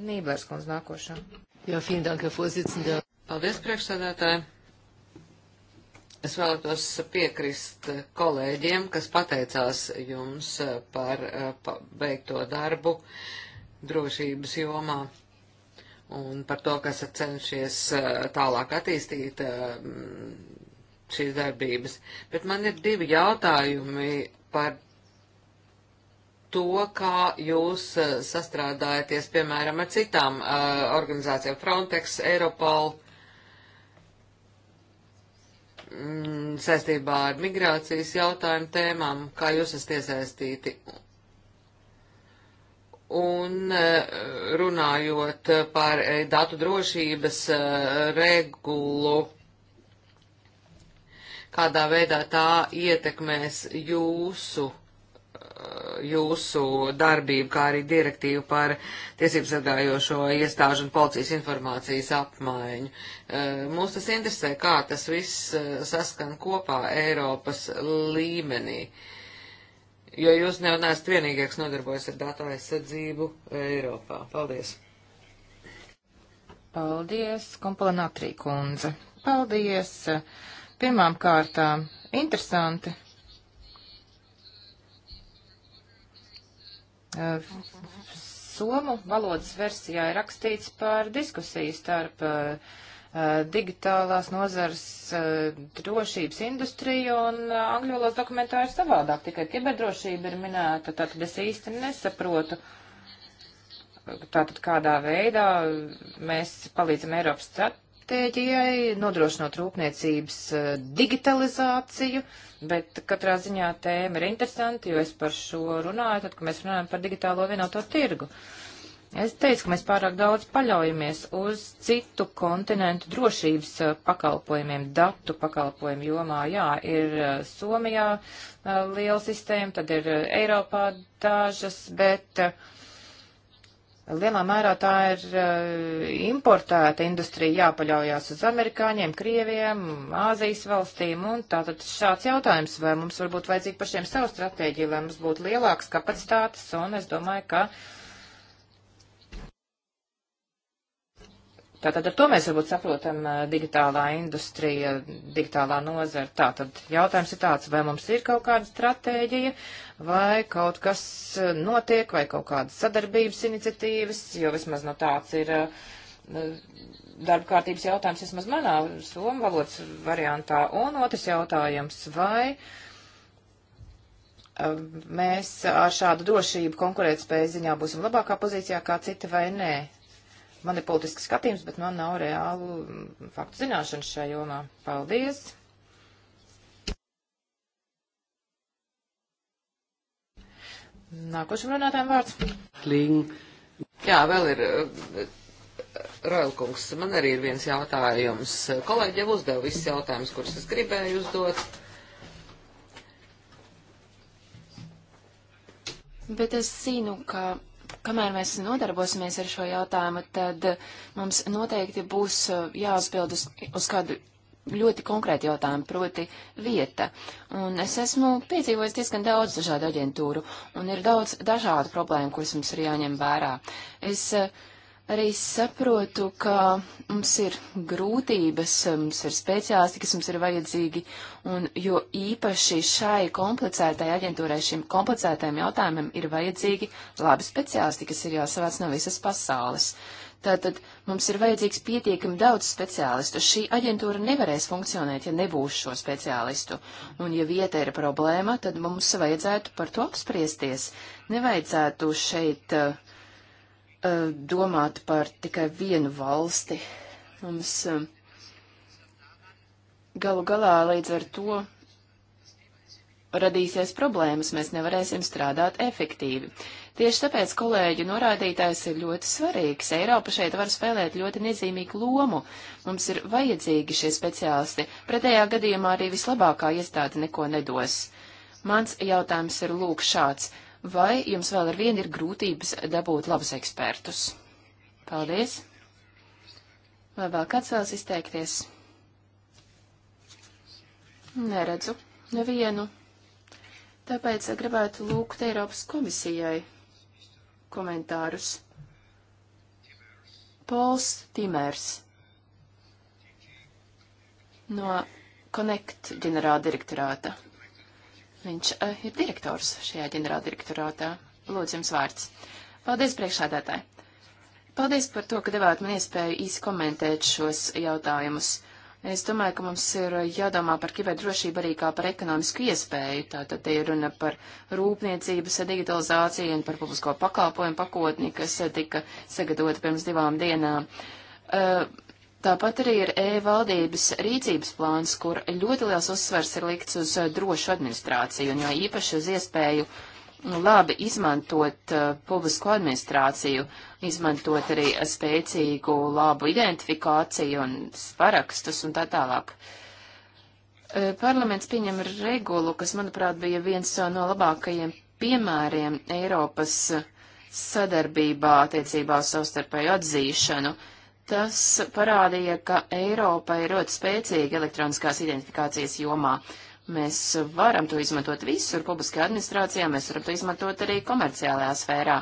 Nīblers kundze nākošā. Jā, vielen dank, Herr Vorsitzender. Paldies, priekšsēdētāji. Es vēlētos piekrist kolēģiem, kas pateicās jums par eh, veikto darbu drošības jomā un par to, kas cenšies eh, tālāk attīstīt eh, šīs darbības. Bet man ir divi jautājumi par to, kā jūs eh, sastrādājaties, piemēram, ar citām organizācijām Frontex, Europol, mm, saistībā ar migrācijas jautājumu tēmām, kā jūs esat iesaistīti Un eh, runājot eh, par eh, datu drošības regulu, kādā veidā tā ietekmēs jūsu, jūsu darbību, kā arī direktīvu par tiesību sargājošo iestāžu un policijas informācijas apmaiņu. Mūs tas interesē, kā tas viss saskan kopā Eiropas līmenī. Uh, jo jūs ne, neesat vienīgie, kas nodarbojas ar datu aizsardzību Eiropā. Paldies! Paldies, kompolenātrī kundze. Paldies. Pirmām kārtām, interesanti. Somu valodas versijā ir rakstīts par diskusiju starp uh, Eh, digitālās nozars eh, drošības industriju, un eh, angļolos dokumentā ir savādāk, tikai kiberdrošība ir minēta, tātad es īsti nesaprotu, tātad kādā veidā mēs palīdzam Eiropas stratēģijai nodrošinot rūpniecības digitalizāciju, bet katrā ziņā tēma ir interesanti, jo es par šo runāju, tad, kad mēs runājam par digitālo vienoto tirgu. Uh, Es teicu, ka mēs pārāk daudz paļaujamies uz citu kontinentu drošības eh, pakalpojumiem, datu pakalpojumu jomā. Jā, ir eh, Somijā eh, liela sistēma, tad ir Eiropā dažas, bet lielā mērā tā ir importēta industrija, jāpaļaujās uz amerikāņiem, krieviem, Āzijas valstīm, un tātad šāds jautājums, vai mums varbūt vajadzīgi pašiem savu stratēģiju, lai mums būtu lielākas kapacitātes, un es domāju, ka Tātad ar to mēs varbūt saprotam digitālā industrija, digitālā nozara. Tātad jautājums ir tāds, vai mums ir kaut kāda stratēģija, vai kaut kas notiek, vai kaut kādas sadarbības iniciatīvas, jo vismaz no tāds ir darba kārtības jautājums, vismaz manā somu valodas variantā. Un otrs jautājums, vai mēs ar šādu drošību konkurētspējas ziņā būsim labākā pozīcijā kā citi vai nē? man ir politiski skatījums, bet man nav reālu mm, faktu zināšanas šajā jomā. Paldies! Nākošam runātājam vārds. Kling. Jā, vēl ir eh, Roilkungs. Man arī ir viens jautājums. Kolēģi jau uzdeva visus jautājumus, kurus es gribēju uzdot. Bet es zinu, ka Kamēr mēs nodarbosimies ar šo jautājumu, tad mums noteikti būs eh, jāuzbild uz, uz kādu ļoti konkrēti jautājumi, proti vieta. Un es esmu piedzīvojis diezgan daudz dažādu aģentūru, un ir daudz dažādu problēmu, kuras mums ir jāņem vērā. Es uh, arī saprotu, ka mums ir grūtības, mums ir speciālisti, kas mums ir vajadzīgi, un jo īpaši šai komplicētai aģentūrai, šiem komplicētajiem jautājumiem ir vajadzīgi labi speciālisti, kas ir jāsavāc no visas pasaules. Tātad mums ir vajadzīgs pietiekami daudz speciālistu. Šī aģentūra nevarēs funkcionēt, ja nebūs šo speciālistu. Un ja vieta ir problēma, tad mums vajadzētu par to apspriesties. Nevajadzētu šeit uh, Eh, domāt par tikai vienu valsti. Mums eh, galu galā līdz ar to radīsies problēmas, mēs nevarēsim strādāt efektīvi. Tieši tāpēc kolēģu norādītājs ir ļoti svarīgs. Eiropa šeit var spēlēt ļoti nezīmīgu lomu. Mums ir vajadzīgi šie speciālisti. Pretējā gadījumā arī vislabākā iestāde neko nedos. Mans jautājums ir lūk šāds vai jums vēl ar vienu ir grūtības dabūt labus ekspertus? Paldies! Vai vēl kāds vēlas izteikties? Neredzu nevienu. Tāpēc gribētu lūgt Eiropas komisijai komentārus. Pols Timers no Connect ģenerāldirektorāta. Viņš uh, ir direktors šajā ģenerāldirektorātā. Lūdzu, jums vārds. Paldies, priekšādātāji. Paldies par to, ka devāt man iespēju īsi komentēt šos jautājumus. Es domāju, ka mums ir jādomā par kiberdrošību arī kā par ekonomisku iespēju. Tātad te ir runa par rūpniecības digitalizāciju un par publisko pakalpojumu pakotni, kas tika sagatavota pirms divām dienām. Uh, Tāpat arī ir e-valdības rīcības plāns, kur ļoti liels uzsvers ir likts uz eh, drošu administrāciju, un jo īpaši uz iespēju nu, labi izmantot uh, eh, publisko administrāciju, izmantot arī spēcīgu labu identifikāciju un parakstus un tā tālāk. Uh, parlaments pieņem regulu, kas, manuprāt, bija viens no labākajiem piemēriem Eiropas sadarbībā attiecībā uz savstarpēju atzīšanu. Uh, Tas parādīja, ka Eiropa ir ļoti spēcīga elektroniskās identifikācijas jomā. Mēs varam to izmantot visur publiskajā administrācijā, mēs varam to izmantot arī komerciālajā sfērā.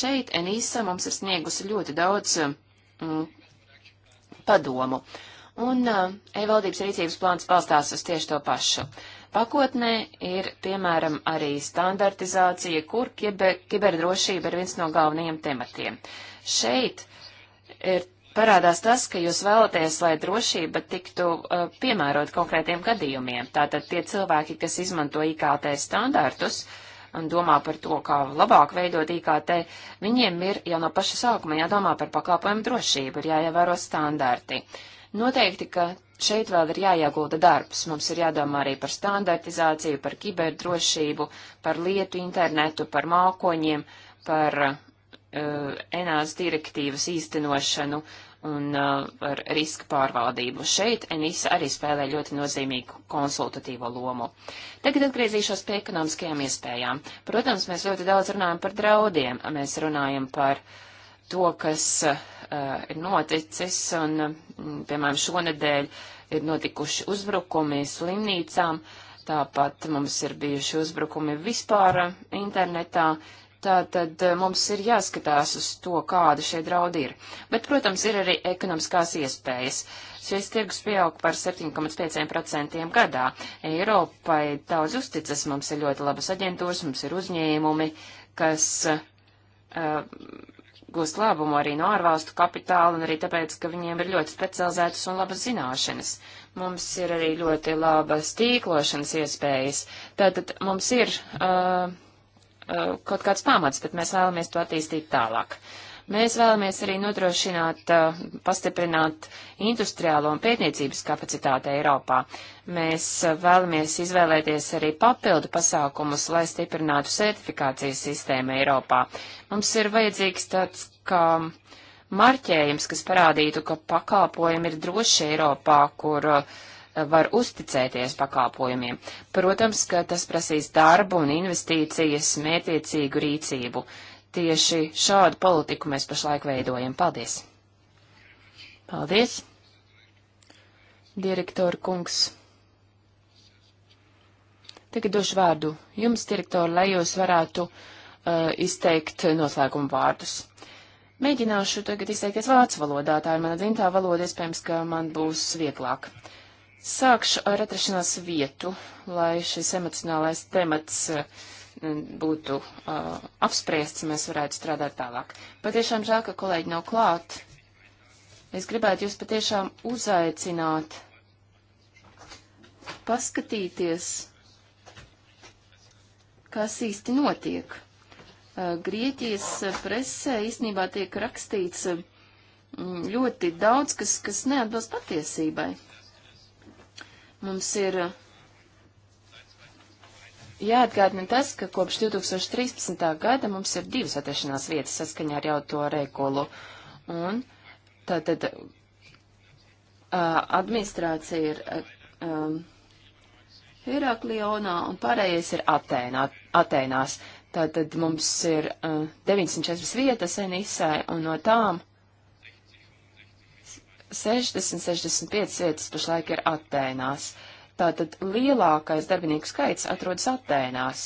Šeit NISA mums ir sniegusi ļoti daudz mm, padomu. Un uh, e-valdības rīcības plāns balstās uz tieši to pašu. Pakotnē ir, piemēram, arī standartizācija, kur kiber, kiberdrošība ir viens no galvenajiem tematiem. Šeit ir parādās tas, ka jūs vēlaties, lai drošība tiktu uh, piemērot konkrētiem gadījumiem. Tātad tie cilvēki, kas izmanto IKT standārtus un domā par to, kā labāk veidot IKT, viņiem ir jau no paša sākuma jādomā par pakalpojumu drošību, ir jāievēro standārti. Noteikti, ka šeit vēl ir jāiegulda darbs. Mums ir jādomā arī par standartizāciju, par kiberdrošību, par lietu internetu, par mākoņiem, par uh, NAS direktīvas īstenošanu, uh, un uh, ar riska pārvaldību. Šeit Enisa arī spēlē ļoti nozīmīgu konsultatīvo lomu. Tagad atgriezīšos pie ekonomiskajām iespējām. Protams, mēs ļoti daudz runājam par draudiem, mēs runājam par to, kas uh, ir noticis, un, mm, piemēram, šonedēļ ir notikuši uzbrukumi slimnīcām, tāpat mums ir bijuši uzbrukumi vispār uh, internetā, Tātad eh, mums ir jāskatās uz to, kāda šie draudi ir. Bet, protams, ir arī ekonomiskās iespējas. Šis tirgus pieaug par 7,5% gadā. Eiropai daudz uzticas, mums ir ļoti labas aģentūras, mums ir uzņēmumi, kas uh, gūst labumu arī no ārvalstu kapitāla un arī tāpēc, ka viņiem ir ļoti specializētas un labas zināšanas. Mums ir arī ļoti labas tīklošanas iespējas. Tātad mums ir. Uh, Uh, kaut kāds pamats, tad mēs vēlamies to attīstīt tālāk. Mēs vēlamies arī nodrošināt, uh, pastiprināt industriālo un pētniecības kapacitāti Eiropā. Mēs uh, vēlamies izvēlēties arī papildu pasākumus, lai stiprinātu certifikācijas sistēmu Eiropā. Mums ir vajadzīgs tāds kā marķējums, kas parādītu, ka pakalpojumi ir droši Eiropā, kur uh, var uzticēties pakāpojumiem. Protams, ka tas prasīs darbu un investīcijas, mētiecīgu rīcību. Tieši šādu politiku mēs pašlaik veidojam. Paldies! Paldies! Direktora kungs. Tagad došu vārdu jums, direktori, lai jūs varētu uh, izteikt noslēgumu vārdus. Mēģināšu tagad izteikties vācu valodā, tā ir mana dzimtā valoda, iespējams, ka man būs vieglāk. Uh, Sākšu ar atrašanās vietu, lai šis emocionālais temats eh, būtu uh, apspriests, mēs varētu strādāt tālāk. Patiešām žēl, ka kolēģi nav klāt. Es gribētu jūs patiešām uzaicināt, paskatīties, kas īsti notiek. Uh, Grieķijas presē īstenībā tiek rakstīts uh, ļoti daudz, kas, kas neatbilst patiesībai. Mums ir uh, jāatgādina tas, ka kopš 2013. gada mums ir divas atrašanās vietas saskaņā ar jau to reikolu. Un tātad uh, administrācija ir uh, um, Heraklionā un pārējais ir Atēnā, Atēnās. Tātad mums ir uh, 914 vietas Enisai un no tām 60-65 vietas pašlaik ir Atēnās. Tātad lielākais darbinieku skaits atrodas Atēnās.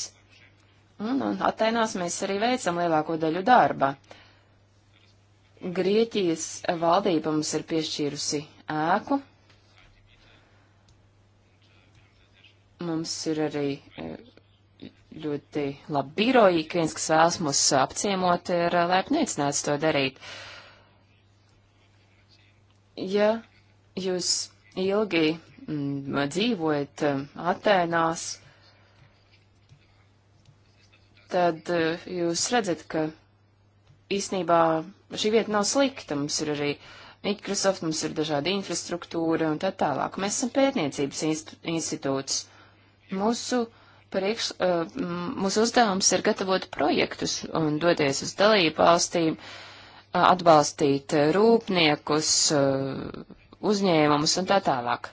Un, un Atēnās mēs arī veicam lielāko daļu darba. Grieķijas valdība mums ir piešķīrusi ēku. Mums ir arī e, ļoti labi biroji, ik viens, kas vēlas mūs apciemot, ir e, laipni aicināts to darīt. Uh, ja jūs ilgi m, mm, dzīvojat mm, Atēnās, tad mm, jūs redzat, ka īsnībā šī vieta nav slikta. Mums ir arī Microsoft, mums ir dažāda infrastruktūra un tā tālāk. Mēs esam pētniecības inst institūts. Mūsu, priekš, uh, mūsu uzdevums ir gatavot projektus un doties uz dalību valstīm. Uh, atbalstīt rūpniekus, eh, uzņēmumus un tā tālāk.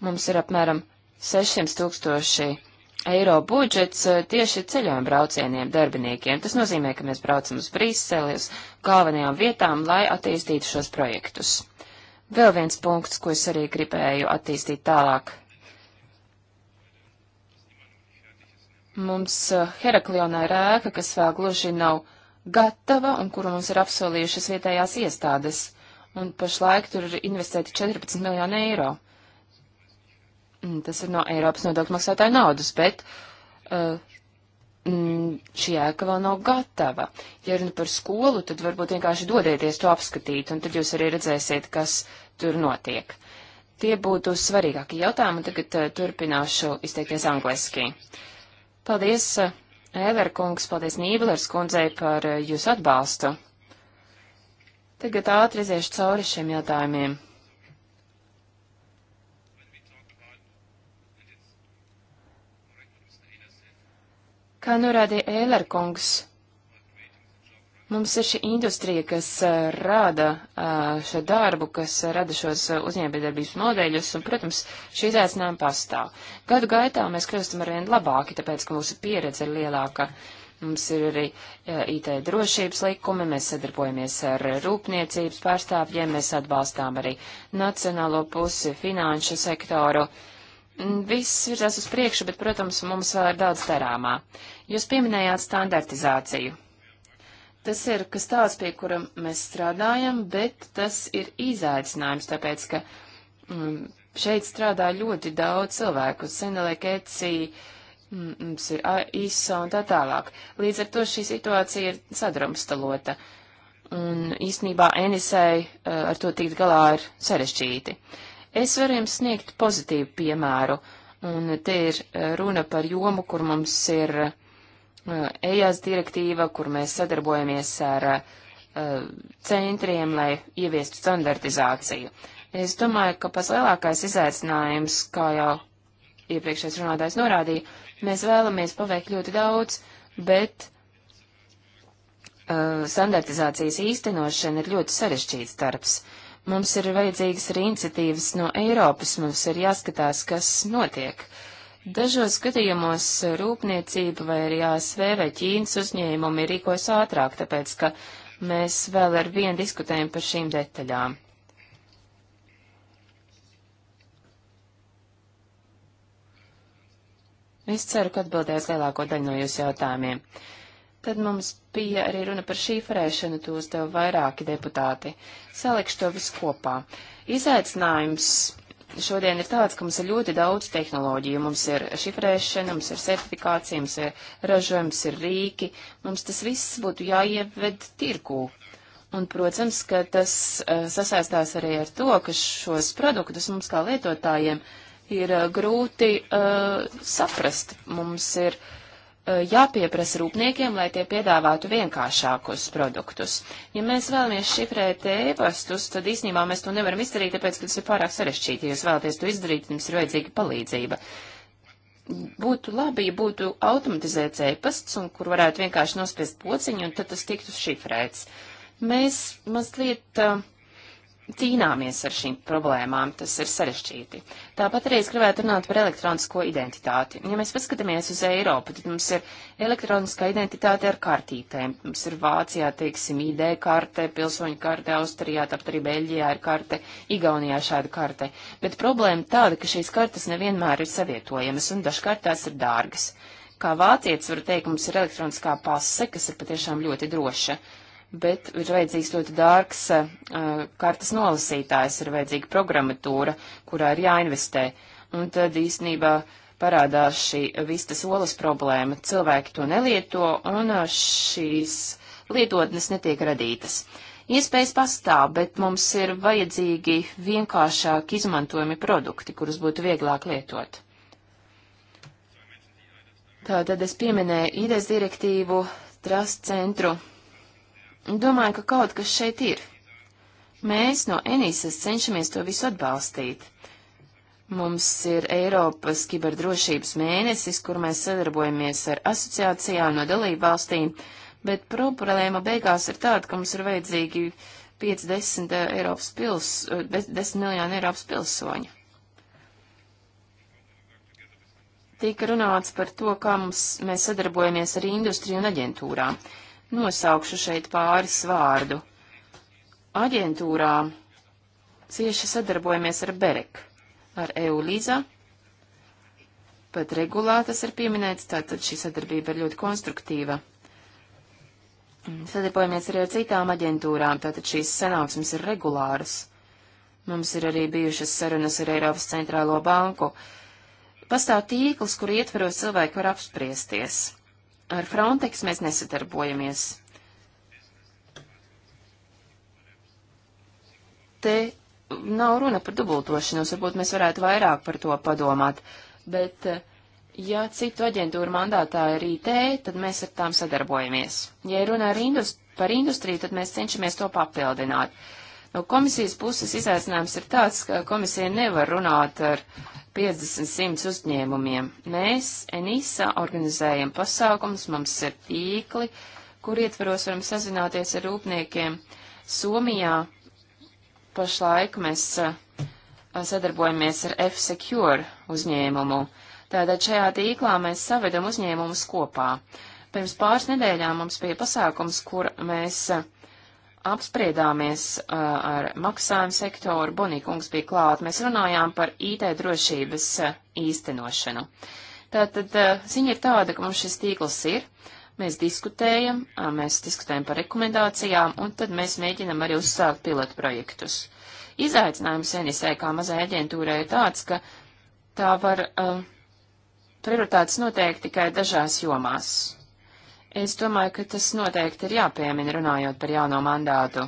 Mums ir apmēram 600 tūkstoši eiro budžets eh, tieši ceļojuma braucieniem darbiniekiem. Tas nozīmē, ka mēs braucam uz Brīseli, uz galvenajām vietām, lai attīstītu šos projektus. Vēl viens punkts, ko es arī gribēju attīstīt tālāk. Mums eh, Heraklionā ir ēka, kas vēl gluži nav gatava un kuru mums ir apsolījušas vietējās iestādes, un pašlaik tur ir investēti 14 miljoni eiro. Mm, tas ir no Eiropas nodokļu maksātāju naudas, bet uh, mm, šī ēka vēl nav gatava. Ja runa par skolu, tad varbūt vienkārši dodieties to apskatīt, un tad jūs arī redzēsiet, kas tur notiek. Tie būtu svarīgākie jautājumi, un tagad uh, turpināšu izteikties angliski. Paldies! Uh, Everkungs, paldies Nībelers kundzei par eh, jūsu atbalstu. Tagad ātri iziešu cauri šiem jautājumiem. Kā norādīja Ēlerkungs, Mums ir šī industrija, kas rada šo darbu, kas rada šos uzņēmējdarbības modeļus, un, protams, šī izaicinājuma pastāv. Gadu gaitā mēs kļūstam arvien labāki, tāpēc, ka mūsu pieredze ir lielāka. Mums ir arī IT drošības likumi, mēs sadarbojamies ar rūpniecības pārstāvjiem, mēs atbalstām arī nacionālo pusi, finanšu sektoru. Viss virzās uz priekšu, bet, protams, mums vēl ir daudz darāmā. Jūs pieminējāt standartizāciju. Tas ir kas tāds, pie kura mēs strādājam, bet tas ir izaicinājums, tāpēc, ka mm, šeit strādā ļoti daudz cilvēku, seneliek ECI, mm, mums ir ISO un tā tālāk. Līdz ar to šī situācija ir sadrumstalota. Un īstenībā Enisei eh, ar to tikt galā ir sarežģīti. Es varu jums sniegt pozitīvu piemēru, un te ir eh, runa par jomu, kur mums ir uh, EJAS eh, e direktīva, kur mēs sadarbojamies ar eh, centriem, lai ieviestu standartizāciju. Es domāju, ka pats lielākais izaicinājums, kā jau iepriekšējais runātājs norādīja, mēs vēlamies paveikt ļoti daudz, bet uh, standartizācijas īstenošana ir ļoti sarežģīts darbs. Mums ir vajadzīgas arī iniciatīvas no Eiropas, mums ir jāskatās, kas notiek. Uh, Dažos gadījumos rūpniecība vai arī ASV vai Ķīnas uzņēmumi rīkojas ātrāk, tāpēc ka mēs vēl ar vienu diskutējam par šīm detaļām. Es ceru, ka atbildēs lielāko daļu no jūsu jautājumiem. Tad mums bija arī runa par šīferēšanu, to uzdeva vairāki deputāti. Salikšu to visu kopā. Izaicinājums šodien ir tāds, ka mums ir ļoti daudz tehnoloģiju. Mums ir šifrēšana, mums ir certifikācija, mums ir ražojums, ir rīki. Mums tas viss būtu jāieved tirgū. Un, protams, ka tas uh, sasaistās arī ar to, ka šos produktus mums kā lietotājiem ir uh, grūti uh, saprast. Mums ir uh, Eh, jāpieprasa rūpniekiem, lai tie piedāvātu vienkāršākus produktus. Ja mēs vēlamies šifrēt e-pastus, tad īsnībā mēs to nevaram izdarīt, tāpēc, ka tas ir pārāk sarežģīti. Ja jūs vēlaties to izdarīt, jums ir vajadzīga palīdzība. Būtu labi, ja būtu automatizēts e-pasts, un kur varētu vienkārši nospiest pociņu, un tad tas tiktu šifrēts. Mēs mazliet uh, cīnāmies ar šīm problēmām, tas ir sarešķīti. Tāpat arī es gribētu runāt par elektronisko identitāti. Ja mēs paskatāmies uz Eiropu, tad mums ir elektroniskā identitāte ar kartītēm. Mums ir Vācijā, teiksim, ID karte, pilsoņu karte, Austrijā, tāpat arī Beļģijā ir karte, Igaunijā šāda karte. Bet problēma tāda, ka šīs kartes nevienmēr ir savietojamas un dažkārt tās ir dārgas. Kā vācietis var teikt, mums ir elektroniskā pase, kas ir patiešām ļoti droša bet ir vajadzīgs ļoti dārgs eh, kartas nolasītājs, ir vajadzīga programmatūra, kurā ir jāinvestē. Un tad īstenībā parādās šī vistas olas problēma. Cilvēki to nelieto un eh, šīs lietotnes netiek radītas. Iespējas pastāv, bet mums ir vajadzīgi vienkāršāk izmantojami produkti, kurus būtu vieglāk lietot. Tātad es pieminēju īdes direktīvu, trust centru Domāju, ka kaut kas šeit ir. Mēs no Enīsas cenšamies to visu atbalstīt. Mums ir Eiropas kiberdrošības mēnesis, kur mēs sadarbojamies ar asociācijām no dalību valstīm, bet problēma beigās ir tāda, ka mums ir vajadzīgi 50 eh, Eiropas pils, 10 eh, miljonu Eiropas pilsoņu. Tika runāts par to, kā mums, mēs sadarbojamies ar industriju un aģentūrām. Uh, Nosaukšu šeit pāris vārdu. Aģentūrā cieši sadarbojamies ar Berek, ar EULIZA, pat regulā tas ir pieminēts, tātad šī sadarbība ir ļoti konstruktīva. Sadarbojamies arī ar citām aģentūrām, tātad šīs sanāksmes ir regulāras. Mums ir arī bijušas sarunas ar Eiropas centrālo banku. Pastāv tīkls, kur ietveros cilvēki var apspriesties. Ar Frontex mēs nesadarbojamies. Te nav runa par dubultošanos, varbūt mēs varētu vairāk par to padomāt, bet eh, ja citu aģentūru mandātā ir IT, tad mēs ar tām sadarbojamies. Ja runā indust par industriju, tad mēs cenšamies to papildināt. No komisijas puses izaicinājums ir tāds, ka komisija nevar runāt ar uh, 50-100 uzņēmumiem. Mēs Enisa organizējam pasākums, mums ir tīkli, kur ietveros varam sazināties ar rūpniekiem. Somijā pašlaik mēs sadarbojamies ar F-Secure uzņēmumu. Tātad šajā tīklā mēs savedam uzņēmumus kopā. Pirms pāris nedēļām mums bija pasākums, kur mēs uh, apspriedāmies uh, ar maksājumu sektoru, Bonīkungs bija klāt, mēs runājām par IT drošības uh, īstenošanu. Tātad uh, ziņa ir tāda, ka mums šis tīkls ir, mēs diskutējam, uh, mēs diskutējam par rekomendācijām, un tad mēs mēģinam arī uzsākt pilotu projektus. Izaicinājums NSA e kā mazai aģentūrai ir tāds, ka tā var uh, prioritātes noteikt tikai dažās jomās Es domāju, ka tas noteikti ir jāpiemina runājot par jauno mandātu.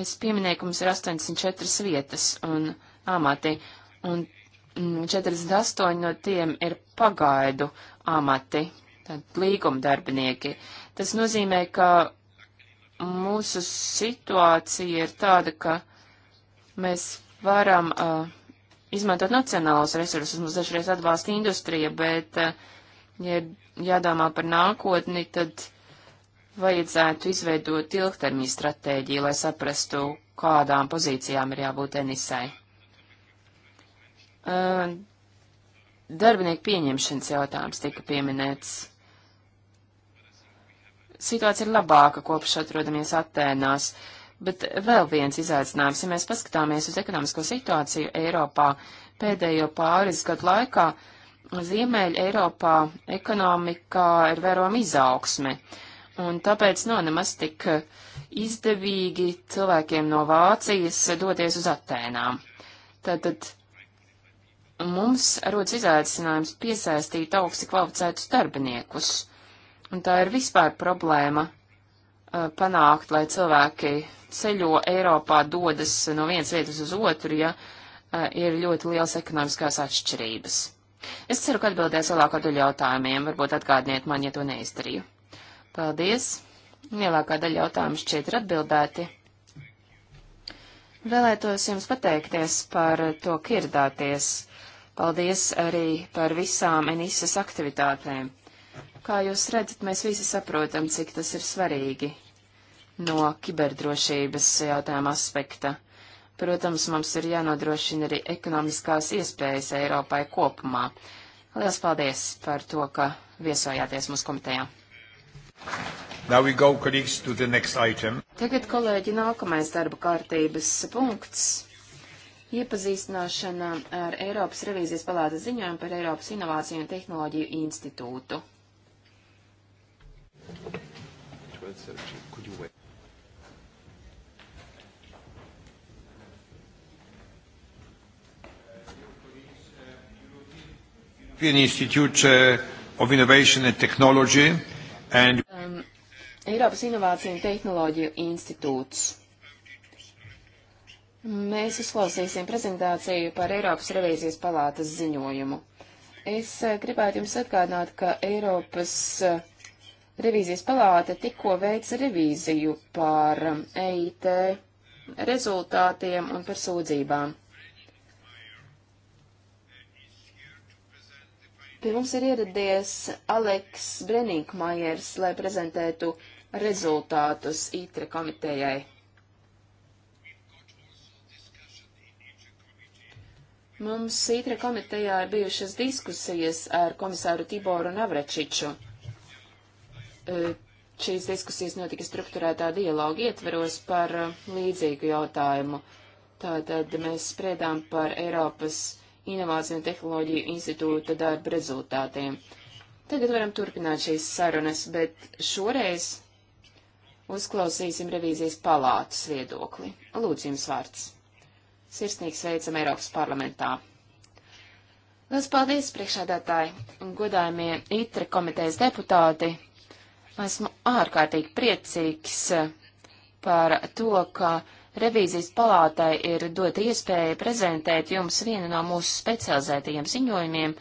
Es pieminēju, ka mums ir 84 vietas un amati, un 48 mm, no tiem ir pagaidu amati, tad līguma darbinieki. Tas nozīmē, ka mūsu situācija ir tāda, ka mēs varam uh, izmantot nacionālos resursus, mums dažreiz atbalsta industrija, bet, uh, ja ir jādomā par nākotni, tad vajadzētu izveidot ilgtermiņa stratēģiju, lai saprastu, kādām pozīcijām ir jābūt Enisai. Uh, darbinieku pieņemšanas jautājums tika pieminēts. Situācija ir labāka kopš atrodamies Atēnās, bet vēl viens izaicinājums, ja mēs paskatāmies uz ekonomisko situāciju Eiropā pēdējo pāris gadu laikā, uh, Ziemeļa Eiropā ekonomikā ir vērojama izaugsme, un tāpēc nav nemaz tik izdevīgi cilvēkiem no Vācijas doties uz Atēnām. Tātad mums rodas izaicinājums piesaistīt augsti kvalificētus darbiniekus, un tā ir vispār problēma panākt, lai cilvēki ceļo Eiropā, dodas no vienas vietas uz otru, ja ir ļoti liels ekonomiskās atšķirības. Es ceru, ka atbildēs lielāko daļu jautājumiem. Varbūt atgādniet man, ja to neizdarīju. Paldies. Lielākā daļa jautājumu šķiet ir atbildēti. Vēlētos jums pateikties par to, ka ieradāties. Paldies arī par visām Enisas aktivitātēm. Kā jūs redzat, mēs visi saprotam, cik tas ir svarīgi no kiberdrošības jautājuma aspekta. Protams, mums ir jānodrošina arī ekonomiskās iespējas Eiropai kopumā. Lielas paldies par to, ka viesojāties mūsu komitejā. Go, Tagad, kolēģi, nākamais darba kārtības punkts - iepazīstināšana ar Eiropas revīzijas palātas ziņojumu par Eiropas Inovāciju un Tehnoloģiju institūtu. 12, European Institute uh, of Innovation and Technology and um, Eiropas Inovācija un Tehnoloģiju institūts. Mēs uzklausīsim prezentāciju par Eiropas revīzijas palātas ziņojumu. Es uh, gribētu jums atgādināt, ka Eiropas uh, revīzijas palāta tikko veica revīziju par um, EIT rezultātiem un par sūdzībām. Pie mums ir ieradies Aleks Brenīkmajers, lai prezentētu rezultātus ITRE komitejai. Mums ITRE komitejā ir bijušas diskusijas ar komisāru Tiboru Navračiču. E, šīs diskusijas notika struktūrētā dialoga ietveros par e, līdzīgu jautājumu. Tātad mēs spriedām par Eiropas Inovāciju un tehnoloģiju institūta darba rezultātiem. Tagad varam turpināt šīs sarunas, bet šoreiz uzklausīsim revīzijas palātas viedokli. Lūdzu jums vārds. Sirsnīgi sveicam Eiropas parlamentā. Lielas paldies, priekšādātāji un godājumie ITRE komitejas deputāti. Esmu ārkārtīgi priecīgs par to, ka Revīzijas palātai ir dota iespēja prezentēt jums vienu no mūsu specializētajiem ziņojumiem,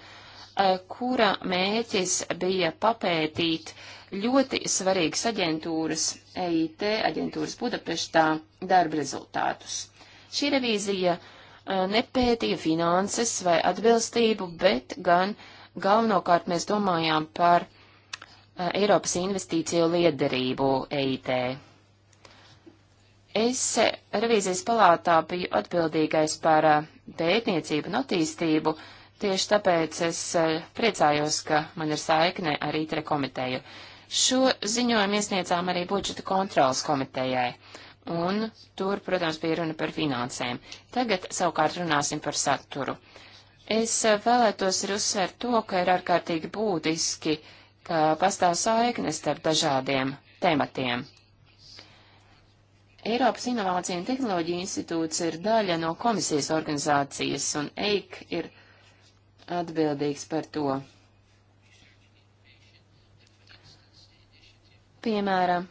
eh, kura mēķis bija papētīt ļoti svarīgas aģentūras EIT, aģentūras Budapeštā, darba rezultātus. Šī revīzija eh, nepētīja finanses vai atbilstību, bet gan galvenokārt mēs domājām par eh, Eiropas investīciju liederību EIT. Es eh, revīzijas palātā biju atbildīgais par eh, pētniecību un attīstību, tieši tāpēc es eh, priecājos, ka man ir saikne ar ITRE komiteju. Šo ziņojumu iesniedzām arī budžeta kontrolas komitejai, un tur, protams, bija runa par finansēm. Tagad savukārt runāsim par saturu. Es vēlētos ir uzsvērt to, ka ir ārkārtīgi būtiski, ka pastāv saiknes starp dažādiem tematiem Eiropas Inovācija un Tehnoloģija institūts ir daļa no komisijas organizācijas, un EIK ir atbildīgs par to. Piemēram,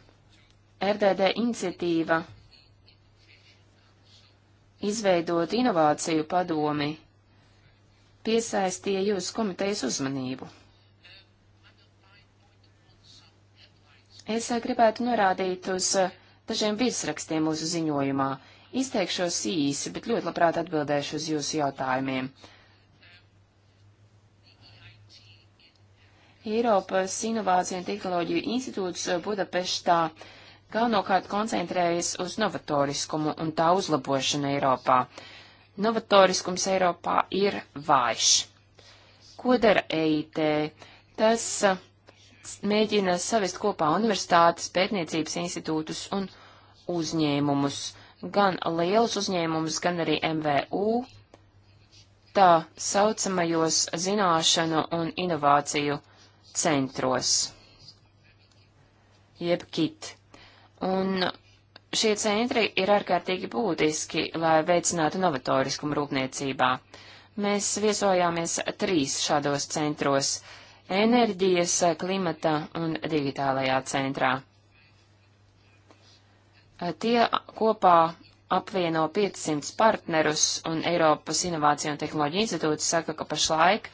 RDD iniciatīva izveidot inovāciju padomi piesaistīja jūsu komitejas uzmanību. Es gribētu norādīt uz uh, dažiem virsrakstiem mūsu ziņojumā. Izteikšos īsi, bet ļoti labprāt atbildēšu uz jūsu jautājumiem. Eiropas Inovāciju un Tehnoloģiju institūts eh, Budapeštā galvenokārt koncentrējas uz novatoriskumu un tā uzlabošanu Eiropā. Novatoriskums Eiropā ir vājš. Ko dara EIT? Tas uh, mēģina savest kopā universitātes, pētniecības institūtus un uzņēmumus, gan lielus uzņēmumus, gan arī MVU, tā saucamajos zināšanu un inovāciju centros, jeb kit. Un šie centri ir ārkārtīgi būtiski, lai veicinātu novatoriskumu rūpniecībā. Mēs viesojāmies trīs šādos centros enerģijas, eh, klimata un digitālajā centrā. Eh, tie kopā apvieno 500 partnerus un Eiropas Inovāciju un Tehnoloģiju institūts saka, ka pašlaik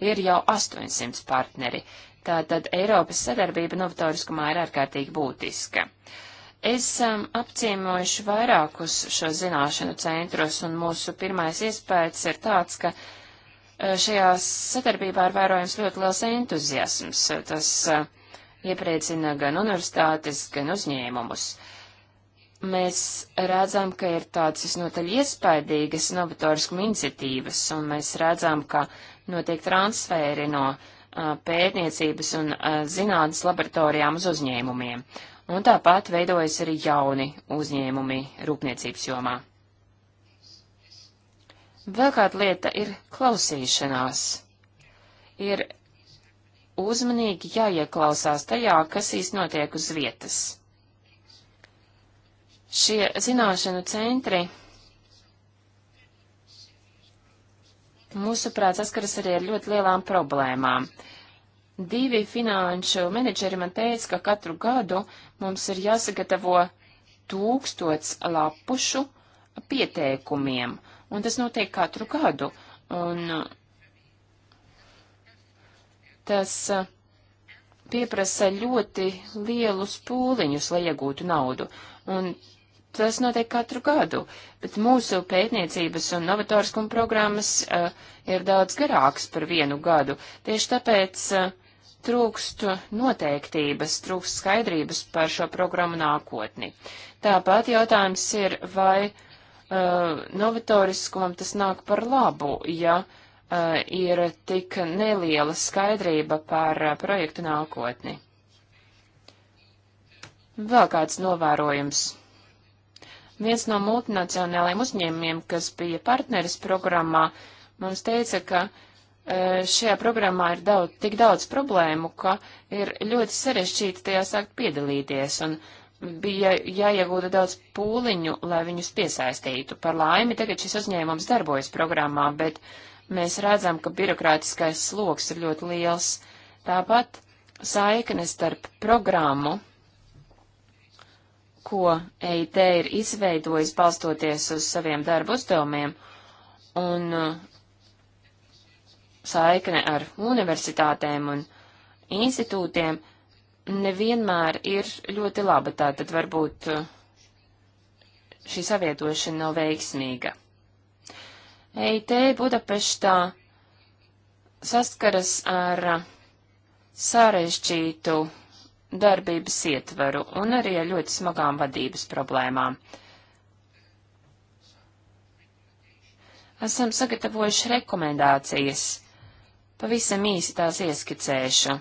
ir jau 800 partneri. Tātad Eiropas sadarbība novatoriskumā ir ārkārtīgi būtiska. Es um, apciemojuši vairākus šo zināšanu centrus, un mūsu pirmais iespējas ir tāds, ka Eh, šajā sadarbībā ir vērojams ļoti liels entuziasms. Tas eh, iepriecina gan universitātes, gan uzņēmumus. Mēs redzam, ka ir tādas visnotaļ iespaidīgas novatorisku iniciatīvas, un mēs redzam, ka notiek transferi no eh, pētniecības un zinātnes laboratorijām uz uzņēmumiem. Un tāpat veidojas arī jauni uzņēmumi rūpniecības jomā. Vēl kāda lieta ir klausīšanās. Ir uzmanīgi jāieklausās tajā, kas īsti notiek uz vietas. Šie zināšanu centri, mūsuprāt, saskaras arī ar ļoti lielām problēmām. Divi finanšu menedžeri man teica, ka katru gadu mums ir jāsagatavo tūkstots lapušu pieteikumiem, Un tas notiek katru gadu. Un uh, tas uh, pieprasa ļoti lielus pūliņus, lai iegūtu naudu. Un tas notiek katru gadu. Bet mūsu pētniecības un novatoriskuma programmas uh, ir daudz garāks par vienu gadu. Tieši tāpēc uh, trūkst noteiktības, trūkst skaidrības par šo programmu nākotni. Tāpat jautājums ir, vai uh, novatoriskam tas nāk par labu, ja uh, ir tik neliela skaidrība par uh, projektu nākotni. Vēl kāds novērojums. Viens no multinacionālajiem uzņēmumiem, kas bija partneris programmā, mums teica, ka uh, šajā programmā ir daudz, tik daudz problēmu, ka ir ļoti sarežģīti tajā sākt piedalīties, un bija jāiegūda daudz pūliņu, lai viņus piesaistītu. Par laimi tagad šis uzņēmums darbojas programmā, bet mēs redzam, ka birokrātiskais sloks ir ļoti liels. Tāpat saikne starp programmu, ko EIT ir izveidojis balstoties uz saviem darbu uzdevumiem, un uh, saikne ar universitātēm un institūtiem – nevienmēr ir ļoti laba, tātad varbūt uh, šī savietošana nav veiksmīga. EIT Budapeštā saskaras ar sarežģītu darbības ietvaru un arī ar ļoti smagām vadības problēmām. Esam sagatavojuši rekomendācijas. Pavisam īsi tās ieskicēšu.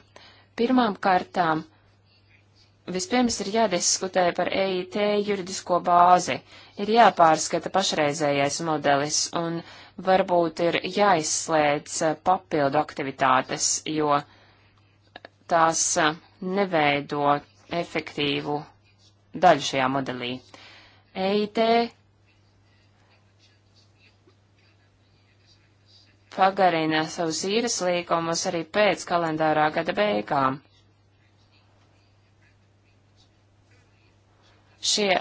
Pirmām kārtām vispirms ir jādiskutē par EIT juridisko bāzi, ir jāpārskata pašreizējais modelis un varbūt ir jāizslēdz eh, papildu aktivitātes, jo tās eh, neveido efektīvu daļu šajā modelī. EIT pagarina savus īres līgumus arī pēc kalendārā gada beigām. Šie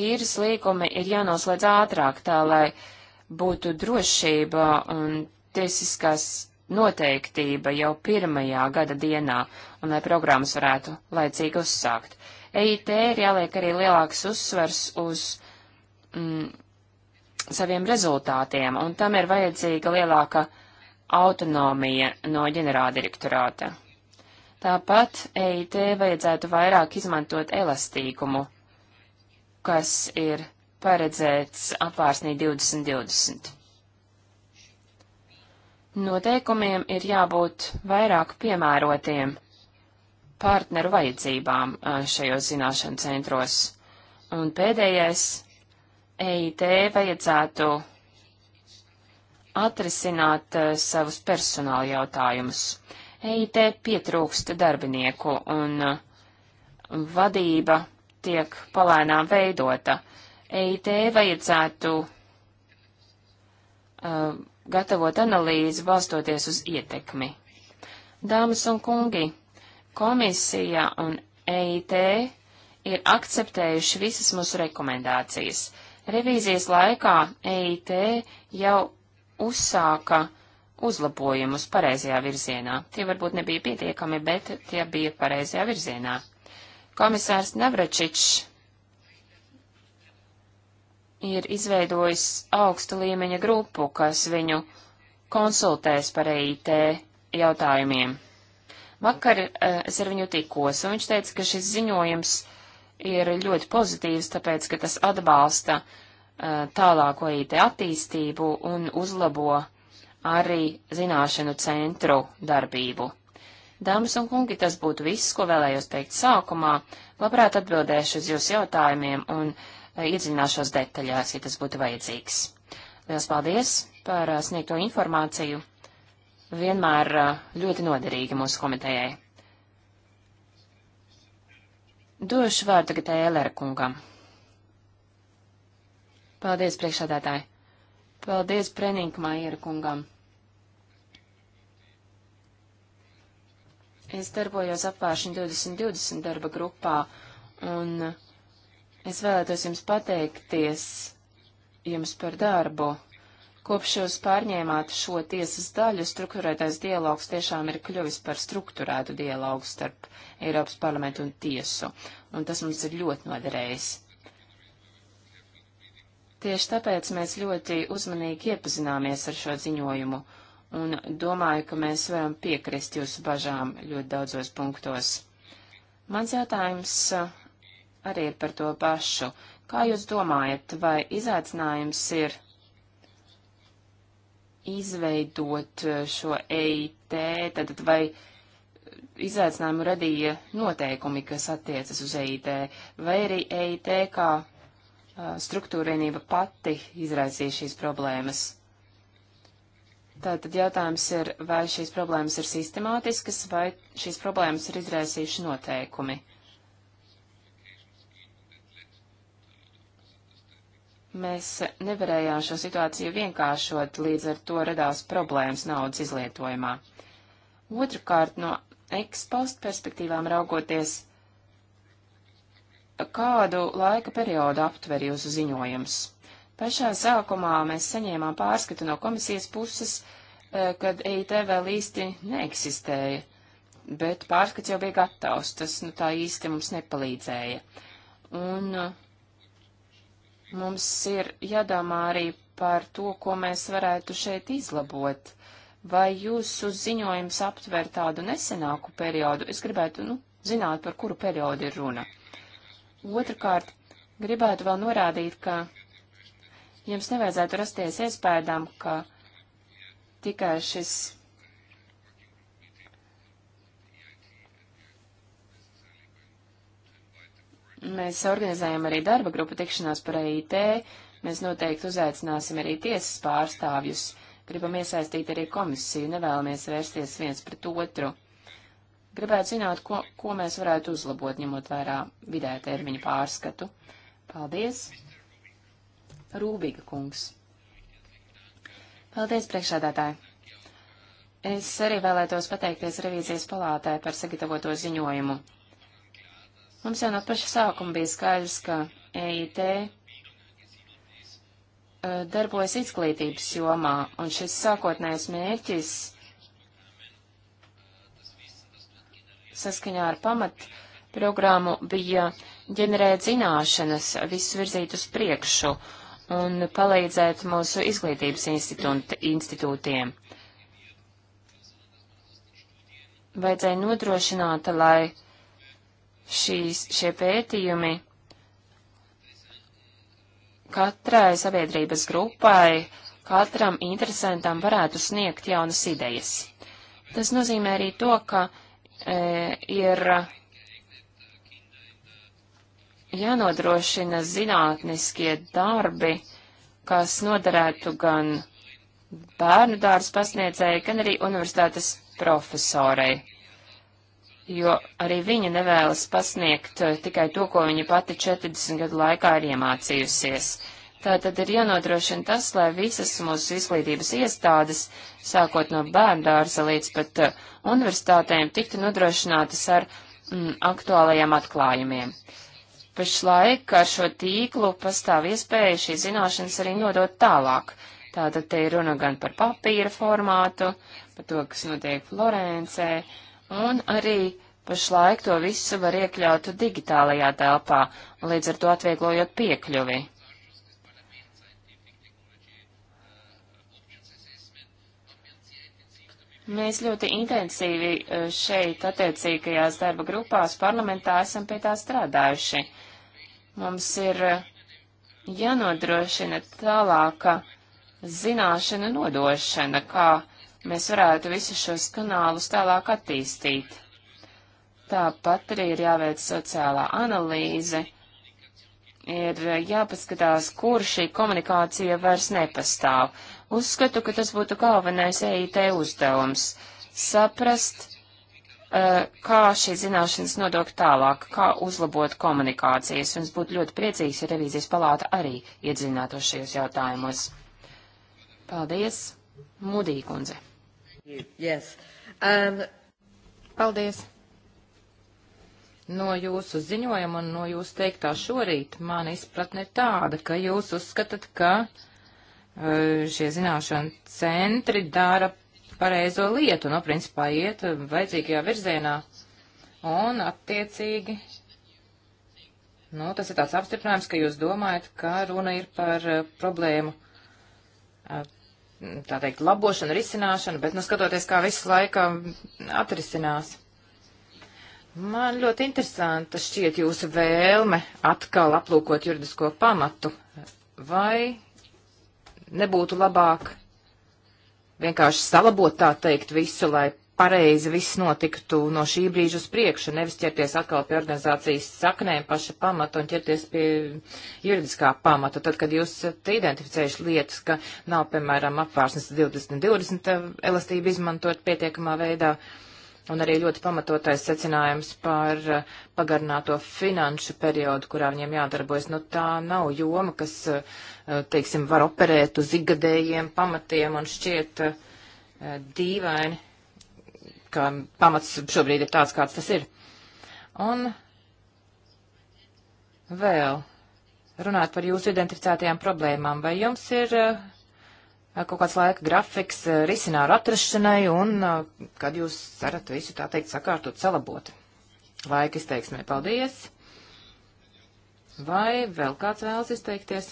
īres līgumi ir jānoslēdz ātrāk, tā lai būtu drošība un tiesiskās noteiktība jau pirmajā gada dienā, un lai programmas varētu laicīgi uzsākt. EIT ir jāliek arī lielāks uzsvers uz mm, saviem rezultātiem, un tam ir vajadzīga lielāka autonomija no ģenerāldirektorāta. Tāpat EIT vajadzētu vairāk izmantot elastīgumu, kas ir paredzēts apvārsnī 2020. Noteikumiem ir jābūt vairāk piemērotiem partneru vajadzībām eh, šajos zināšanu centros. Un pēdējais EIT vajadzētu atrisināt uh, savus personāla jautājumus. EIT pietrūkst darbinieku un uh, vadība tiek palēnām veidota. EIT vajadzētu uh, gatavot analīzi balstoties uz ietekmi. Dāmas un kungi, komisija un EIT ir akceptējuši visas mūsu rekomendācijas. Revīzijas laikā EIT jau uzsāka uzlabojumus pareizajā virzienā. Tie varbūt nebija pietiekami, bet tie bija pareizajā virzienā. Komisārs Navračičs ir izveidojis augsta līmeņa grupu, kas viņu konsultēs par EIT jautājumiem. Vakar uh, es ar viņu tikos, un viņš teica, ka šis ziņojums uh, ir ļoti pozitīvs, tāpēc, ka tas atbalsta uh, tālāko IT attīstību un uzlabo arī zināšanu centru darbību. Dāmas un kungi, tas būtu viss, ko vēlējos teikt sākumā. Labprāt atbildēšu uz jūsu jautājumiem un uh, iedziļināšos detaļās, ja tas būtu vajadzīgs. Lielas paldies par uh, sniegto informāciju. Vienmēr uh, ļoti noderīgi mūsu komitejai. Došu vārdu tagad Ēlera kungam. Paldies, priekšādātāji. Paldies, Preninkmaiera kungam. Es darbojos apvāršana 2020 darba grupā, un es vēlētos jums pateikties jums par darbu. Kopš jūs pārņēmāt šo tiesas daļu, struktūrētais dialogs tiešām ir kļuvis par struktūrētu dialogu starp Eiropas parlamentu un tiesu, un tas mums ir ļoti noderējis. Tieši tāpēc mēs ļoti uzmanīgi iepazināmies ar šo ziņojumu, un domāju, ka mēs varam piekrist jūsu bažām ļoti daudzos punktos. Mans jautājums uh, arī ir par to pašu. Kā jūs domājat, vai izaicinājums ir izveidot eh, šo EIT, tad vai izaicinājumu radīja noteikumi, kas attiecas uz EIT, vai arī EIT kā eh, struktūrienība pati izraisīja šīs problēmas. Tātad jautājums ir, vai šīs problēmas ir sistemātiskas, vai šīs problēmas ir izraisījuši noteikumi. Mēs nevarējām šo situāciju vienkāršot, līdz ar to radās problēmas naudas izlietojumā. Otrakārt, no ekspost perspektīvām raugoties, kādu laika periodu aptver jūsu ziņojums? Pašā sākumā mēs saņēmām pārskatu no komisijas puses, eh, kad EIT vēl īsti neeksistēja, bet pārskats jau bija gatavs, tas nu tā īsti mums nepalīdzēja. Un uh, Mums ir jādomā arī par to, ko mēs varētu šeit izlabot. Vai jūsu ziņojums aptver tādu nesenāku periodu? Es gribētu nu, zināt, par kuru periodu ir runa. Otrakārt, gribētu vēl norādīt, ka jums nevajadzētu rasties iespējām, ka tikai šis Mēs organizējam arī darba grupu tikšanās par e IT. Mēs noteikti uzaicināsim arī tiesas pārstāvjus. Gribam iesaistīt arī komisiju, nevēlamies vērsties viens pret otru. Gribētu zināt, ko, ko mēs varētu uzlabot, ņemot vērā vidē termiņu pārskatu. Paldies! Rūbīga kungs. Paldies, priekšādātāji! Es arī vēlētos pateikties revīzijas palātē par sagatavoto ziņojumu. Mums jau no paša sākuma bija skaidrs, ka EIT eh, darbojas izglītības jomā, un šis sākotnējais mērķis saskaņā ar pamat programmu bija ģenerēt zināšanas, visu virzīt uz priekšu un palīdzēt mūsu izglītības institūtiem. Vajadzēja nodrošināt, lai šīs, šie pētījumi katrai sabiedrības grupai, katram interesantam varētu sniegt jaunas idejas. Tas nozīmē arī to, ka e, ir jānodrošina zinātniskie darbi, kas noderētu gan bērnu dārstu pasniedzēju, gan arī universitātes profesorei jo arī viņa nevēlas pasniegt eh, tikai to, ko viņa pati 40 gadu laikā ir iemācījusies. Tā tad ir jānodrošina tas, lai visas mūsu izglītības iestādes, sākot no bērndārza līdz pat eh, universitātēm, tiktu nodrošinātas ar mm, aktuālajiem atklājumiem. Pašlaik ar šo tīklu pastāv iespēja šīs zināšanas arī nodot tālāk. Tātad te ir runa gan par papīra formātu, par to, kas notiek Florencē, uh, un arī pašlaik to visu var iekļaut digitālajā telpā, līdz ar to atvieglojot piekļuvi. Mēs ļoti intensīvi e, šeit attiecīgajās darba grupās parlamentā esam pie tā strādājuši. Mums ir e, jānodrošina tālāka zināšana nodošana, kā mēs varētu visus šos kanālus tālāk attīstīt. Tāpat arī ir jāveic sociālā analīze, ir jāpaskatās, kur šī komunikācija vairs nepastāv. Uzskatu, ka tas būtu galvenais EIT uzdevums - saprast, eh, kā šīs zināšanas nodok tālāk, kā uzlabot komunikācijas, un es būtu ļoti priecīgs, ja revīzijas palāta arī iedzinātos šajos jautājumos. Paldies, Mudī kundze! Yes. Um... Paldies! No jūsu ziņojuma un no jūsu teiktā šorīt mana izpratne ir tāda, ka jūs uzskatāt, ka uh, šie zināšanu centri dara pareizo lietu, no principā iet vajadzīgajā virzienā. Un attiecīgi, nu, tas ir tāds apstiprinājums, ka jūs domājat, ka runa ir par uh, problēmu uh, tā teikt, labošanu, risināšanu, bet, nu, skatoties, kā visu laiku atrisinās. Man ļoti interesanta šķiet jūsu vēlme atkal aplūkot juridisko pamatu. Vai nebūtu labāk vienkārši salabot tā teikt visu, lai pareizi viss notiktu no šī brīža uz priekšu, nevis ķerties atkal pie organizācijas saknēm paša pamata un ķerties pie juridiskā pamata. Tad, kad jūs esat identificējuši lietas, ka nav, piemēram, apvārsnes 2020 eh, elastību izmantot pietiekamā veidā, un arī ļoti pamatotais secinājums par eh, pagarināto finanšu periodu, kurā viņiem jādarbojas, nu tā nav joma, kas, eh, teiksim, var operēt uz igadējiem pamatiem un šķiet dīvaini ka pamats šobrīd ir tāds, kāds tas ir. Un vēl runāt par jūsu identificētajām problēmām. Vai jums ir eh, kaut kāds laika grafiks eh, risināru atrašanai un eh, kad jūs cerat visu tā teikt sakārtot, salabot? Laika izteiksmē paldies. Vai vēl kāds vēlas izteikties?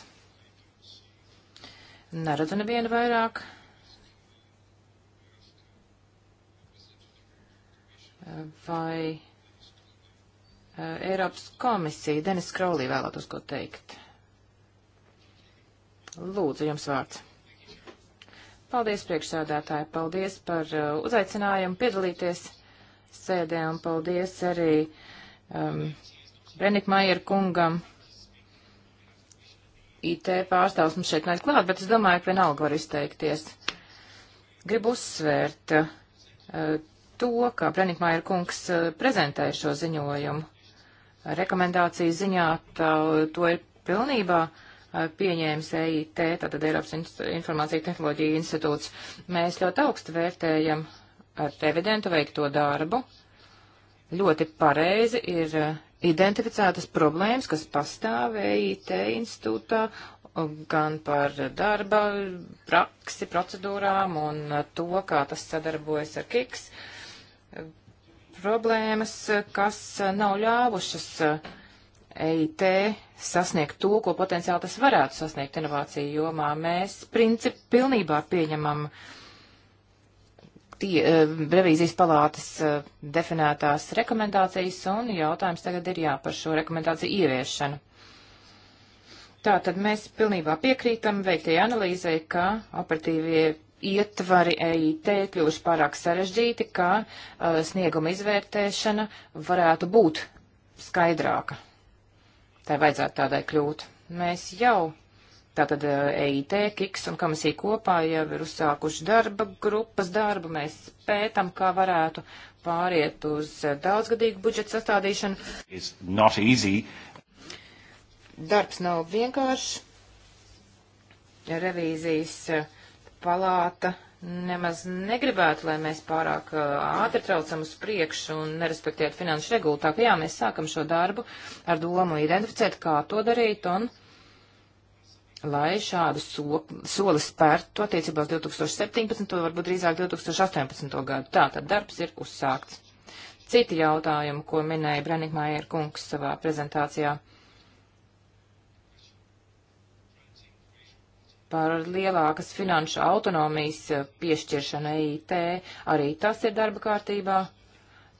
Neredzu nevienu vairāk. vai e, Eiropas komisija. Denis Kraulī vēlētos ko teikt. Lūdzu, jums vārds. Paldies, priekšsādātāji, paldies par uh, uzaicinājumu piedalīties sēdē un paldies arī um, Brenikmajer kungam. IT pārstāvs mums šeit nav klāt, bet es domāju, ka vienalga var izteikties. Gribu uzsvērt uh, to, kā Brenikmaier kungs eh, prezentēja šo ziņojumu. Rekomendāciju ziņā tā, to ir pilnībā eh, pieņēmis EIT, tātad Eiropas Informācija tehnoloģija institūts. Mēs ļoti augstu vērtējam ar eh, revidentu veikto darbu. Ļoti pareizi ir identificētas problēmas, kas pastāv EIT institūtā gan par darba praksi, procedūrām un to, kā tas sadarbojas ar KIKS. Uh, problēmas, kas eh, nav ļāvušas EIT eh, e sasniegt to, ko potenciāli tas varētu sasniegt inovāciju jomā. Mēs princip pilnībā pieņemam tie, eh, revīzijas palātas definētās rekomendācijas, un jautājums tagad ir jā par šo rekomendāciju ieviešanu. Tā tad mēs pilnībā piekrītam veiktajai analīzei, ka operatīvie ietvari EIT kļuvuši pārāk sarežģīti, ka uh, snieguma izvērtēšana varētu būt skaidrāka. Tā vajadzētu tādai kļūt. Mēs jau tātad uh, EIT, KIKS un komisija kopā jau ir uzsākuši darba grupas darbu. Mēs pētam, kā varētu pāriet uz uh, daudzgadīgu budžetu sastādīšanu. Darbs nav vienkāršs. Revīzijas uh, palāta nemaz negribētu, lai mēs pārāk uh, ātri traucam uz priekšu un nerespektētu finanšu regulu. Tā ka jā, mēs sākam šo darbu ar domu identificēt, kā to darīt un lai šādu so, soli spērtu attiecībā uz 2017. varbūt drīzāk 2018. gadu. Tā tad darbs ir uzsākts. Citi jautājumi, ko minēja Brenikmājer kungs savā prezentācijā. Uh, par lielākas finanšu autonomijas eh, piešķiršanu EIT. Arī tas ir darba kārtībā.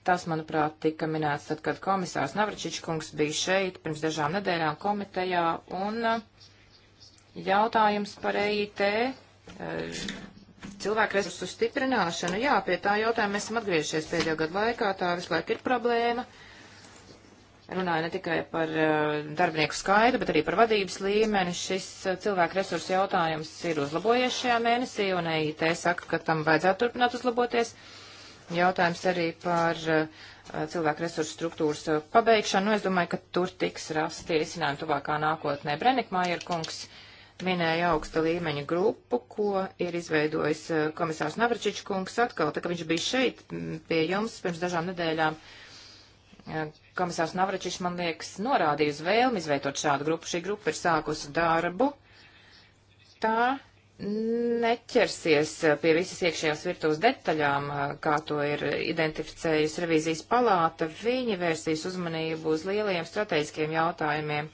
Tas, manuprāt, tika minēts tad, kad komisārs Navračičkungs bija šeit pirms dažām nedēļām komitejā. Un eh, jautājums par EIT. Eh, cilvēku resursu stiprināšanu. Jā, pie tā jautājuma mēs esam atgriežies pēdējo gadu laikā. Tā visu laiku ir problēma. Uh, runāju ne tikai par eh, darbinieku skaitu, bet arī par vadības līmeni. Šis eh, cilvēku resursu jautājums ir uzlabojies šajā mēnesī, un EIT saka, ka tam vajadzētu turpināt uzlaboties. Jautājums arī par eh, cilvēku resursu struktūras pabeigšanu. Nu, es domāju, ka tur tiks rasti iesinājumi tuvākā nākotnē. Brenikmājer kungs minēja augsta līmeņa grupu, ko ir izveidojis komisārs Navračičs kungs atkal, tā kā viņš bija šeit pie jums pirms dažām nedēļām komisārs Navračiš, man liekas, norādīja uz vēlmi izveidot šādu grupu. Šī grupa ir sākusi darbu. Tā neķersies pie visas iekšējās virtuves detaļām, kā to ir identificējusi revīzijas palāta. Viņi vērsīs uzmanību uz lielajiem strateģiskiem jautājumiem,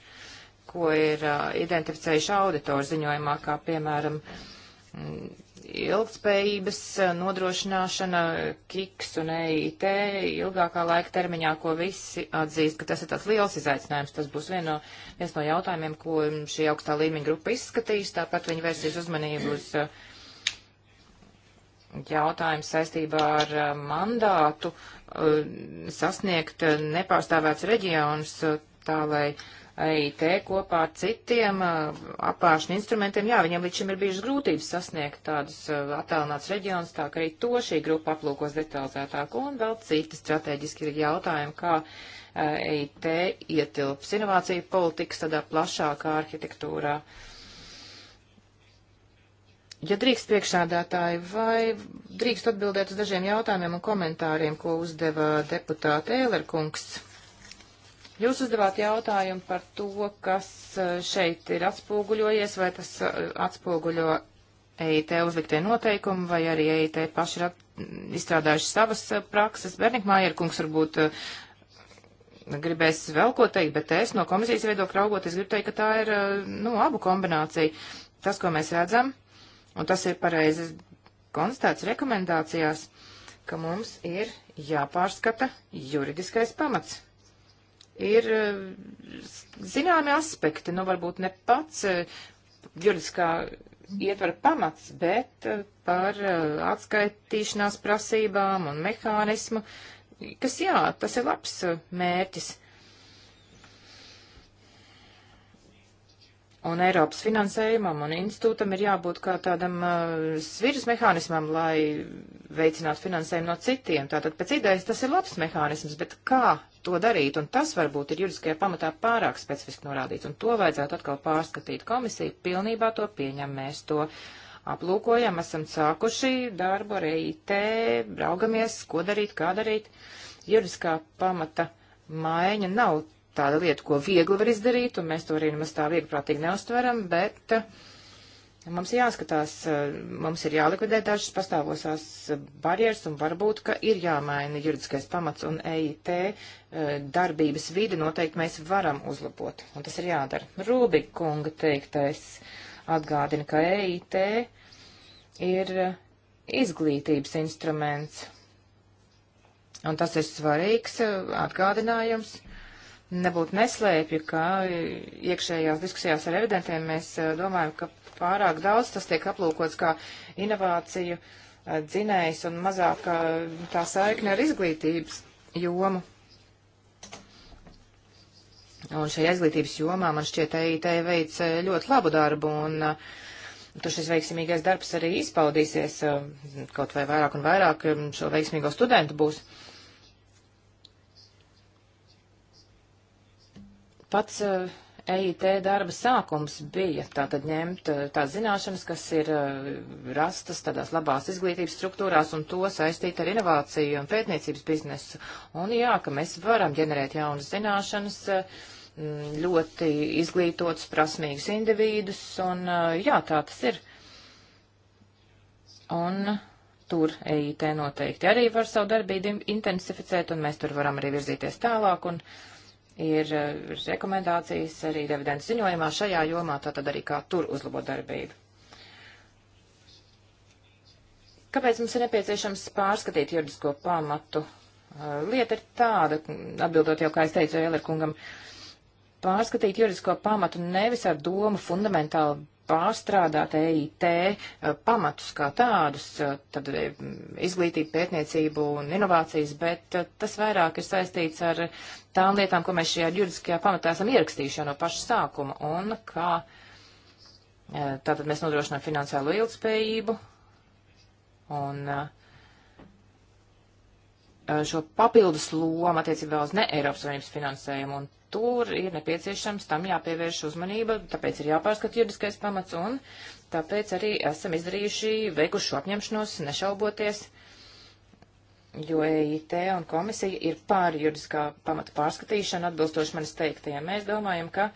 ko ir identificējuši auditoru ziņojumā, kā piemēram ilgspējības eh, nodrošināšana, KIKS un EIT ilgākā laika termiņā, ko visi atzīst, ka tas ir tāds liels izaicinājums. Tas būs vien no, viens no jautājumiem, ko šī augstā līmeņa grupa izskatīs. Tāpat viņi vērsīs uzmanību uz eh, jautājumu saistībā ar eh, mandātu sasniegt nepārstāvēts reģions tā, lai IT kopā ar citiem uh, apāršņu instrumentiem. Jā, viņiem līdz šim ir bijušas grūtības sasniegt tādus uh, attālināts reģionus, tā ka arī to šī grupa aplūkos detalizētāk un vēl citi strateģiski jautājumi, kā uh, IT ietilps inovāciju politikas tādā plašākā arhitektūrā. Ja drīkst priekšādātāji, vai drīkst atbildēt uz dažiem jautājumiem un komentāriem, ko uzdeva deputāta Ēlerkungs? kungs? Jūs uzdevāt jautājumu par to, kas eh, šeit ir atspoguļojies, vai tas eh, atspoguļo EIT uzliktie noteikumi, vai arī EIT paši ir izstrādājuši savas eh, prakses. Bernikmājer kungs varbūt gribēs vēl ko teikt, bet es no komisijas viedokļa raugoties gribu teikt, ka tā ir nu, abu kombinācija. Tas, ko mēs redzam, un tas ir pareizi konstatēts rekomendācijās, ka mums ir jāpārskata juridiskais pamats ir e, zināmi aspekti, nu varbūt ne pats e, juridiskā ietvara pamats, bet e, par atskaitīšanās prasībām un mehānismu, kas jā, tas ir labs mērķis, Un Eiropas finansējumam un institūtam ir jābūt kā tādam uh, sviras mehānismam, lai veicinātu finansējumu no citiem. Tātad pēc idejas tas ir labs mehānisms, bet kā to darīt? Un tas varbūt ir juridiskajā pamatā pārāk specifiski norādīts, un to vajadzētu atkal pārskatīt. Komisija pilnībā to pieņem, mēs to aplūkojam, esam sākuši darbu ar EIT, braugamies, ko darīt, kā darīt. Juridiskā pamata maiņa nav tāda lieta, ko viegli var izdarīt, un mēs to arī nemaz tā vieglprātīgi neustveram, bet uh, mums jāskatās, uh, mums ir jālikvidē dažas pastāvosās uh, barjeras, un varbūt, ka ir jāmaina juridiskais pamats un EIT darbības vidi, noteikti mēs varam uzlabot, un tas ir jādara. Rūbika kunga teiktais atgādina, ka EIT ir izglītības instruments. Un tas ir svarīgs atgādinājums nebūtu neslēpju, ka iekšējās diskusijās ar evidentiem mēs eh, domājam, ka pārāk daudz tas tiek aplūkots kā inovāciju eh, dzinējs un mazāk eh, tā saikne ar izglītības jomu. Un šajā izglītības jomā man šķiet EIT veic ļoti labu darbu un uh, Tur šis veiksmīgais darbs arī izpaudīsies, kaut vai vairāk un vairāk šo veiksmīgo studentu būs. Uh, Pats EIT eh, e darba sākums bija tātad ņemt eh, tās zināšanas, kas ir eh, rastas tādās labās izglītības struktūrās un to saistīt ar inovāciju un pētniecības biznesu. Un jā, ka mēs varam ģenerēt jaunas zināšanas, ļoti izglītotus, prasmīgus individus, un jā, tā tas ir. Un tur EIT noteikti arī var savu darbību intensificēt, un mēs tur varam arī virzīties tālāk. Un, uh, Eh, ir rekomendācijas arī dividendu ziņojumā šajā jomā, tātad arī kā tur uzlabot darbību. Kāpēc mums ir nepieciešams pārskatīt juridisko pamatu? Eh, lieta ir tāda, atbildot jau, kā es teicu, Eiler kungam, pārskatīt juridisko pamatu nevis ar domu fundamentāli pārstrādāt EIT eh, pamatus kā tādus, eh, tad eh, izglītību, pētniecību un inovācijas, bet tas vairāk ir saistīts ar tām lietām, ko mēs šajā juridiskajā pamatā esam ierakstījuši no paša sākuma un kā tātad mēs nodrošinām finansiālo ilgspējību un šo papildus lomu attiecībā uz ne Eiropas Savienības finansējumu un tur ir nepieciešams tam jāpievērš uzmanība, tāpēc ir jāpārskat juridiskais pamats un tāpēc arī esam izdarījuši veikuši šo apņemšanos nešauboties, jo EIT un komisija ir pār juridiskā pamata pārskatīšana atbilstoši manis teiktajiem. Mēs domājam, ka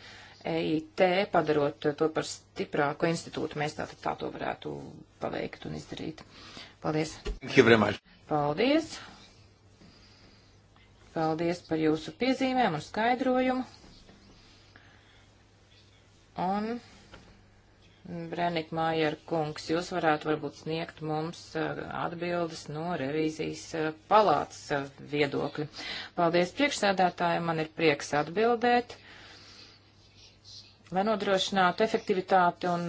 EIT padarot to par stiprāku institūtu, mēs tātad tā to varētu paveikt un izdarīt. Paldies. Paldies. Paldies par jūsu piezīmēm un skaidrojumu. Un Brenik Mājer kungs, jūs varētu varbūt sniegt mums uh, atbildes no revīzijas uh, palātas uh, viedokļa. Paldies priekšsēdētājiem, man ir prieks atbildēt. Lai nodrošinātu efektivitāti un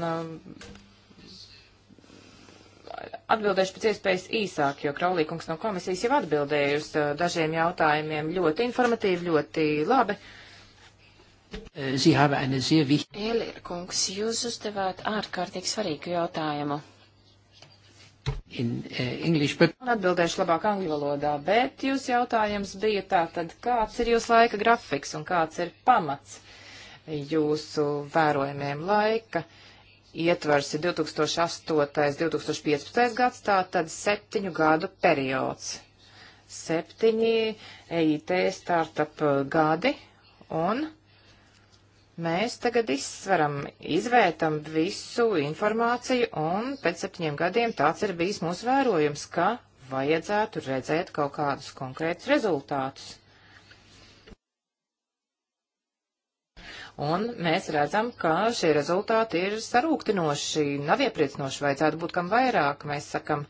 atbildēšu pēc iespējas īsāk, jo Kraulīkungs no komisijas jau atbildēja uz uh, dažiem jautājumiem ļoti informatīvi, ļoti labi. Eh, Ielīra kungs, jūs uzdevāt ārkārtīgi svarīgu jautājumu. In, uh, English, but... Un atbildēšu labāk angļu valodā, bet jūs jautājums bija tā tad, kāds ir jūsu laika grafiks un kāds ir pamats jūsu vērojumiem laika? Uh, ietvars ir 2008. 2015. gads, tā tad septiņu gadu periods. Septiņi EIT startup gadi un mēs tagad izsveram, izvērtam visu informāciju un pēc septiņiem gadiem tāds ir bijis mūsu vērojums, ka vajadzētu redzēt kaut kādus konkrētus rezultātus. Un mēs redzam, ka šie rezultāti ir sarūktinoši, nav iepriecinoši, vajadzētu būt kam vairāk. Mēs sakam,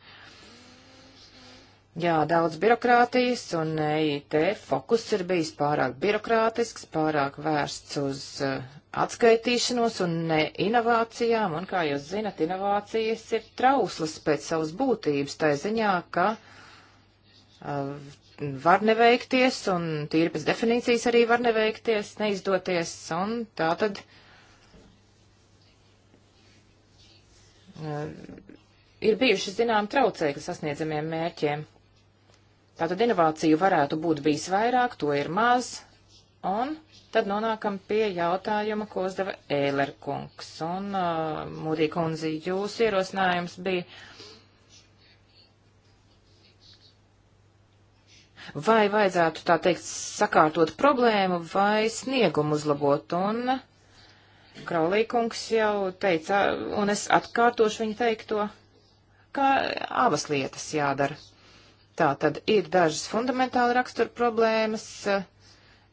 jā, daudz birokrātijas, un EIT fokus ir bijis pārāk birokrātisks, pārāk vērsts uz uh, atskaitīšanos un ne inovācijām, un, kā jūs zinat, inovācijas ir trauslas pēc savas būtības, tā ziņā, ka uh, var neveikties, un tīri pēc definīcijas arī var neveikties, neizdoties, un tā tad eh, ir bijuši, zinām, traucēkļi sasniedzamiem mērķiem. Tātad inovāciju varētu būt bijis vairāk, to ir maz, un Tad nonākam pie jautājuma, ko uzdeva Ēlerkungs. Un, uh, Mūrī kundzi, jūsu ierosinājums bija vai vajadzētu, tā teikt, sakārtot problēmu vai sniegumu uzlabot. Un Kraulīkungs jau teica, un es atkārtošu viņu teikto, ka abas lietas jādara. Tā tad ir dažas fundamentāla rakstura problēmas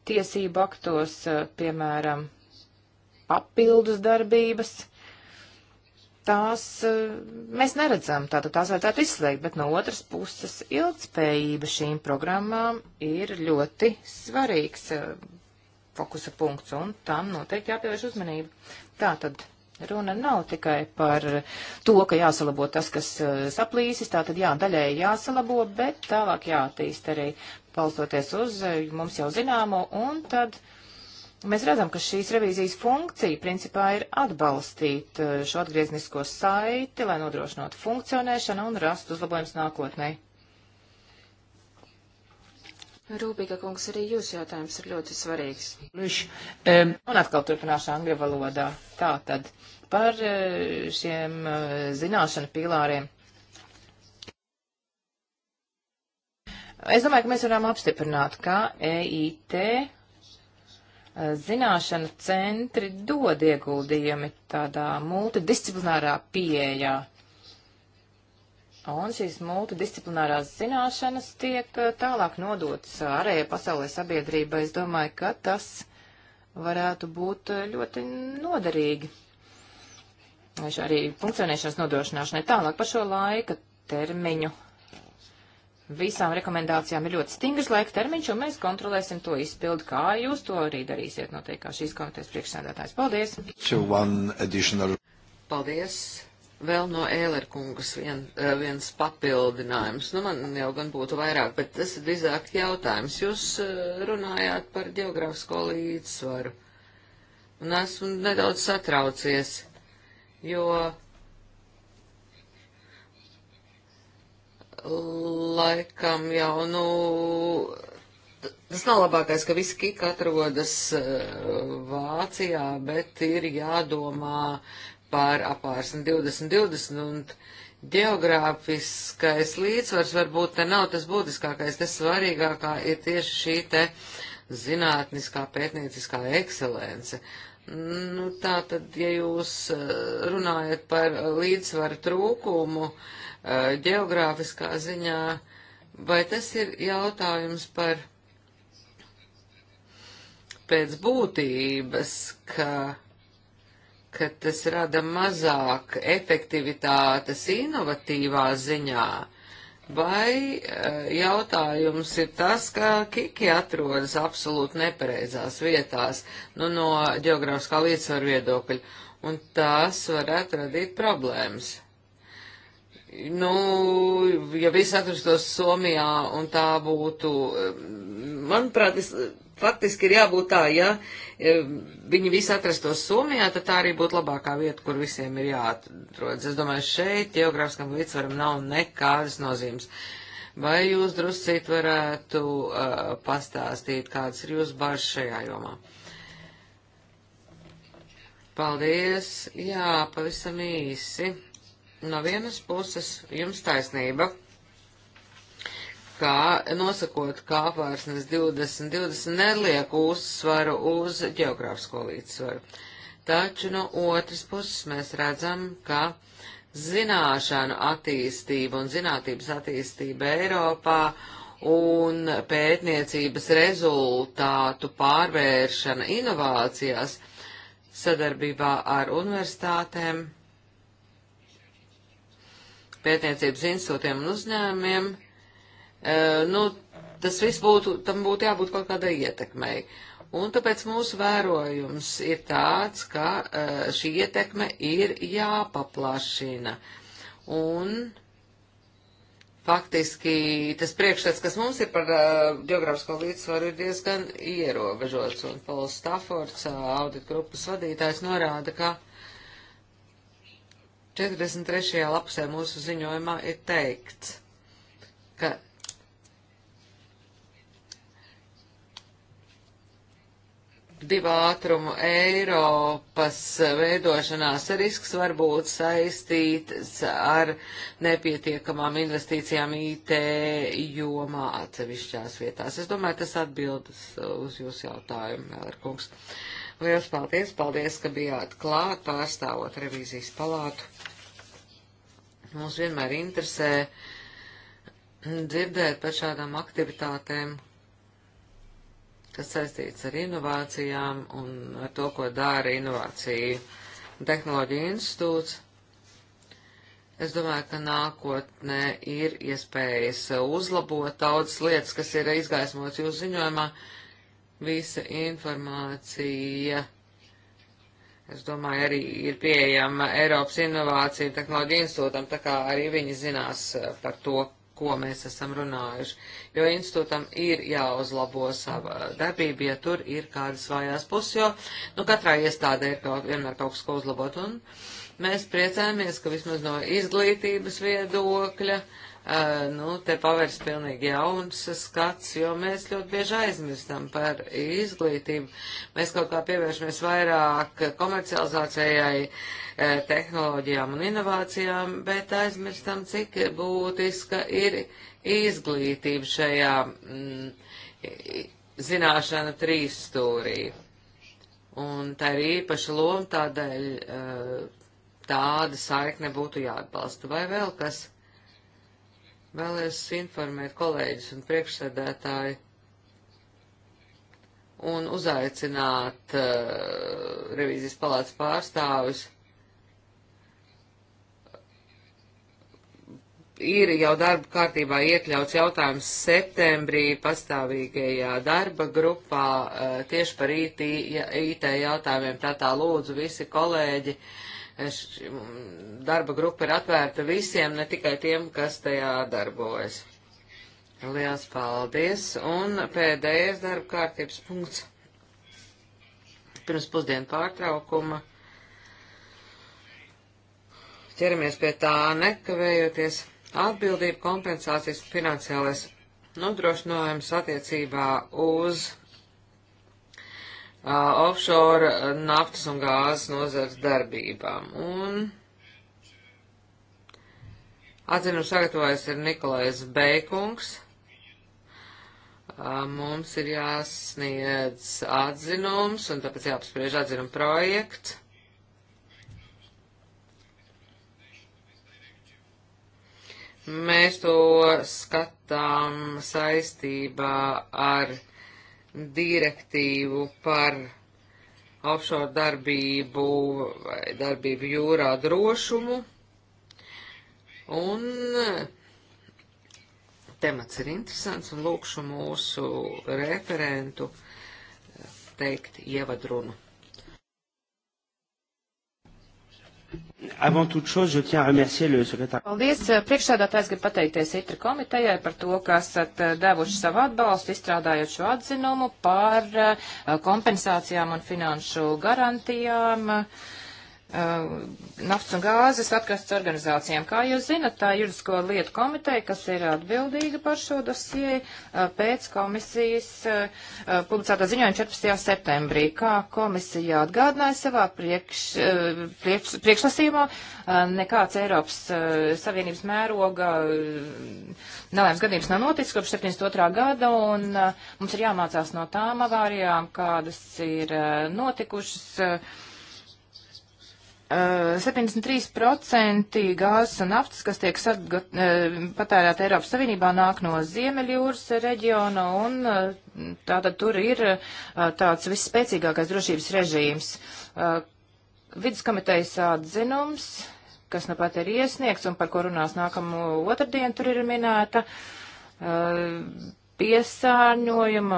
tiesību aktos, piemēram, papildus darbības tās eh, mēs neredzam, tātad tās vajadzētu izslēgt, bet no otras puses ilgspējība šīm programmām ir ļoti svarīgs eh, fokusa punkts, un tam noteikti jāpievērš uzmanība. Tātad runa nav tikai par to, ka jāsalabo tas, kas eh, saplīsis, tātad jā, daļēji jāsalabo, bet tālāk jātīst arī palstoties uz mums jau zināmo, un tad Mēs redzam, ka šīs revīzijas funkcija principā ir atbalstīt eh, šo atgrieznisko saiti, lai nodrošinātu funkcionēšanu un rastu uzlabojums nākotnē. Rūpīga kungs, arī jūsu jautājums ir ļoti svarīgs. Liš, um, un atkal turpināšu angļu valodā. Tā tad par eh, šiem eh, zināšanu pīlāriem. Es domāju, ka mēs varam apstiprināt, ka EIT zināšanu centri dod ieguldījumi tādā multidisciplinārā pieejā. Un šīs multidisciplinārās zināšanas tiek eh, tālāk nodotas ārējai pasaulē sabiedrībai. Es domāju, ka tas varētu būt eh, ļoti noderīgi. Arī funkcionēšanas nodrošināšanai tālāk par šo laika termiņu Visām rekomendācijām ir ļoti stingrs laika termiņš, un mēs kontrolēsim to izpildu, kā jūs to arī darīsiet noteikti kā šīs komitejas priekšsēdētājs. Paldies! Additional... Paldies! Vēl no ēlerkungas vien, eh, viens papildinājums. Nu, man jau gan būtu vairāk, bet tas ir drīzāk jautājums. Jūs eh, runājāt par geogrāfisko līdzsvaru, un esmu nedaudz satraucies, jo laikam jau, nu, tas nav labākais, ka visi kika atrodas eh, Vācijā, bet ir jādomā par apārsni 2020 un geogrāfiskais līdzsvars varbūt te nav tas būtiskākais, tas svarīgākā ir tieši šī te zinātniskā pētnieciskā ekscelence. Uh, Nu, tā tad, ja jūs eh, runājat par līdzsvaru trūkumu ģeogrāfiskā eh, ziņā, vai tas ir jautājums par pēc būtības, ka, ka tas rada mazāk efektivitātes inovatīvā ziņā? Vai eh, jautājums ir tas, ka kiki atrodas absolūti nepareizās vietās, nu, no ģeogrāfiskā līdzsvaru viedokļa, un tās varētu radīt problēmas? Nu, ja viss atrastos Somijā un tā būtu, eh, manuprāt, es, faktiski ir jābūt tā, ja E, viņi visi atrastos Somijā, tad tā arī būtu labākā vieta, kur visiem ir jāatrodas. Es domāju, šeit geogrāfiskam līdzsvaram nav nekādas nozīmes. Vai jūs druscīt varētu uh, pastāstīt, kādas ir jūsu bažas šajā jomā? Paldies! Jā, pavisam īsi. No vienas puses jums taisnība kā nosakot kāpārsnes 20-20 neliek uzsvaru uz ģeogrāfisko līdzsvaru. Taču no otras puses mēs redzam, ka zināšanu attīstība un zinātības attīstība Eiropā un pētniecības rezultātu pārvēršana inovācijās sadarbībā ar universitātēm, pētniecības institūtiem un uzņēmumiem nu, tas viss būtu, tam būtu jābūt kaut kādai ietekmei. Un tāpēc mūsu vērojums ir tāds, ka šī ietekme ir jāpaplašina. Un faktiski tas priekšstats, kas mums ir par geogrāfisko līdzsvaru, ir diezgan ierobežots. Un Pols Staffords, audit grupas vadītājs, norāda, ka 43. lapusē mūsu ziņojumā ir teikts, ka divu ātrumu Eiropas veidošanās risks var būt saistīts ar nepietiekamām investīcijām IT jomā atsevišķās vietās. Es domāju, tas atbildes uz jūsu jautājumu, Mēlēr kungs. Liels paldies, paldies, ka bijāt klāt pārstāvot revīzijas palātu. Mums vienmēr interesē dzirdēt par šādām aktivitātēm, kas saistīts ar inovācijām un ar to, ko dara inovāciju tehnoloģiju institūts. Es domāju, ka nākotnē ir iespējas uzlabot daudzas lietas, kas ir izgaismots jūsu ziņojumā. Visa informācija, es domāju, arī ir pieejama Eiropas Inovācija un Tehnoloģija institūtam, tā kā arī viņi zinās eh, par to, ko mēs esam runājuši, jo institūtam ir jāuzlabo sava darbība, ja tur ir kādas vājās puses, jo nu, katrā iestādē ir kaut, vienmēr kaut kas, ko uzlabot. Un mēs priecājamies, ka vismaz no izglītības viedokļa uh, Eh, nu, te pavērs pilnīgi jauns skats, jo mēs ļoti bieži aizmirstam par izglītību. Mēs kaut kā pievēršamies vairāk komercializācijai, eh, tehnoloģijām un inovācijām, bet aizmirstam, cik būtiska ir izglītība šajā mm, zināšana trīsstūrī. Un tā ir īpaša loma, tādēļ eh, tāda saikne būtu jāatbalsta. Vai vēl kas? Vēlēs informēt kolēģis un priekšsēdētāju un uzaicināt uh, revīzijas palātas pārstāvis. Ir jau darba kārtībā iekļauts jautājums septembrī pastāvīgajā darba grupā uh, tieši par IT, IT jautājumiem. Tā tā lūdzu visi kolēģi uh, darba grupa ir atvērta visiem, ne tikai tiem, kas tajā darbojas. Liels paldies! Un pēdējais darba kārtības punkts pirms pusdienu pārtraukuma. Ķeramies pie tā nekavējoties. Atbildība kompensācijas finansiālais nodrošinājums attiecībā uz offshore naftas un gāzes nozars darbībām. Un atzinu sagatavojas ir Nikolais Beikungs. Mums ir jāsniedz atzinums un tāpēc jāapspriež atzinuma projekts. Mēs to skatām saistībā ar direktīvu par offshore darbību vai darbību jūrā drošumu. Un temats ir interesants un lūkšu mūsu referentu teikt ievadrunu. Paldies, priekšsēdātājs grib pateikties ITRA komitejai par to, ka esat eh, devuši savu atbalstu, izstrādājot šo atzinumu par eh, kompensācijām un finanšu garantijām. Uh, Uh, naftas un gāzes atkrastas organizācijām. Kā jūs zinat, tā juridisko lietu komiteja, kas ir atbildīga par šo dosie, uh, pēc komisijas uh, publicētā ziņojuma 14. septembrī, kā komisija atgādināja savā priekš, priekš, priekšlasījumā, nekāds Eiropas Savienības mēroga nelēms gadījums nav noticis kopš 72. gada, un mums ir jāmācās no tām avārijām, kādas ir notikušas 73% eh, gāzes un naftas, kas tiek sadgot, eh, patērēta Eiropas Savienībā, nāk no Ziemeļjūras reģiona, un eh, tātad tur ir tāds visspēcīgākais drošības režīms. Viduskomitejas atzinums, kas nu pat ir iesniegts un par ko runās nākamu otrdienu, tur ir minēta piesārņojuma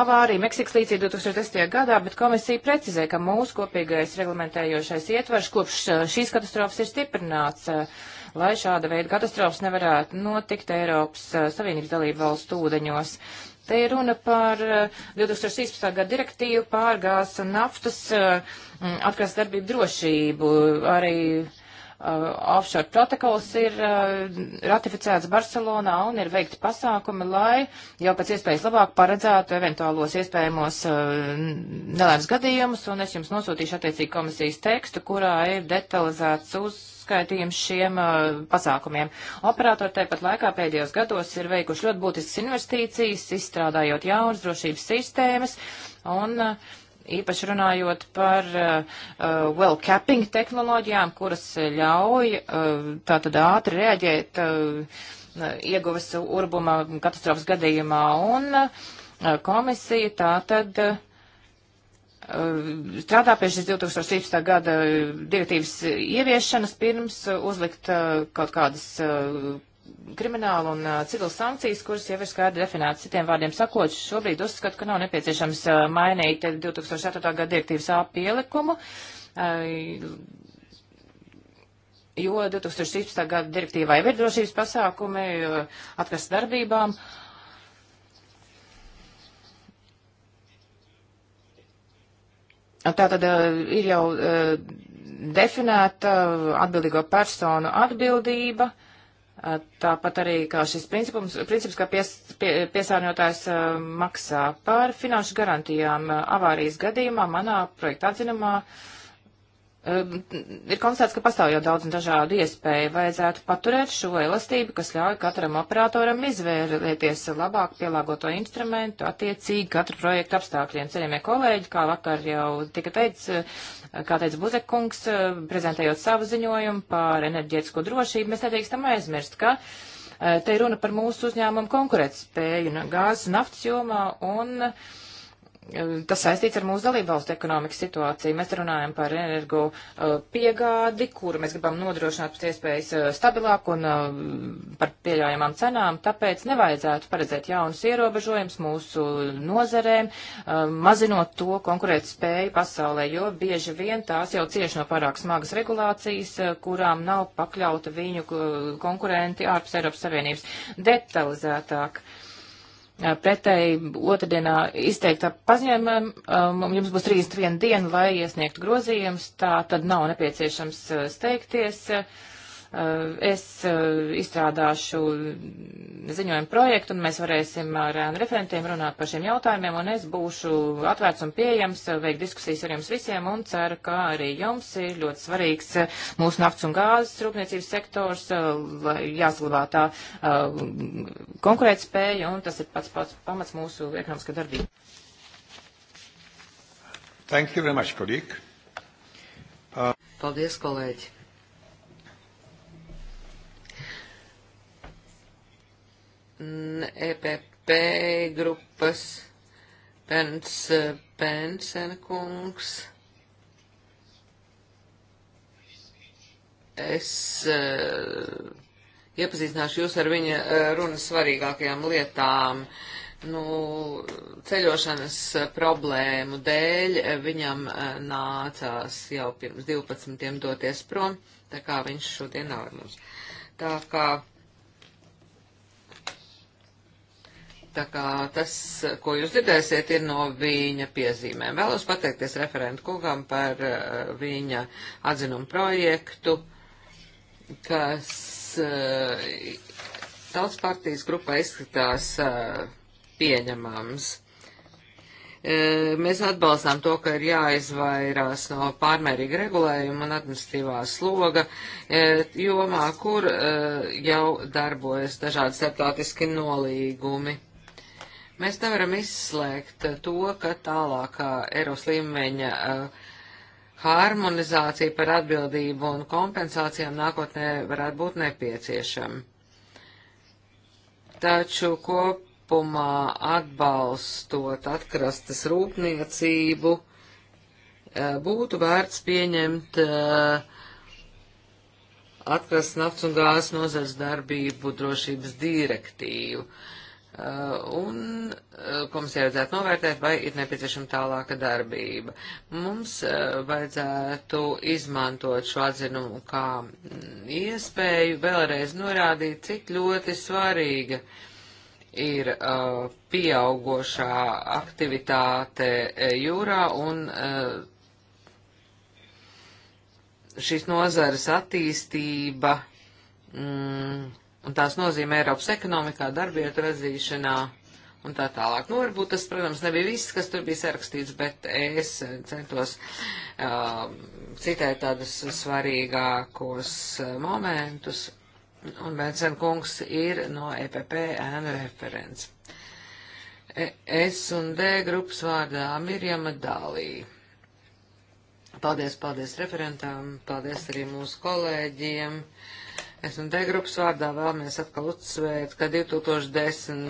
avārija Meksikas līcī 2010. gadā, bet komisija precizē, ka mūsu kopīgais reglamentējošais ietvars kopš eh, šīs katastrofas ir stiprināts, eh, lai šāda veida katastrofas nevarētu notikt Eiropas eh, Savienības dalību valstu ūdeņos. Te ir runa par 2016. gada direktīvu pārgāzes un naftas atkrās darbību drošību, arī Eh, offshore protokols ir eh, ratificēts Barcelonā un ir veikti pasākumi, lai jau pēc iespējas labāk paredzētu eventuālos iespējamos eh, nelēmas gadījumus, un es jums nosūtīšu attiecīgi komisijas tekstu, kurā ir detalizēts uzskaitījums šiem pasākumiem. Operatori tāpat laikā pēdējos gados ir veikuši ļoti būtiskas investīcijas, izstrādājot jaunas drošības sistēmas, un uh, īpaši runājot par uh, uh, well capping tehnoloģijām, kuras ļauj uh, tātad ātri reaģēt uh, ieguves urbuma katastrofas gadījumā, un uh, komisija tātad uh, strādā pie šīs 2017. gada direktīvas ieviešanas pirms uzlikt uh, kaut kādas uh, kriminālu un civilu sankcijas, kuras jau ir skaidri definētas. Citiem vārdiem sakot, šobrīd uzskatu, ka nav nepieciešams mainīt 2004. gada direktīvas A pielikumu, jo 2016. gada direktīvā jau ir drošības pasākumi atrast darbībām. Tā tad ir jau definēta atbildīgo personu atbildība Tāpat arī kā šis principums, princips, ka pies, pie, piesārņotājs uh, maksā par finanšu garantijām avārijas gadījumā manā projektā atzinumā uh, ir konstatēts, ka pastāv jau daudz dažādu iespēju. Vajadzētu paturēt šo elastību, kas ļauj katram operatoram izvēlēties labāk pielāgoto instrumentu attiecīgi katru projektu apstākļiem. Cerījumie kolēģi, kā vakar jau tika teicis, kā teica Buzekungs, prezentējot savu ziņojumu par enerģētisko drošību, mēs nedrīkstam aizmirst, ka eh, te ir runa par mūsu uzņēmumu konkurētspēju nu, gāzes naftas jomā un uh, tas saistīts ar mūsu dalībvalstu ekonomikas situāciju. Mēs runājam par energo uh, piegādi, kuru mēs gribam nodrošināt pēc iespējas uh, stabilāk un uh, par pieļaujamām cenām, tāpēc nevajadzētu paredzēt jaunus ierobežojumus mūsu nozerēm, mazinot to konkurēt spēju pasaulē, jo bieži vien tās jau cieši no pārāk smagas regulācijas, kurām nav pakļauta viņu konkurenti ārpus Eiropas Savienības detalizētāk. Uh, pretēji otrdienā izteiktā paziņojumā jums būs 31 diena, lai iesniegtu grozījumus, tā tad nav nepieciešams steigties. Uh, Eh, es eh, izstrādāšu ziņojumu projektu, un mēs varēsim ar eh, referentiem runāt par šiem jautājumiem, un es būšu atvērts un pieejams, veikt diskusijas ar jums visiem, un ceru, ka arī jums ir ļoti svarīgs mūsu nafts un gāzes rūpniecības sektors, jāsaglabā tā konkurētspēja, un tas ir pats, pats pamats mūsu ekonomiskā darbība. Thank you very much, colleague. Uh... Paldies, kolēģi. EPP grupas Pens Pensen kungs. Es uh, iepazīstināšu jūs ar viņa uh, runas svarīgākajām lietām. Nu, ceļošanas eh, problēmu dēļ viņam uh, nācās jau pirms 12. doties prom, tā kā viņš šodien nav ar mums. Tā kā Tā kā tas, ko jūs dzirdēsiet, ir no viņa piezīmēm. Vēlos pateikties referentu kungam par uh, viņa atzinumu projektu, kas uh, tautas partijas grupā izskatās uh, pieņemams. Mēs atbalstām to, ka ir jāizvairās no pārmērīga regulējuma un administratīvā sloga jomā, kur jau darbojas dažādi starptautiski nolīgumi. Mēs nevaram izslēgt eh, to, ka tālākā Eiropas līmeņa uh, harmonizācija par atbildību un kompensācijām nākotnē varētu būt nepieciešama. Taču kopumā atbalstot atkrastes rūpniecību, eh, būtu vērts pieņemt atkrastes nafts un gāzes nozars darbību drošības direktīvu. Uh, un uh, komisija vajadzētu novērtēt, vai ir nepieciešama tālāka darbība. Mums uh, vajadzētu izmantot šo atzinumu kā mm, iespēju vēlreiz norādīt, cik ļoti svarīga ir pieaugošā aktivitāte jūrā un šīs nozares attīstība. Mm, un tās nozīme Eiropas ekonomikā, darbietu radīšanā un tā tālāk. Nu, varbūt tas, protams, nebija viss, kas tur bija sarakstīts, bet es centos uh, citēt tādus svarīgākos uh, momentus, un Bensen kungs ir no EPP ēnu referents. E, S un D grupas vārdā Mirjama Dālī. Paldies, paldies referentam, paldies arī mūsu kolēģiem. Uh, S&D grupas vārdā vēlamies atkal uzsvērt, ka 2010.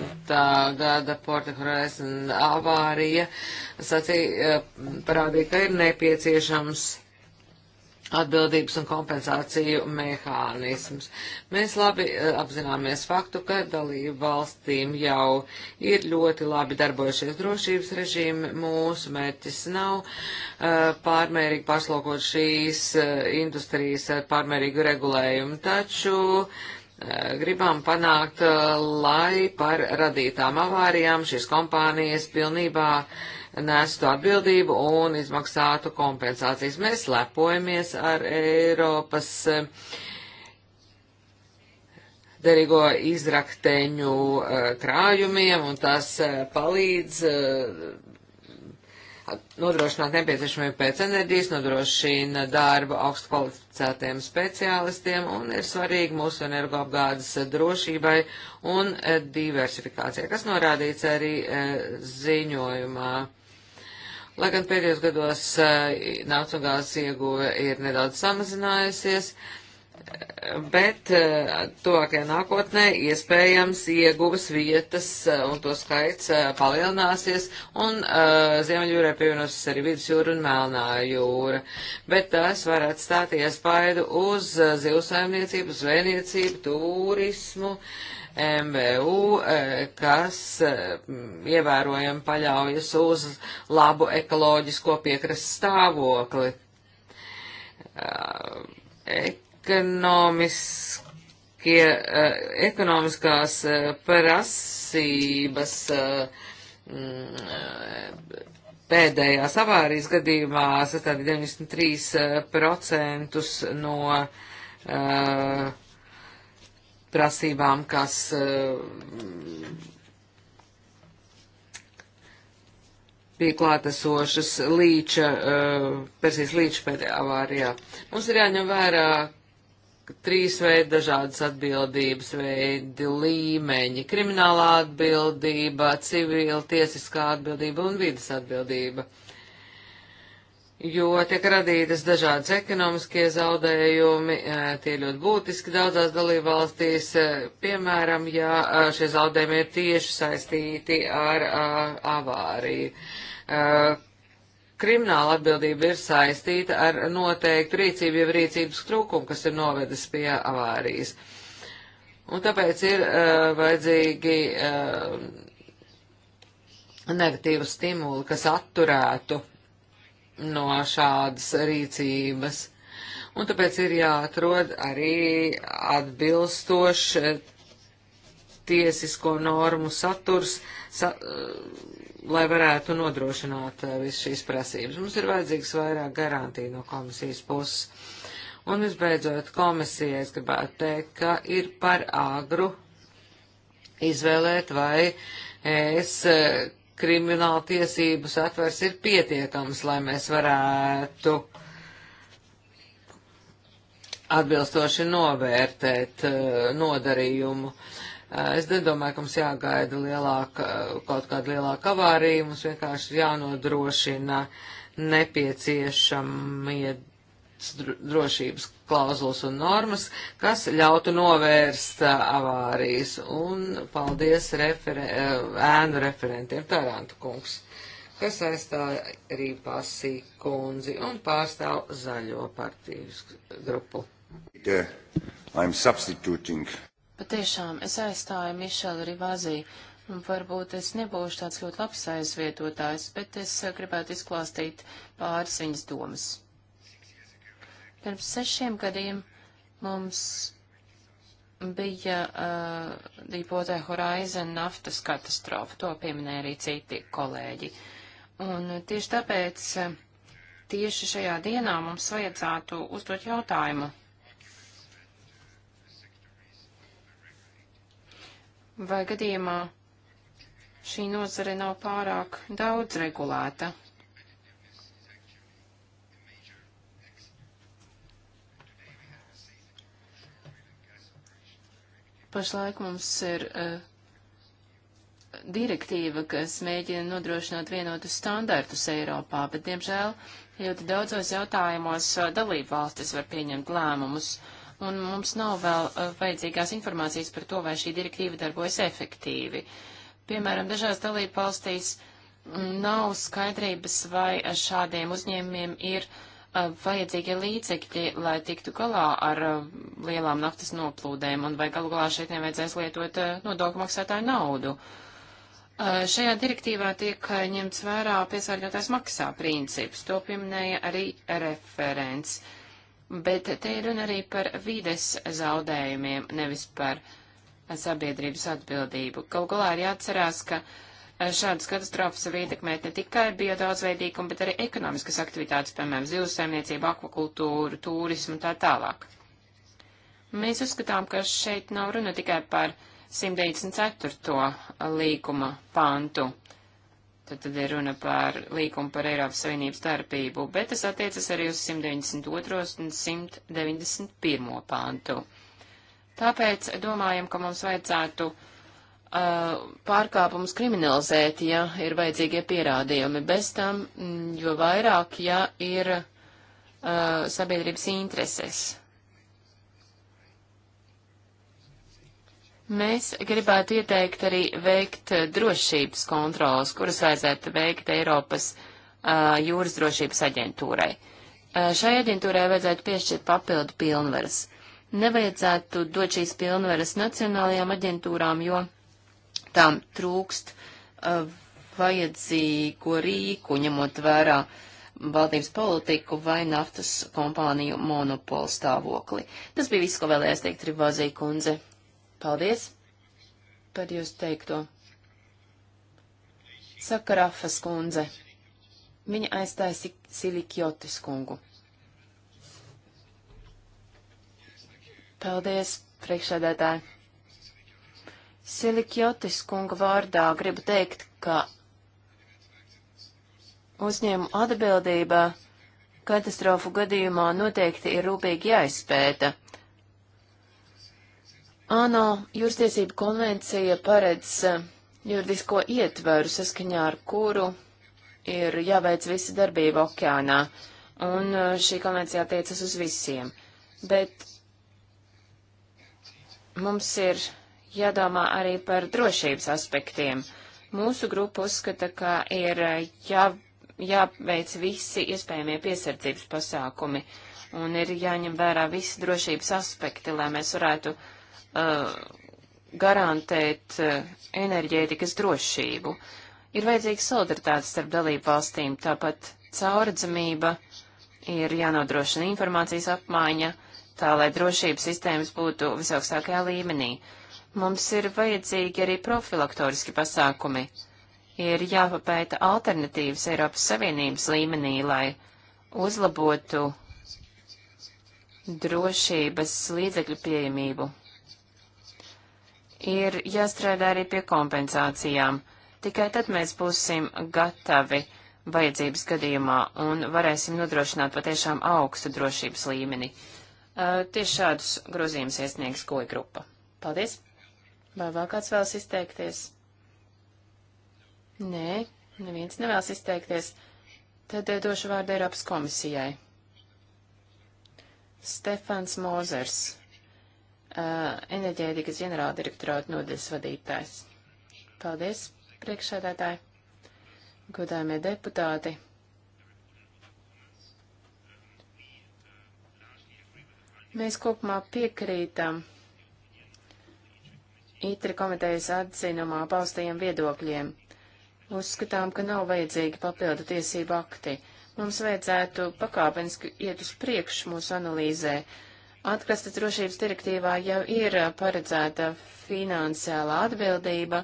gada Porta Horizon avārija sacīja, eh, parādīja, ka ir nepieciešams atbildības un kompensāciju mehānisms. Mēs labi eh, apzināmies faktu, ka dalību valstīm jau ir ļoti labi darbojušies drošības režīmi. Mūsu mērķis nav eh, pārmērīgi paslokot šīs eh, industrijas ar pārmērīgu regulējumu, taču gribam panākt, lai par radītām avārijām šīs kompānijas pilnībā uh, nestu atbildību un izmaksātu kompensācijas. Mēs lepojamies ar Eiropas eh, derīgo izrakteņu eh, krājumiem, un tas eh, palīdz nodrošināt nepieciešamību pēc enerģijas, nodrošina darbu augstu kvalificētiem speciālistiem un ir svarīgi mūsu energoapgādes drošībai un diversifikācijai, kas norādīts arī ziņojumā. Lai gan pēdējos gados eh, naftas ieguve ir nedaudz samazinājusies, bet eh, tuvākajā nākotnē iespējams ieguves vietas eh, un to skaits palielināsies, un Ziemeļjūrē pievienosies arī Vidusjūra un Melnā jūra. Bet tas var atstāt iespaidu uz zivsaimniecību, zvejniecību, turismu. Uh, MVU, eh, kas eh, ievērojami paļaujas uz labu ekoloģisko piekras stāvokli. Eh, ekonomiskie, ekonomiskās prasības mm, pēdējās avārijas gadījumā sastāda 93% no uh, prasībām, kas eh, bija klātesošas līča, eh, Persijas līča pēdējā avārijā. Mums ir jāņem vērā trīs veidi dažādas atbildības veidi līmeņi - kriminālā atbildība, civila tiesiskā atbildība un vidas atbildība. Uh, jo tiek radītas dažādas ekonomiskie zaudējumi, e, tie ļoti būtiski daudzās dalībvalstīs, e, piemēram, ja e, šie zaudējumi ir tieši saistīti ar avāriju. Krimināla atbildība ir saistīta ar noteiktu rīcību, jau rīcības trūkumu, kas ir novedis pie avārijas. Un tāpēc ir uh, vajadzīgi uh, negatīvu stimulu, kas atturētu no šādas rīcības. Un tāpēc ir jāatrod arī atbilstošs eh, tiesisko normu saturs, sa, eh, lai varētu nodrošināt eh, visu šīs prasības. Mums ir vajadzīgs vairāk garantija no komisijas puses. Un visbeidzot, komisijai es gribētu teikt, ka ir par agru izvēlēt, vai es krimināla tiesību satvers ir pietiekams, lai mēs varētu atbilstoši novērtēt eh, nodarījumu. Eh, es nedomāju, ka mums jāgaida lielāka, kaut kāda lielāka avārija, mums vienkārši jānodrošina nepieciešamie drošības klauzulas un normas, kas ļautu novērst uh, avārijas. Un paldies referen uh, ēnu referentiem, Tarantu kungs, kas aizstāja arī pasī kundzi un pārstāv zaļo partijas grupu. I'm substituting. Patiešām es aizstāju Mišelu Rivazī. Varbūt es nebūšu tāds ļoti labs aizvietotājs, bet es uh, gribētu izklāstīt pāris viņas domas. Pirms sešiem gadiem mums bija uh, Deepwater Horizon naftas katastrofa, to pieminēja arī citi kolēģi. Un tieši tāpēc uh, tieši šajā dienā mums vajadzētu uzdot jautājumu, vai gadījumā šī nozare nav pārāk daudz regulēta. Pašlaik mums ir uh, direktīva, kas mēģina nodrošināt vienotus standartus Eiropā, bet, diemžēl, ļoti daudzos jautājumos eh, dalību valstis var pieņemt lēmumus, un mums nav vēl uh, vajadzīgās informācijas par to, vai šī direktīva darbojas efektīvi. Piemēram, dažās dalību valstīs mm, nav skaidrības, vai šādiem uzņēmumiem ir uh, Uh, vajadzīgie līdzekļi, lai tiktu galā ar uh, lielām naftas noplūdēm, un vai galu galā šeit nevajadzēs lietot uh, nodokļu maksātāju naudu. Šajā direktīvā tiek ņemts vērā piesārņotājs maksā princips, to pieminēja arī referents, bet te ir runa arī par vides zaudējumiem, nevis par sabiedrības atbildību. Galu galā ir jāatcerās, ka uh, šādas katastrofas var ietekmēt ne tikai biodaudzveidīgumu, bet arī ekonomiskas aktivitātes, piemēram, zivsaimniecību, akvakultūru, turismu un tā tālāk. Mēs uzskatām, ka šeit nav runa tikai par 194. līguma pantu. Tad, tad ir runa par līgumu par Eiropas Savienības darbību, bet tas attiecas arī uz 192. un 191. pantu. Tāpēc domājam, ka mums vajadzētu uh, Uh, pārkāpumus kriminalizēt, ja ir vajadzīgie pierādījumi. Bez tam, mm, jo vairāk, ja ir uh, sabiedrības intereses. Mēs gribētu ieteikt arī veikt drošības kontrolas, kuras vajadzētu veikt Eiropas uh, jūras drošības aģentūrai. Uh, šai aģentūrai vajadzētu piešķirt papildu pilnvaras. Nevajadzētu dot šīs pilnvaras nacionālajām aģentūrām, jo tam trūkst uh, vajadzīgo rīku, ņemot vērā valdības politiku vai naftas kompāniju monopolu stāvokli. Tas bija viss, ko vēlējās teikt Ribāzī kundze. Paldies par jūs teikto. Saka Rafas kundze. Viņa aizstāja Silikjotis kungu. Paldies, priekšsēdētāji. Silikjotis kunga vārdā gribu teikt, ka uzņēmu atbildība katastrofu gadījumā noteikti ir rūpīgi jāizpēta. ANO jūrstiesību konvencija paredz eh, juridisko ietveru, saskaņā ar kuru ir jāveic visa darbība okeānā, un eh, šī konvencija attiecas uz visiem. Bet mums ir jādomā arī par drošības aspektiem. Mūsu grupa uzskata, ka ir jā, jāveic visi iespējamie piesardzības pasākumi un ir jāņem vērā visi drošības aspekti, lai mēs varētu uh, garantēt uh, enerģētikas drošību. Ir vajadzīga solidaritāte starp dalību valstīm, tāpat caurdzamība, ir jānodrošina informācijas apmaiņa, tā lai drošības sistēmas būtu visaugstākajā līmenī. Uh, Mums ir vajadzīgi arī profilaktoriski pasākumi. Ir jāpapēta alternatīvas Eiropas Savienības līmenī, lai uzlabotu drošības līdzekļu pieejamību. Ir jāstrādā arī pie kompensācijām. Tikai tad mēs būsim gatavi vajadzības gadījumā un varēsim nodrošināt patiešām augstu drošības līmeni. Uh, tieši šādus grozījumus iesniegs koja grupa. Paldies! Vai vēl kāds vēlas izteikties? Nē, neviens nevēlas izteikties. Tad eh, došu vārdu Eiropas komisijai. Stefans Mozers, uh, enerģētikas ģenerāldirektorāta nodeļas vadītājs. Paldies, priekšsēdētāji, godājumie deputāti. Mēs kopumā piekrītam ITRI komitejas atzinumā paustajiem viedokļiem. Uzskatām, ka nav vajadzīgi papildu tiesību akti. Mums vajadzētu pakāpeniski iet uz priekšu mūsu analīzē. Atkrasta drošības direktīvā jau ir paredzēta finansiālā atbildība,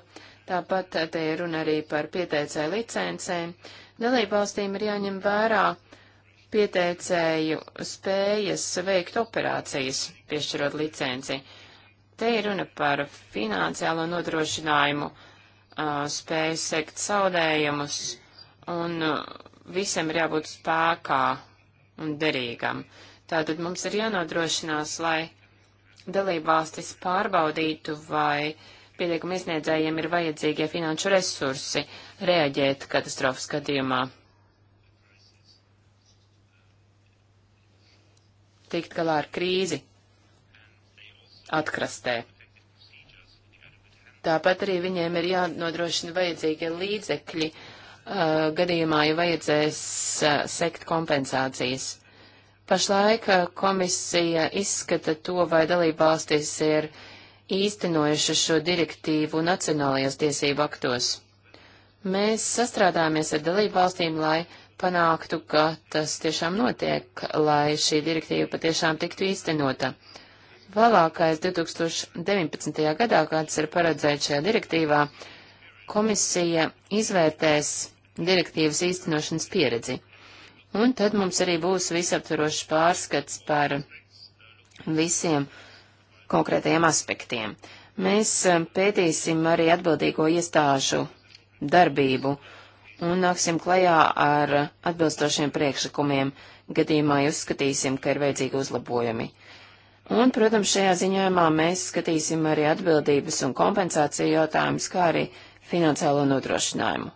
tāpat te ir runa arī par pieteicēju licencēm. Dalībvalstīm ir jāņem vērā pieteicēju spējas veikt operācijas, piešķirot licenci. Uh, Te ir runa par finansiālo nodrošinājumu, spēju sekt zaudējumus, un visam ir jābūt spēkā un derīgam. Tātad mums ir jānodrošinās, lai dalībvalstis pārbaudītu, vai pietiekam izniedzējiem ir vajadzīgie finanšu resursi reaģēt katastrofas gadījumā. Tikt galā ar krīzi atkrastē. Tāpat arī viņiem ir jānodrošina vajadzīgie līdzekļi uh, gadījumā, ja vajadzēs uh, sekt kompensācijas. Pašlaik uh, komisija izskata to, vai dalībvalstis ir īstenojušas šo direktīvu nacionālajos tiesību aktos. Mēs sastrādāmies ar dalībvalstīm, lai panāktu, ka tas tiešām notiek, lai šī direktīva patiešām tiktu īstenota. Uh, Vēlākais 2019. gadā, kāds ir paredzēts šajā direktīvā, komisija izvērtēs direktīvas īstenošanas pieredzi. Un tad mums arī būs visaptvarošs pārskats par visiem konkrētajiem aspektiem. Mēs eh, pētīsim arī atbildīgo iestāžu darbību un nāksim klajā ar atbilstošiem priekšlikumiem, gadījumā uzskatīsim, ka ir vajadzīgi uzlabojumi. Un, protams, šajā ziņojumā mēs skatīsim arī atbildības un kompensāciju jautājumus, kā arī finansiālo nodrošinājumu.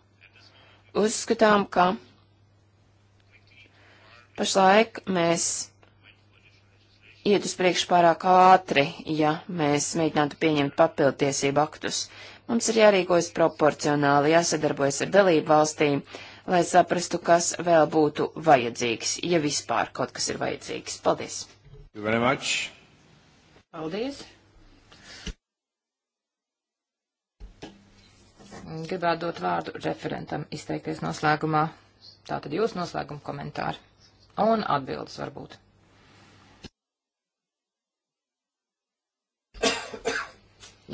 Uzskatām, ka pašlaik mēs iet uz priekšu pārāk ātri, ja mēs mēģinātu pieņemt papildiesību aktus. Mums ir jārīkojas proporcionāli, jāsadarbojas ar dalību valstīm, lai saprastu, kas vēl būtu vajadzīgs, ja vispār kaut kas ir vajadzīgs. Paldies! Thank you very much. Paldies! Gribētu dot vārdu referentam izteikties noslēgumā. Tātad jūs noslēguma komentāri un atbildes varbūt.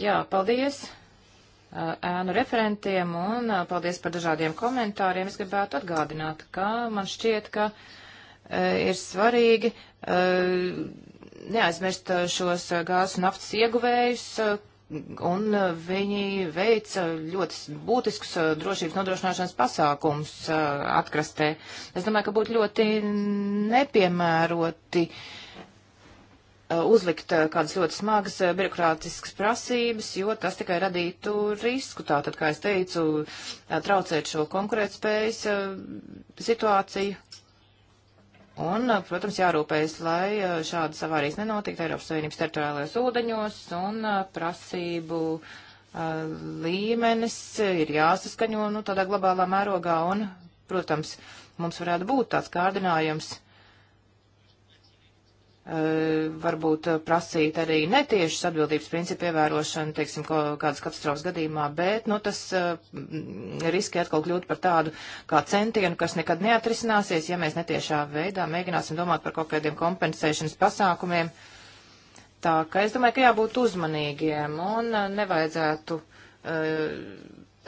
Jā, paldies uh, ēnu referentiem un uh, paldies par dažādiem komentāriem. Es gribētu atgādināt, ka man šķiet, ka uh, ir svarīgi uh, neaizmirst eh, šos eh, gāzes naftas ieguvējus, eh, un viņi veica ļoti būtiskus drošības nodrošināšanas pasākums atkrastē. Es domāju, ka būtu ļoti nepiemēroti uzlikt kādas ļoti smagas birokrātiskas prasības, jo tas tikai radītu risku. Tātad, kā es teicu, traucēt šo konkurētspējas situāciju. Un, protams, jārūpējas, lai šāda savārijas nenotiktu Eiropas Savienības teritoriālajos ūdeņos un prasību līmenis ir jāsaskaņo nu, tādā globālā mērogā un, protams, mums varētu būt tāds kārdinājums Eh, varbūt eh, prasīt arī netiešas atbildības principu ievērošanu, teiksim, kādas katastrofas gadījumā, bet, nu, tas eh, riski atkal kļūt par tādu kā centienu, kas nekad neatrisināsies, ja mēs netiešā veidā mēģināsim domāt par kaut kādiem kompensēšanas pasākumiem. Tā ka es domāju, ka jābūt uzmanīgiem un nevajadzētu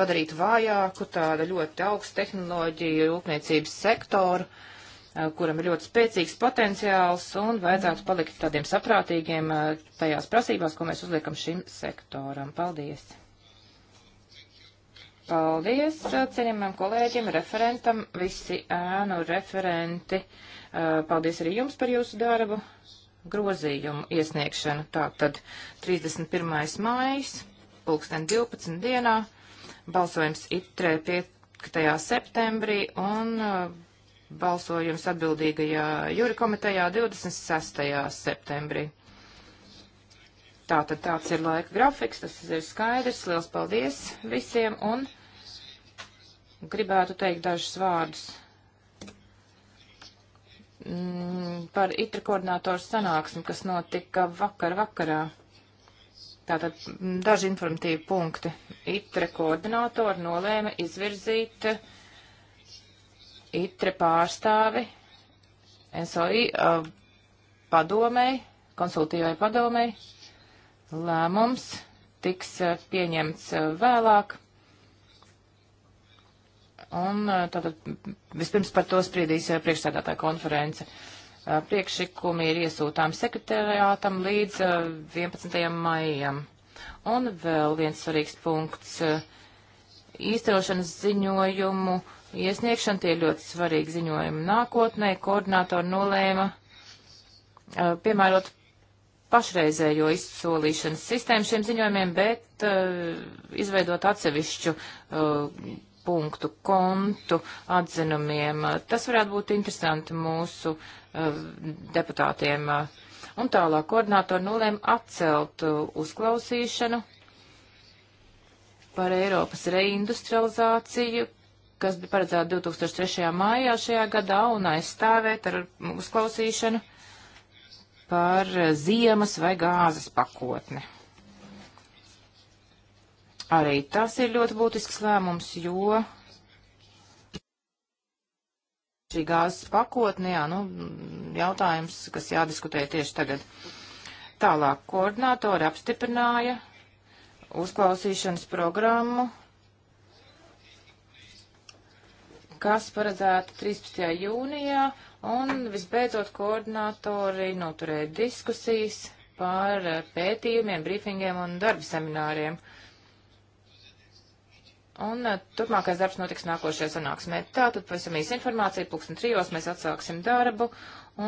padarīt vājāku tādu ļoti augstu tehnoloģiju rūpniecības sektoru. Uh, Eh, kuram ir ļoti spēcīgs potenciāls un vajadzētu palikt tādiem saprātīgiem eh, tajās prasībās, ko mēs uzliekam šim sektoram. Paldies! Paldies eh, ceņamam kolēģim, referentam, visi ēnu referenti. Paldies arī jums par jūsu darbu, grozījumu iesniegšanu. Tātad 31. mājas, pulksten 12. dienā, balsojums itrē 5. septembrī un balsojums atbildīgajā jūri komitejā 26. septembrī. Tātad tāds ir laika grafiks, tas ir skaidrs. Liels paldies visiem un gribētu teikt dažus vārdus mm, par itra koordinātoru sanāksmi, kas notika vakar vakarā. Tātad daži informatīvi punkti. Itra koordinātori nolēma izvirzīt uh, itre pārstāvi NSOI uh, padomēji, konsultīvai padomēji. Lēmums tiks uh, pieņemts uh, vēlāk. Un uh, tātad vispirms par to spriedīs uh, priekšsēdātāja konference. Uh, priekšlikumi ir iesūtām sekretariātam līdz 11. maijam. Un vēl viens svarīgs punkts īstenošanas ziņojumu uh, iesniegšanu. Tie ir ļoti svarīgi ziņojumi nākotnē. Koordinātori nolēma piemērot pašreizējo izsolīšanas sistēmu šiem ziņojumiem, bet uh, izveidot atsevišķu uh, punktu kontu atzinumiem. Tas varētu būt interesanti mūsu uh, deputātiem. Un tālāk koordinātori nolēma atcelt uzklausīšanu par Eiropas reindustrializāciju, kas bija paredzēta 2003. mājā šajā gadā un aizstāvēt ar uzklausīšanu par ziemas vai gāzes pakotni. Arī tas ir ļoti būtisks lēmums, jo šī gāzes pakotne, jā, nu, jautājums, kas jādiskutē tieši tagad. Tālāk koordinātori apstiprināja uzklausīšanas programmu kas paredzēta 13. jūnijā, un visbeidzot koordinātori noturēja diskusijas par pētījumiem, brīfingiem un darba semināriem. Un eh, turpmākais darbs notiks nākošajā sanāksmē. Tātad pavisam īsa informācija, pulksten trijos mēs atsāksim darbu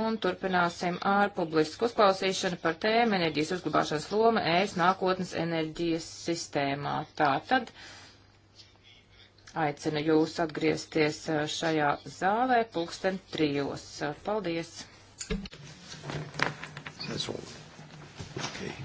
un turpināsim ar publisku uzklausīšanu par tēmu enerģijas uzglabāšanas loma ēst nākotnes enerģijas sistēmā. Tātad. Aicinu jūs atgriezties šajā zālē pulksten trijos. Paldies! That's all. Okay.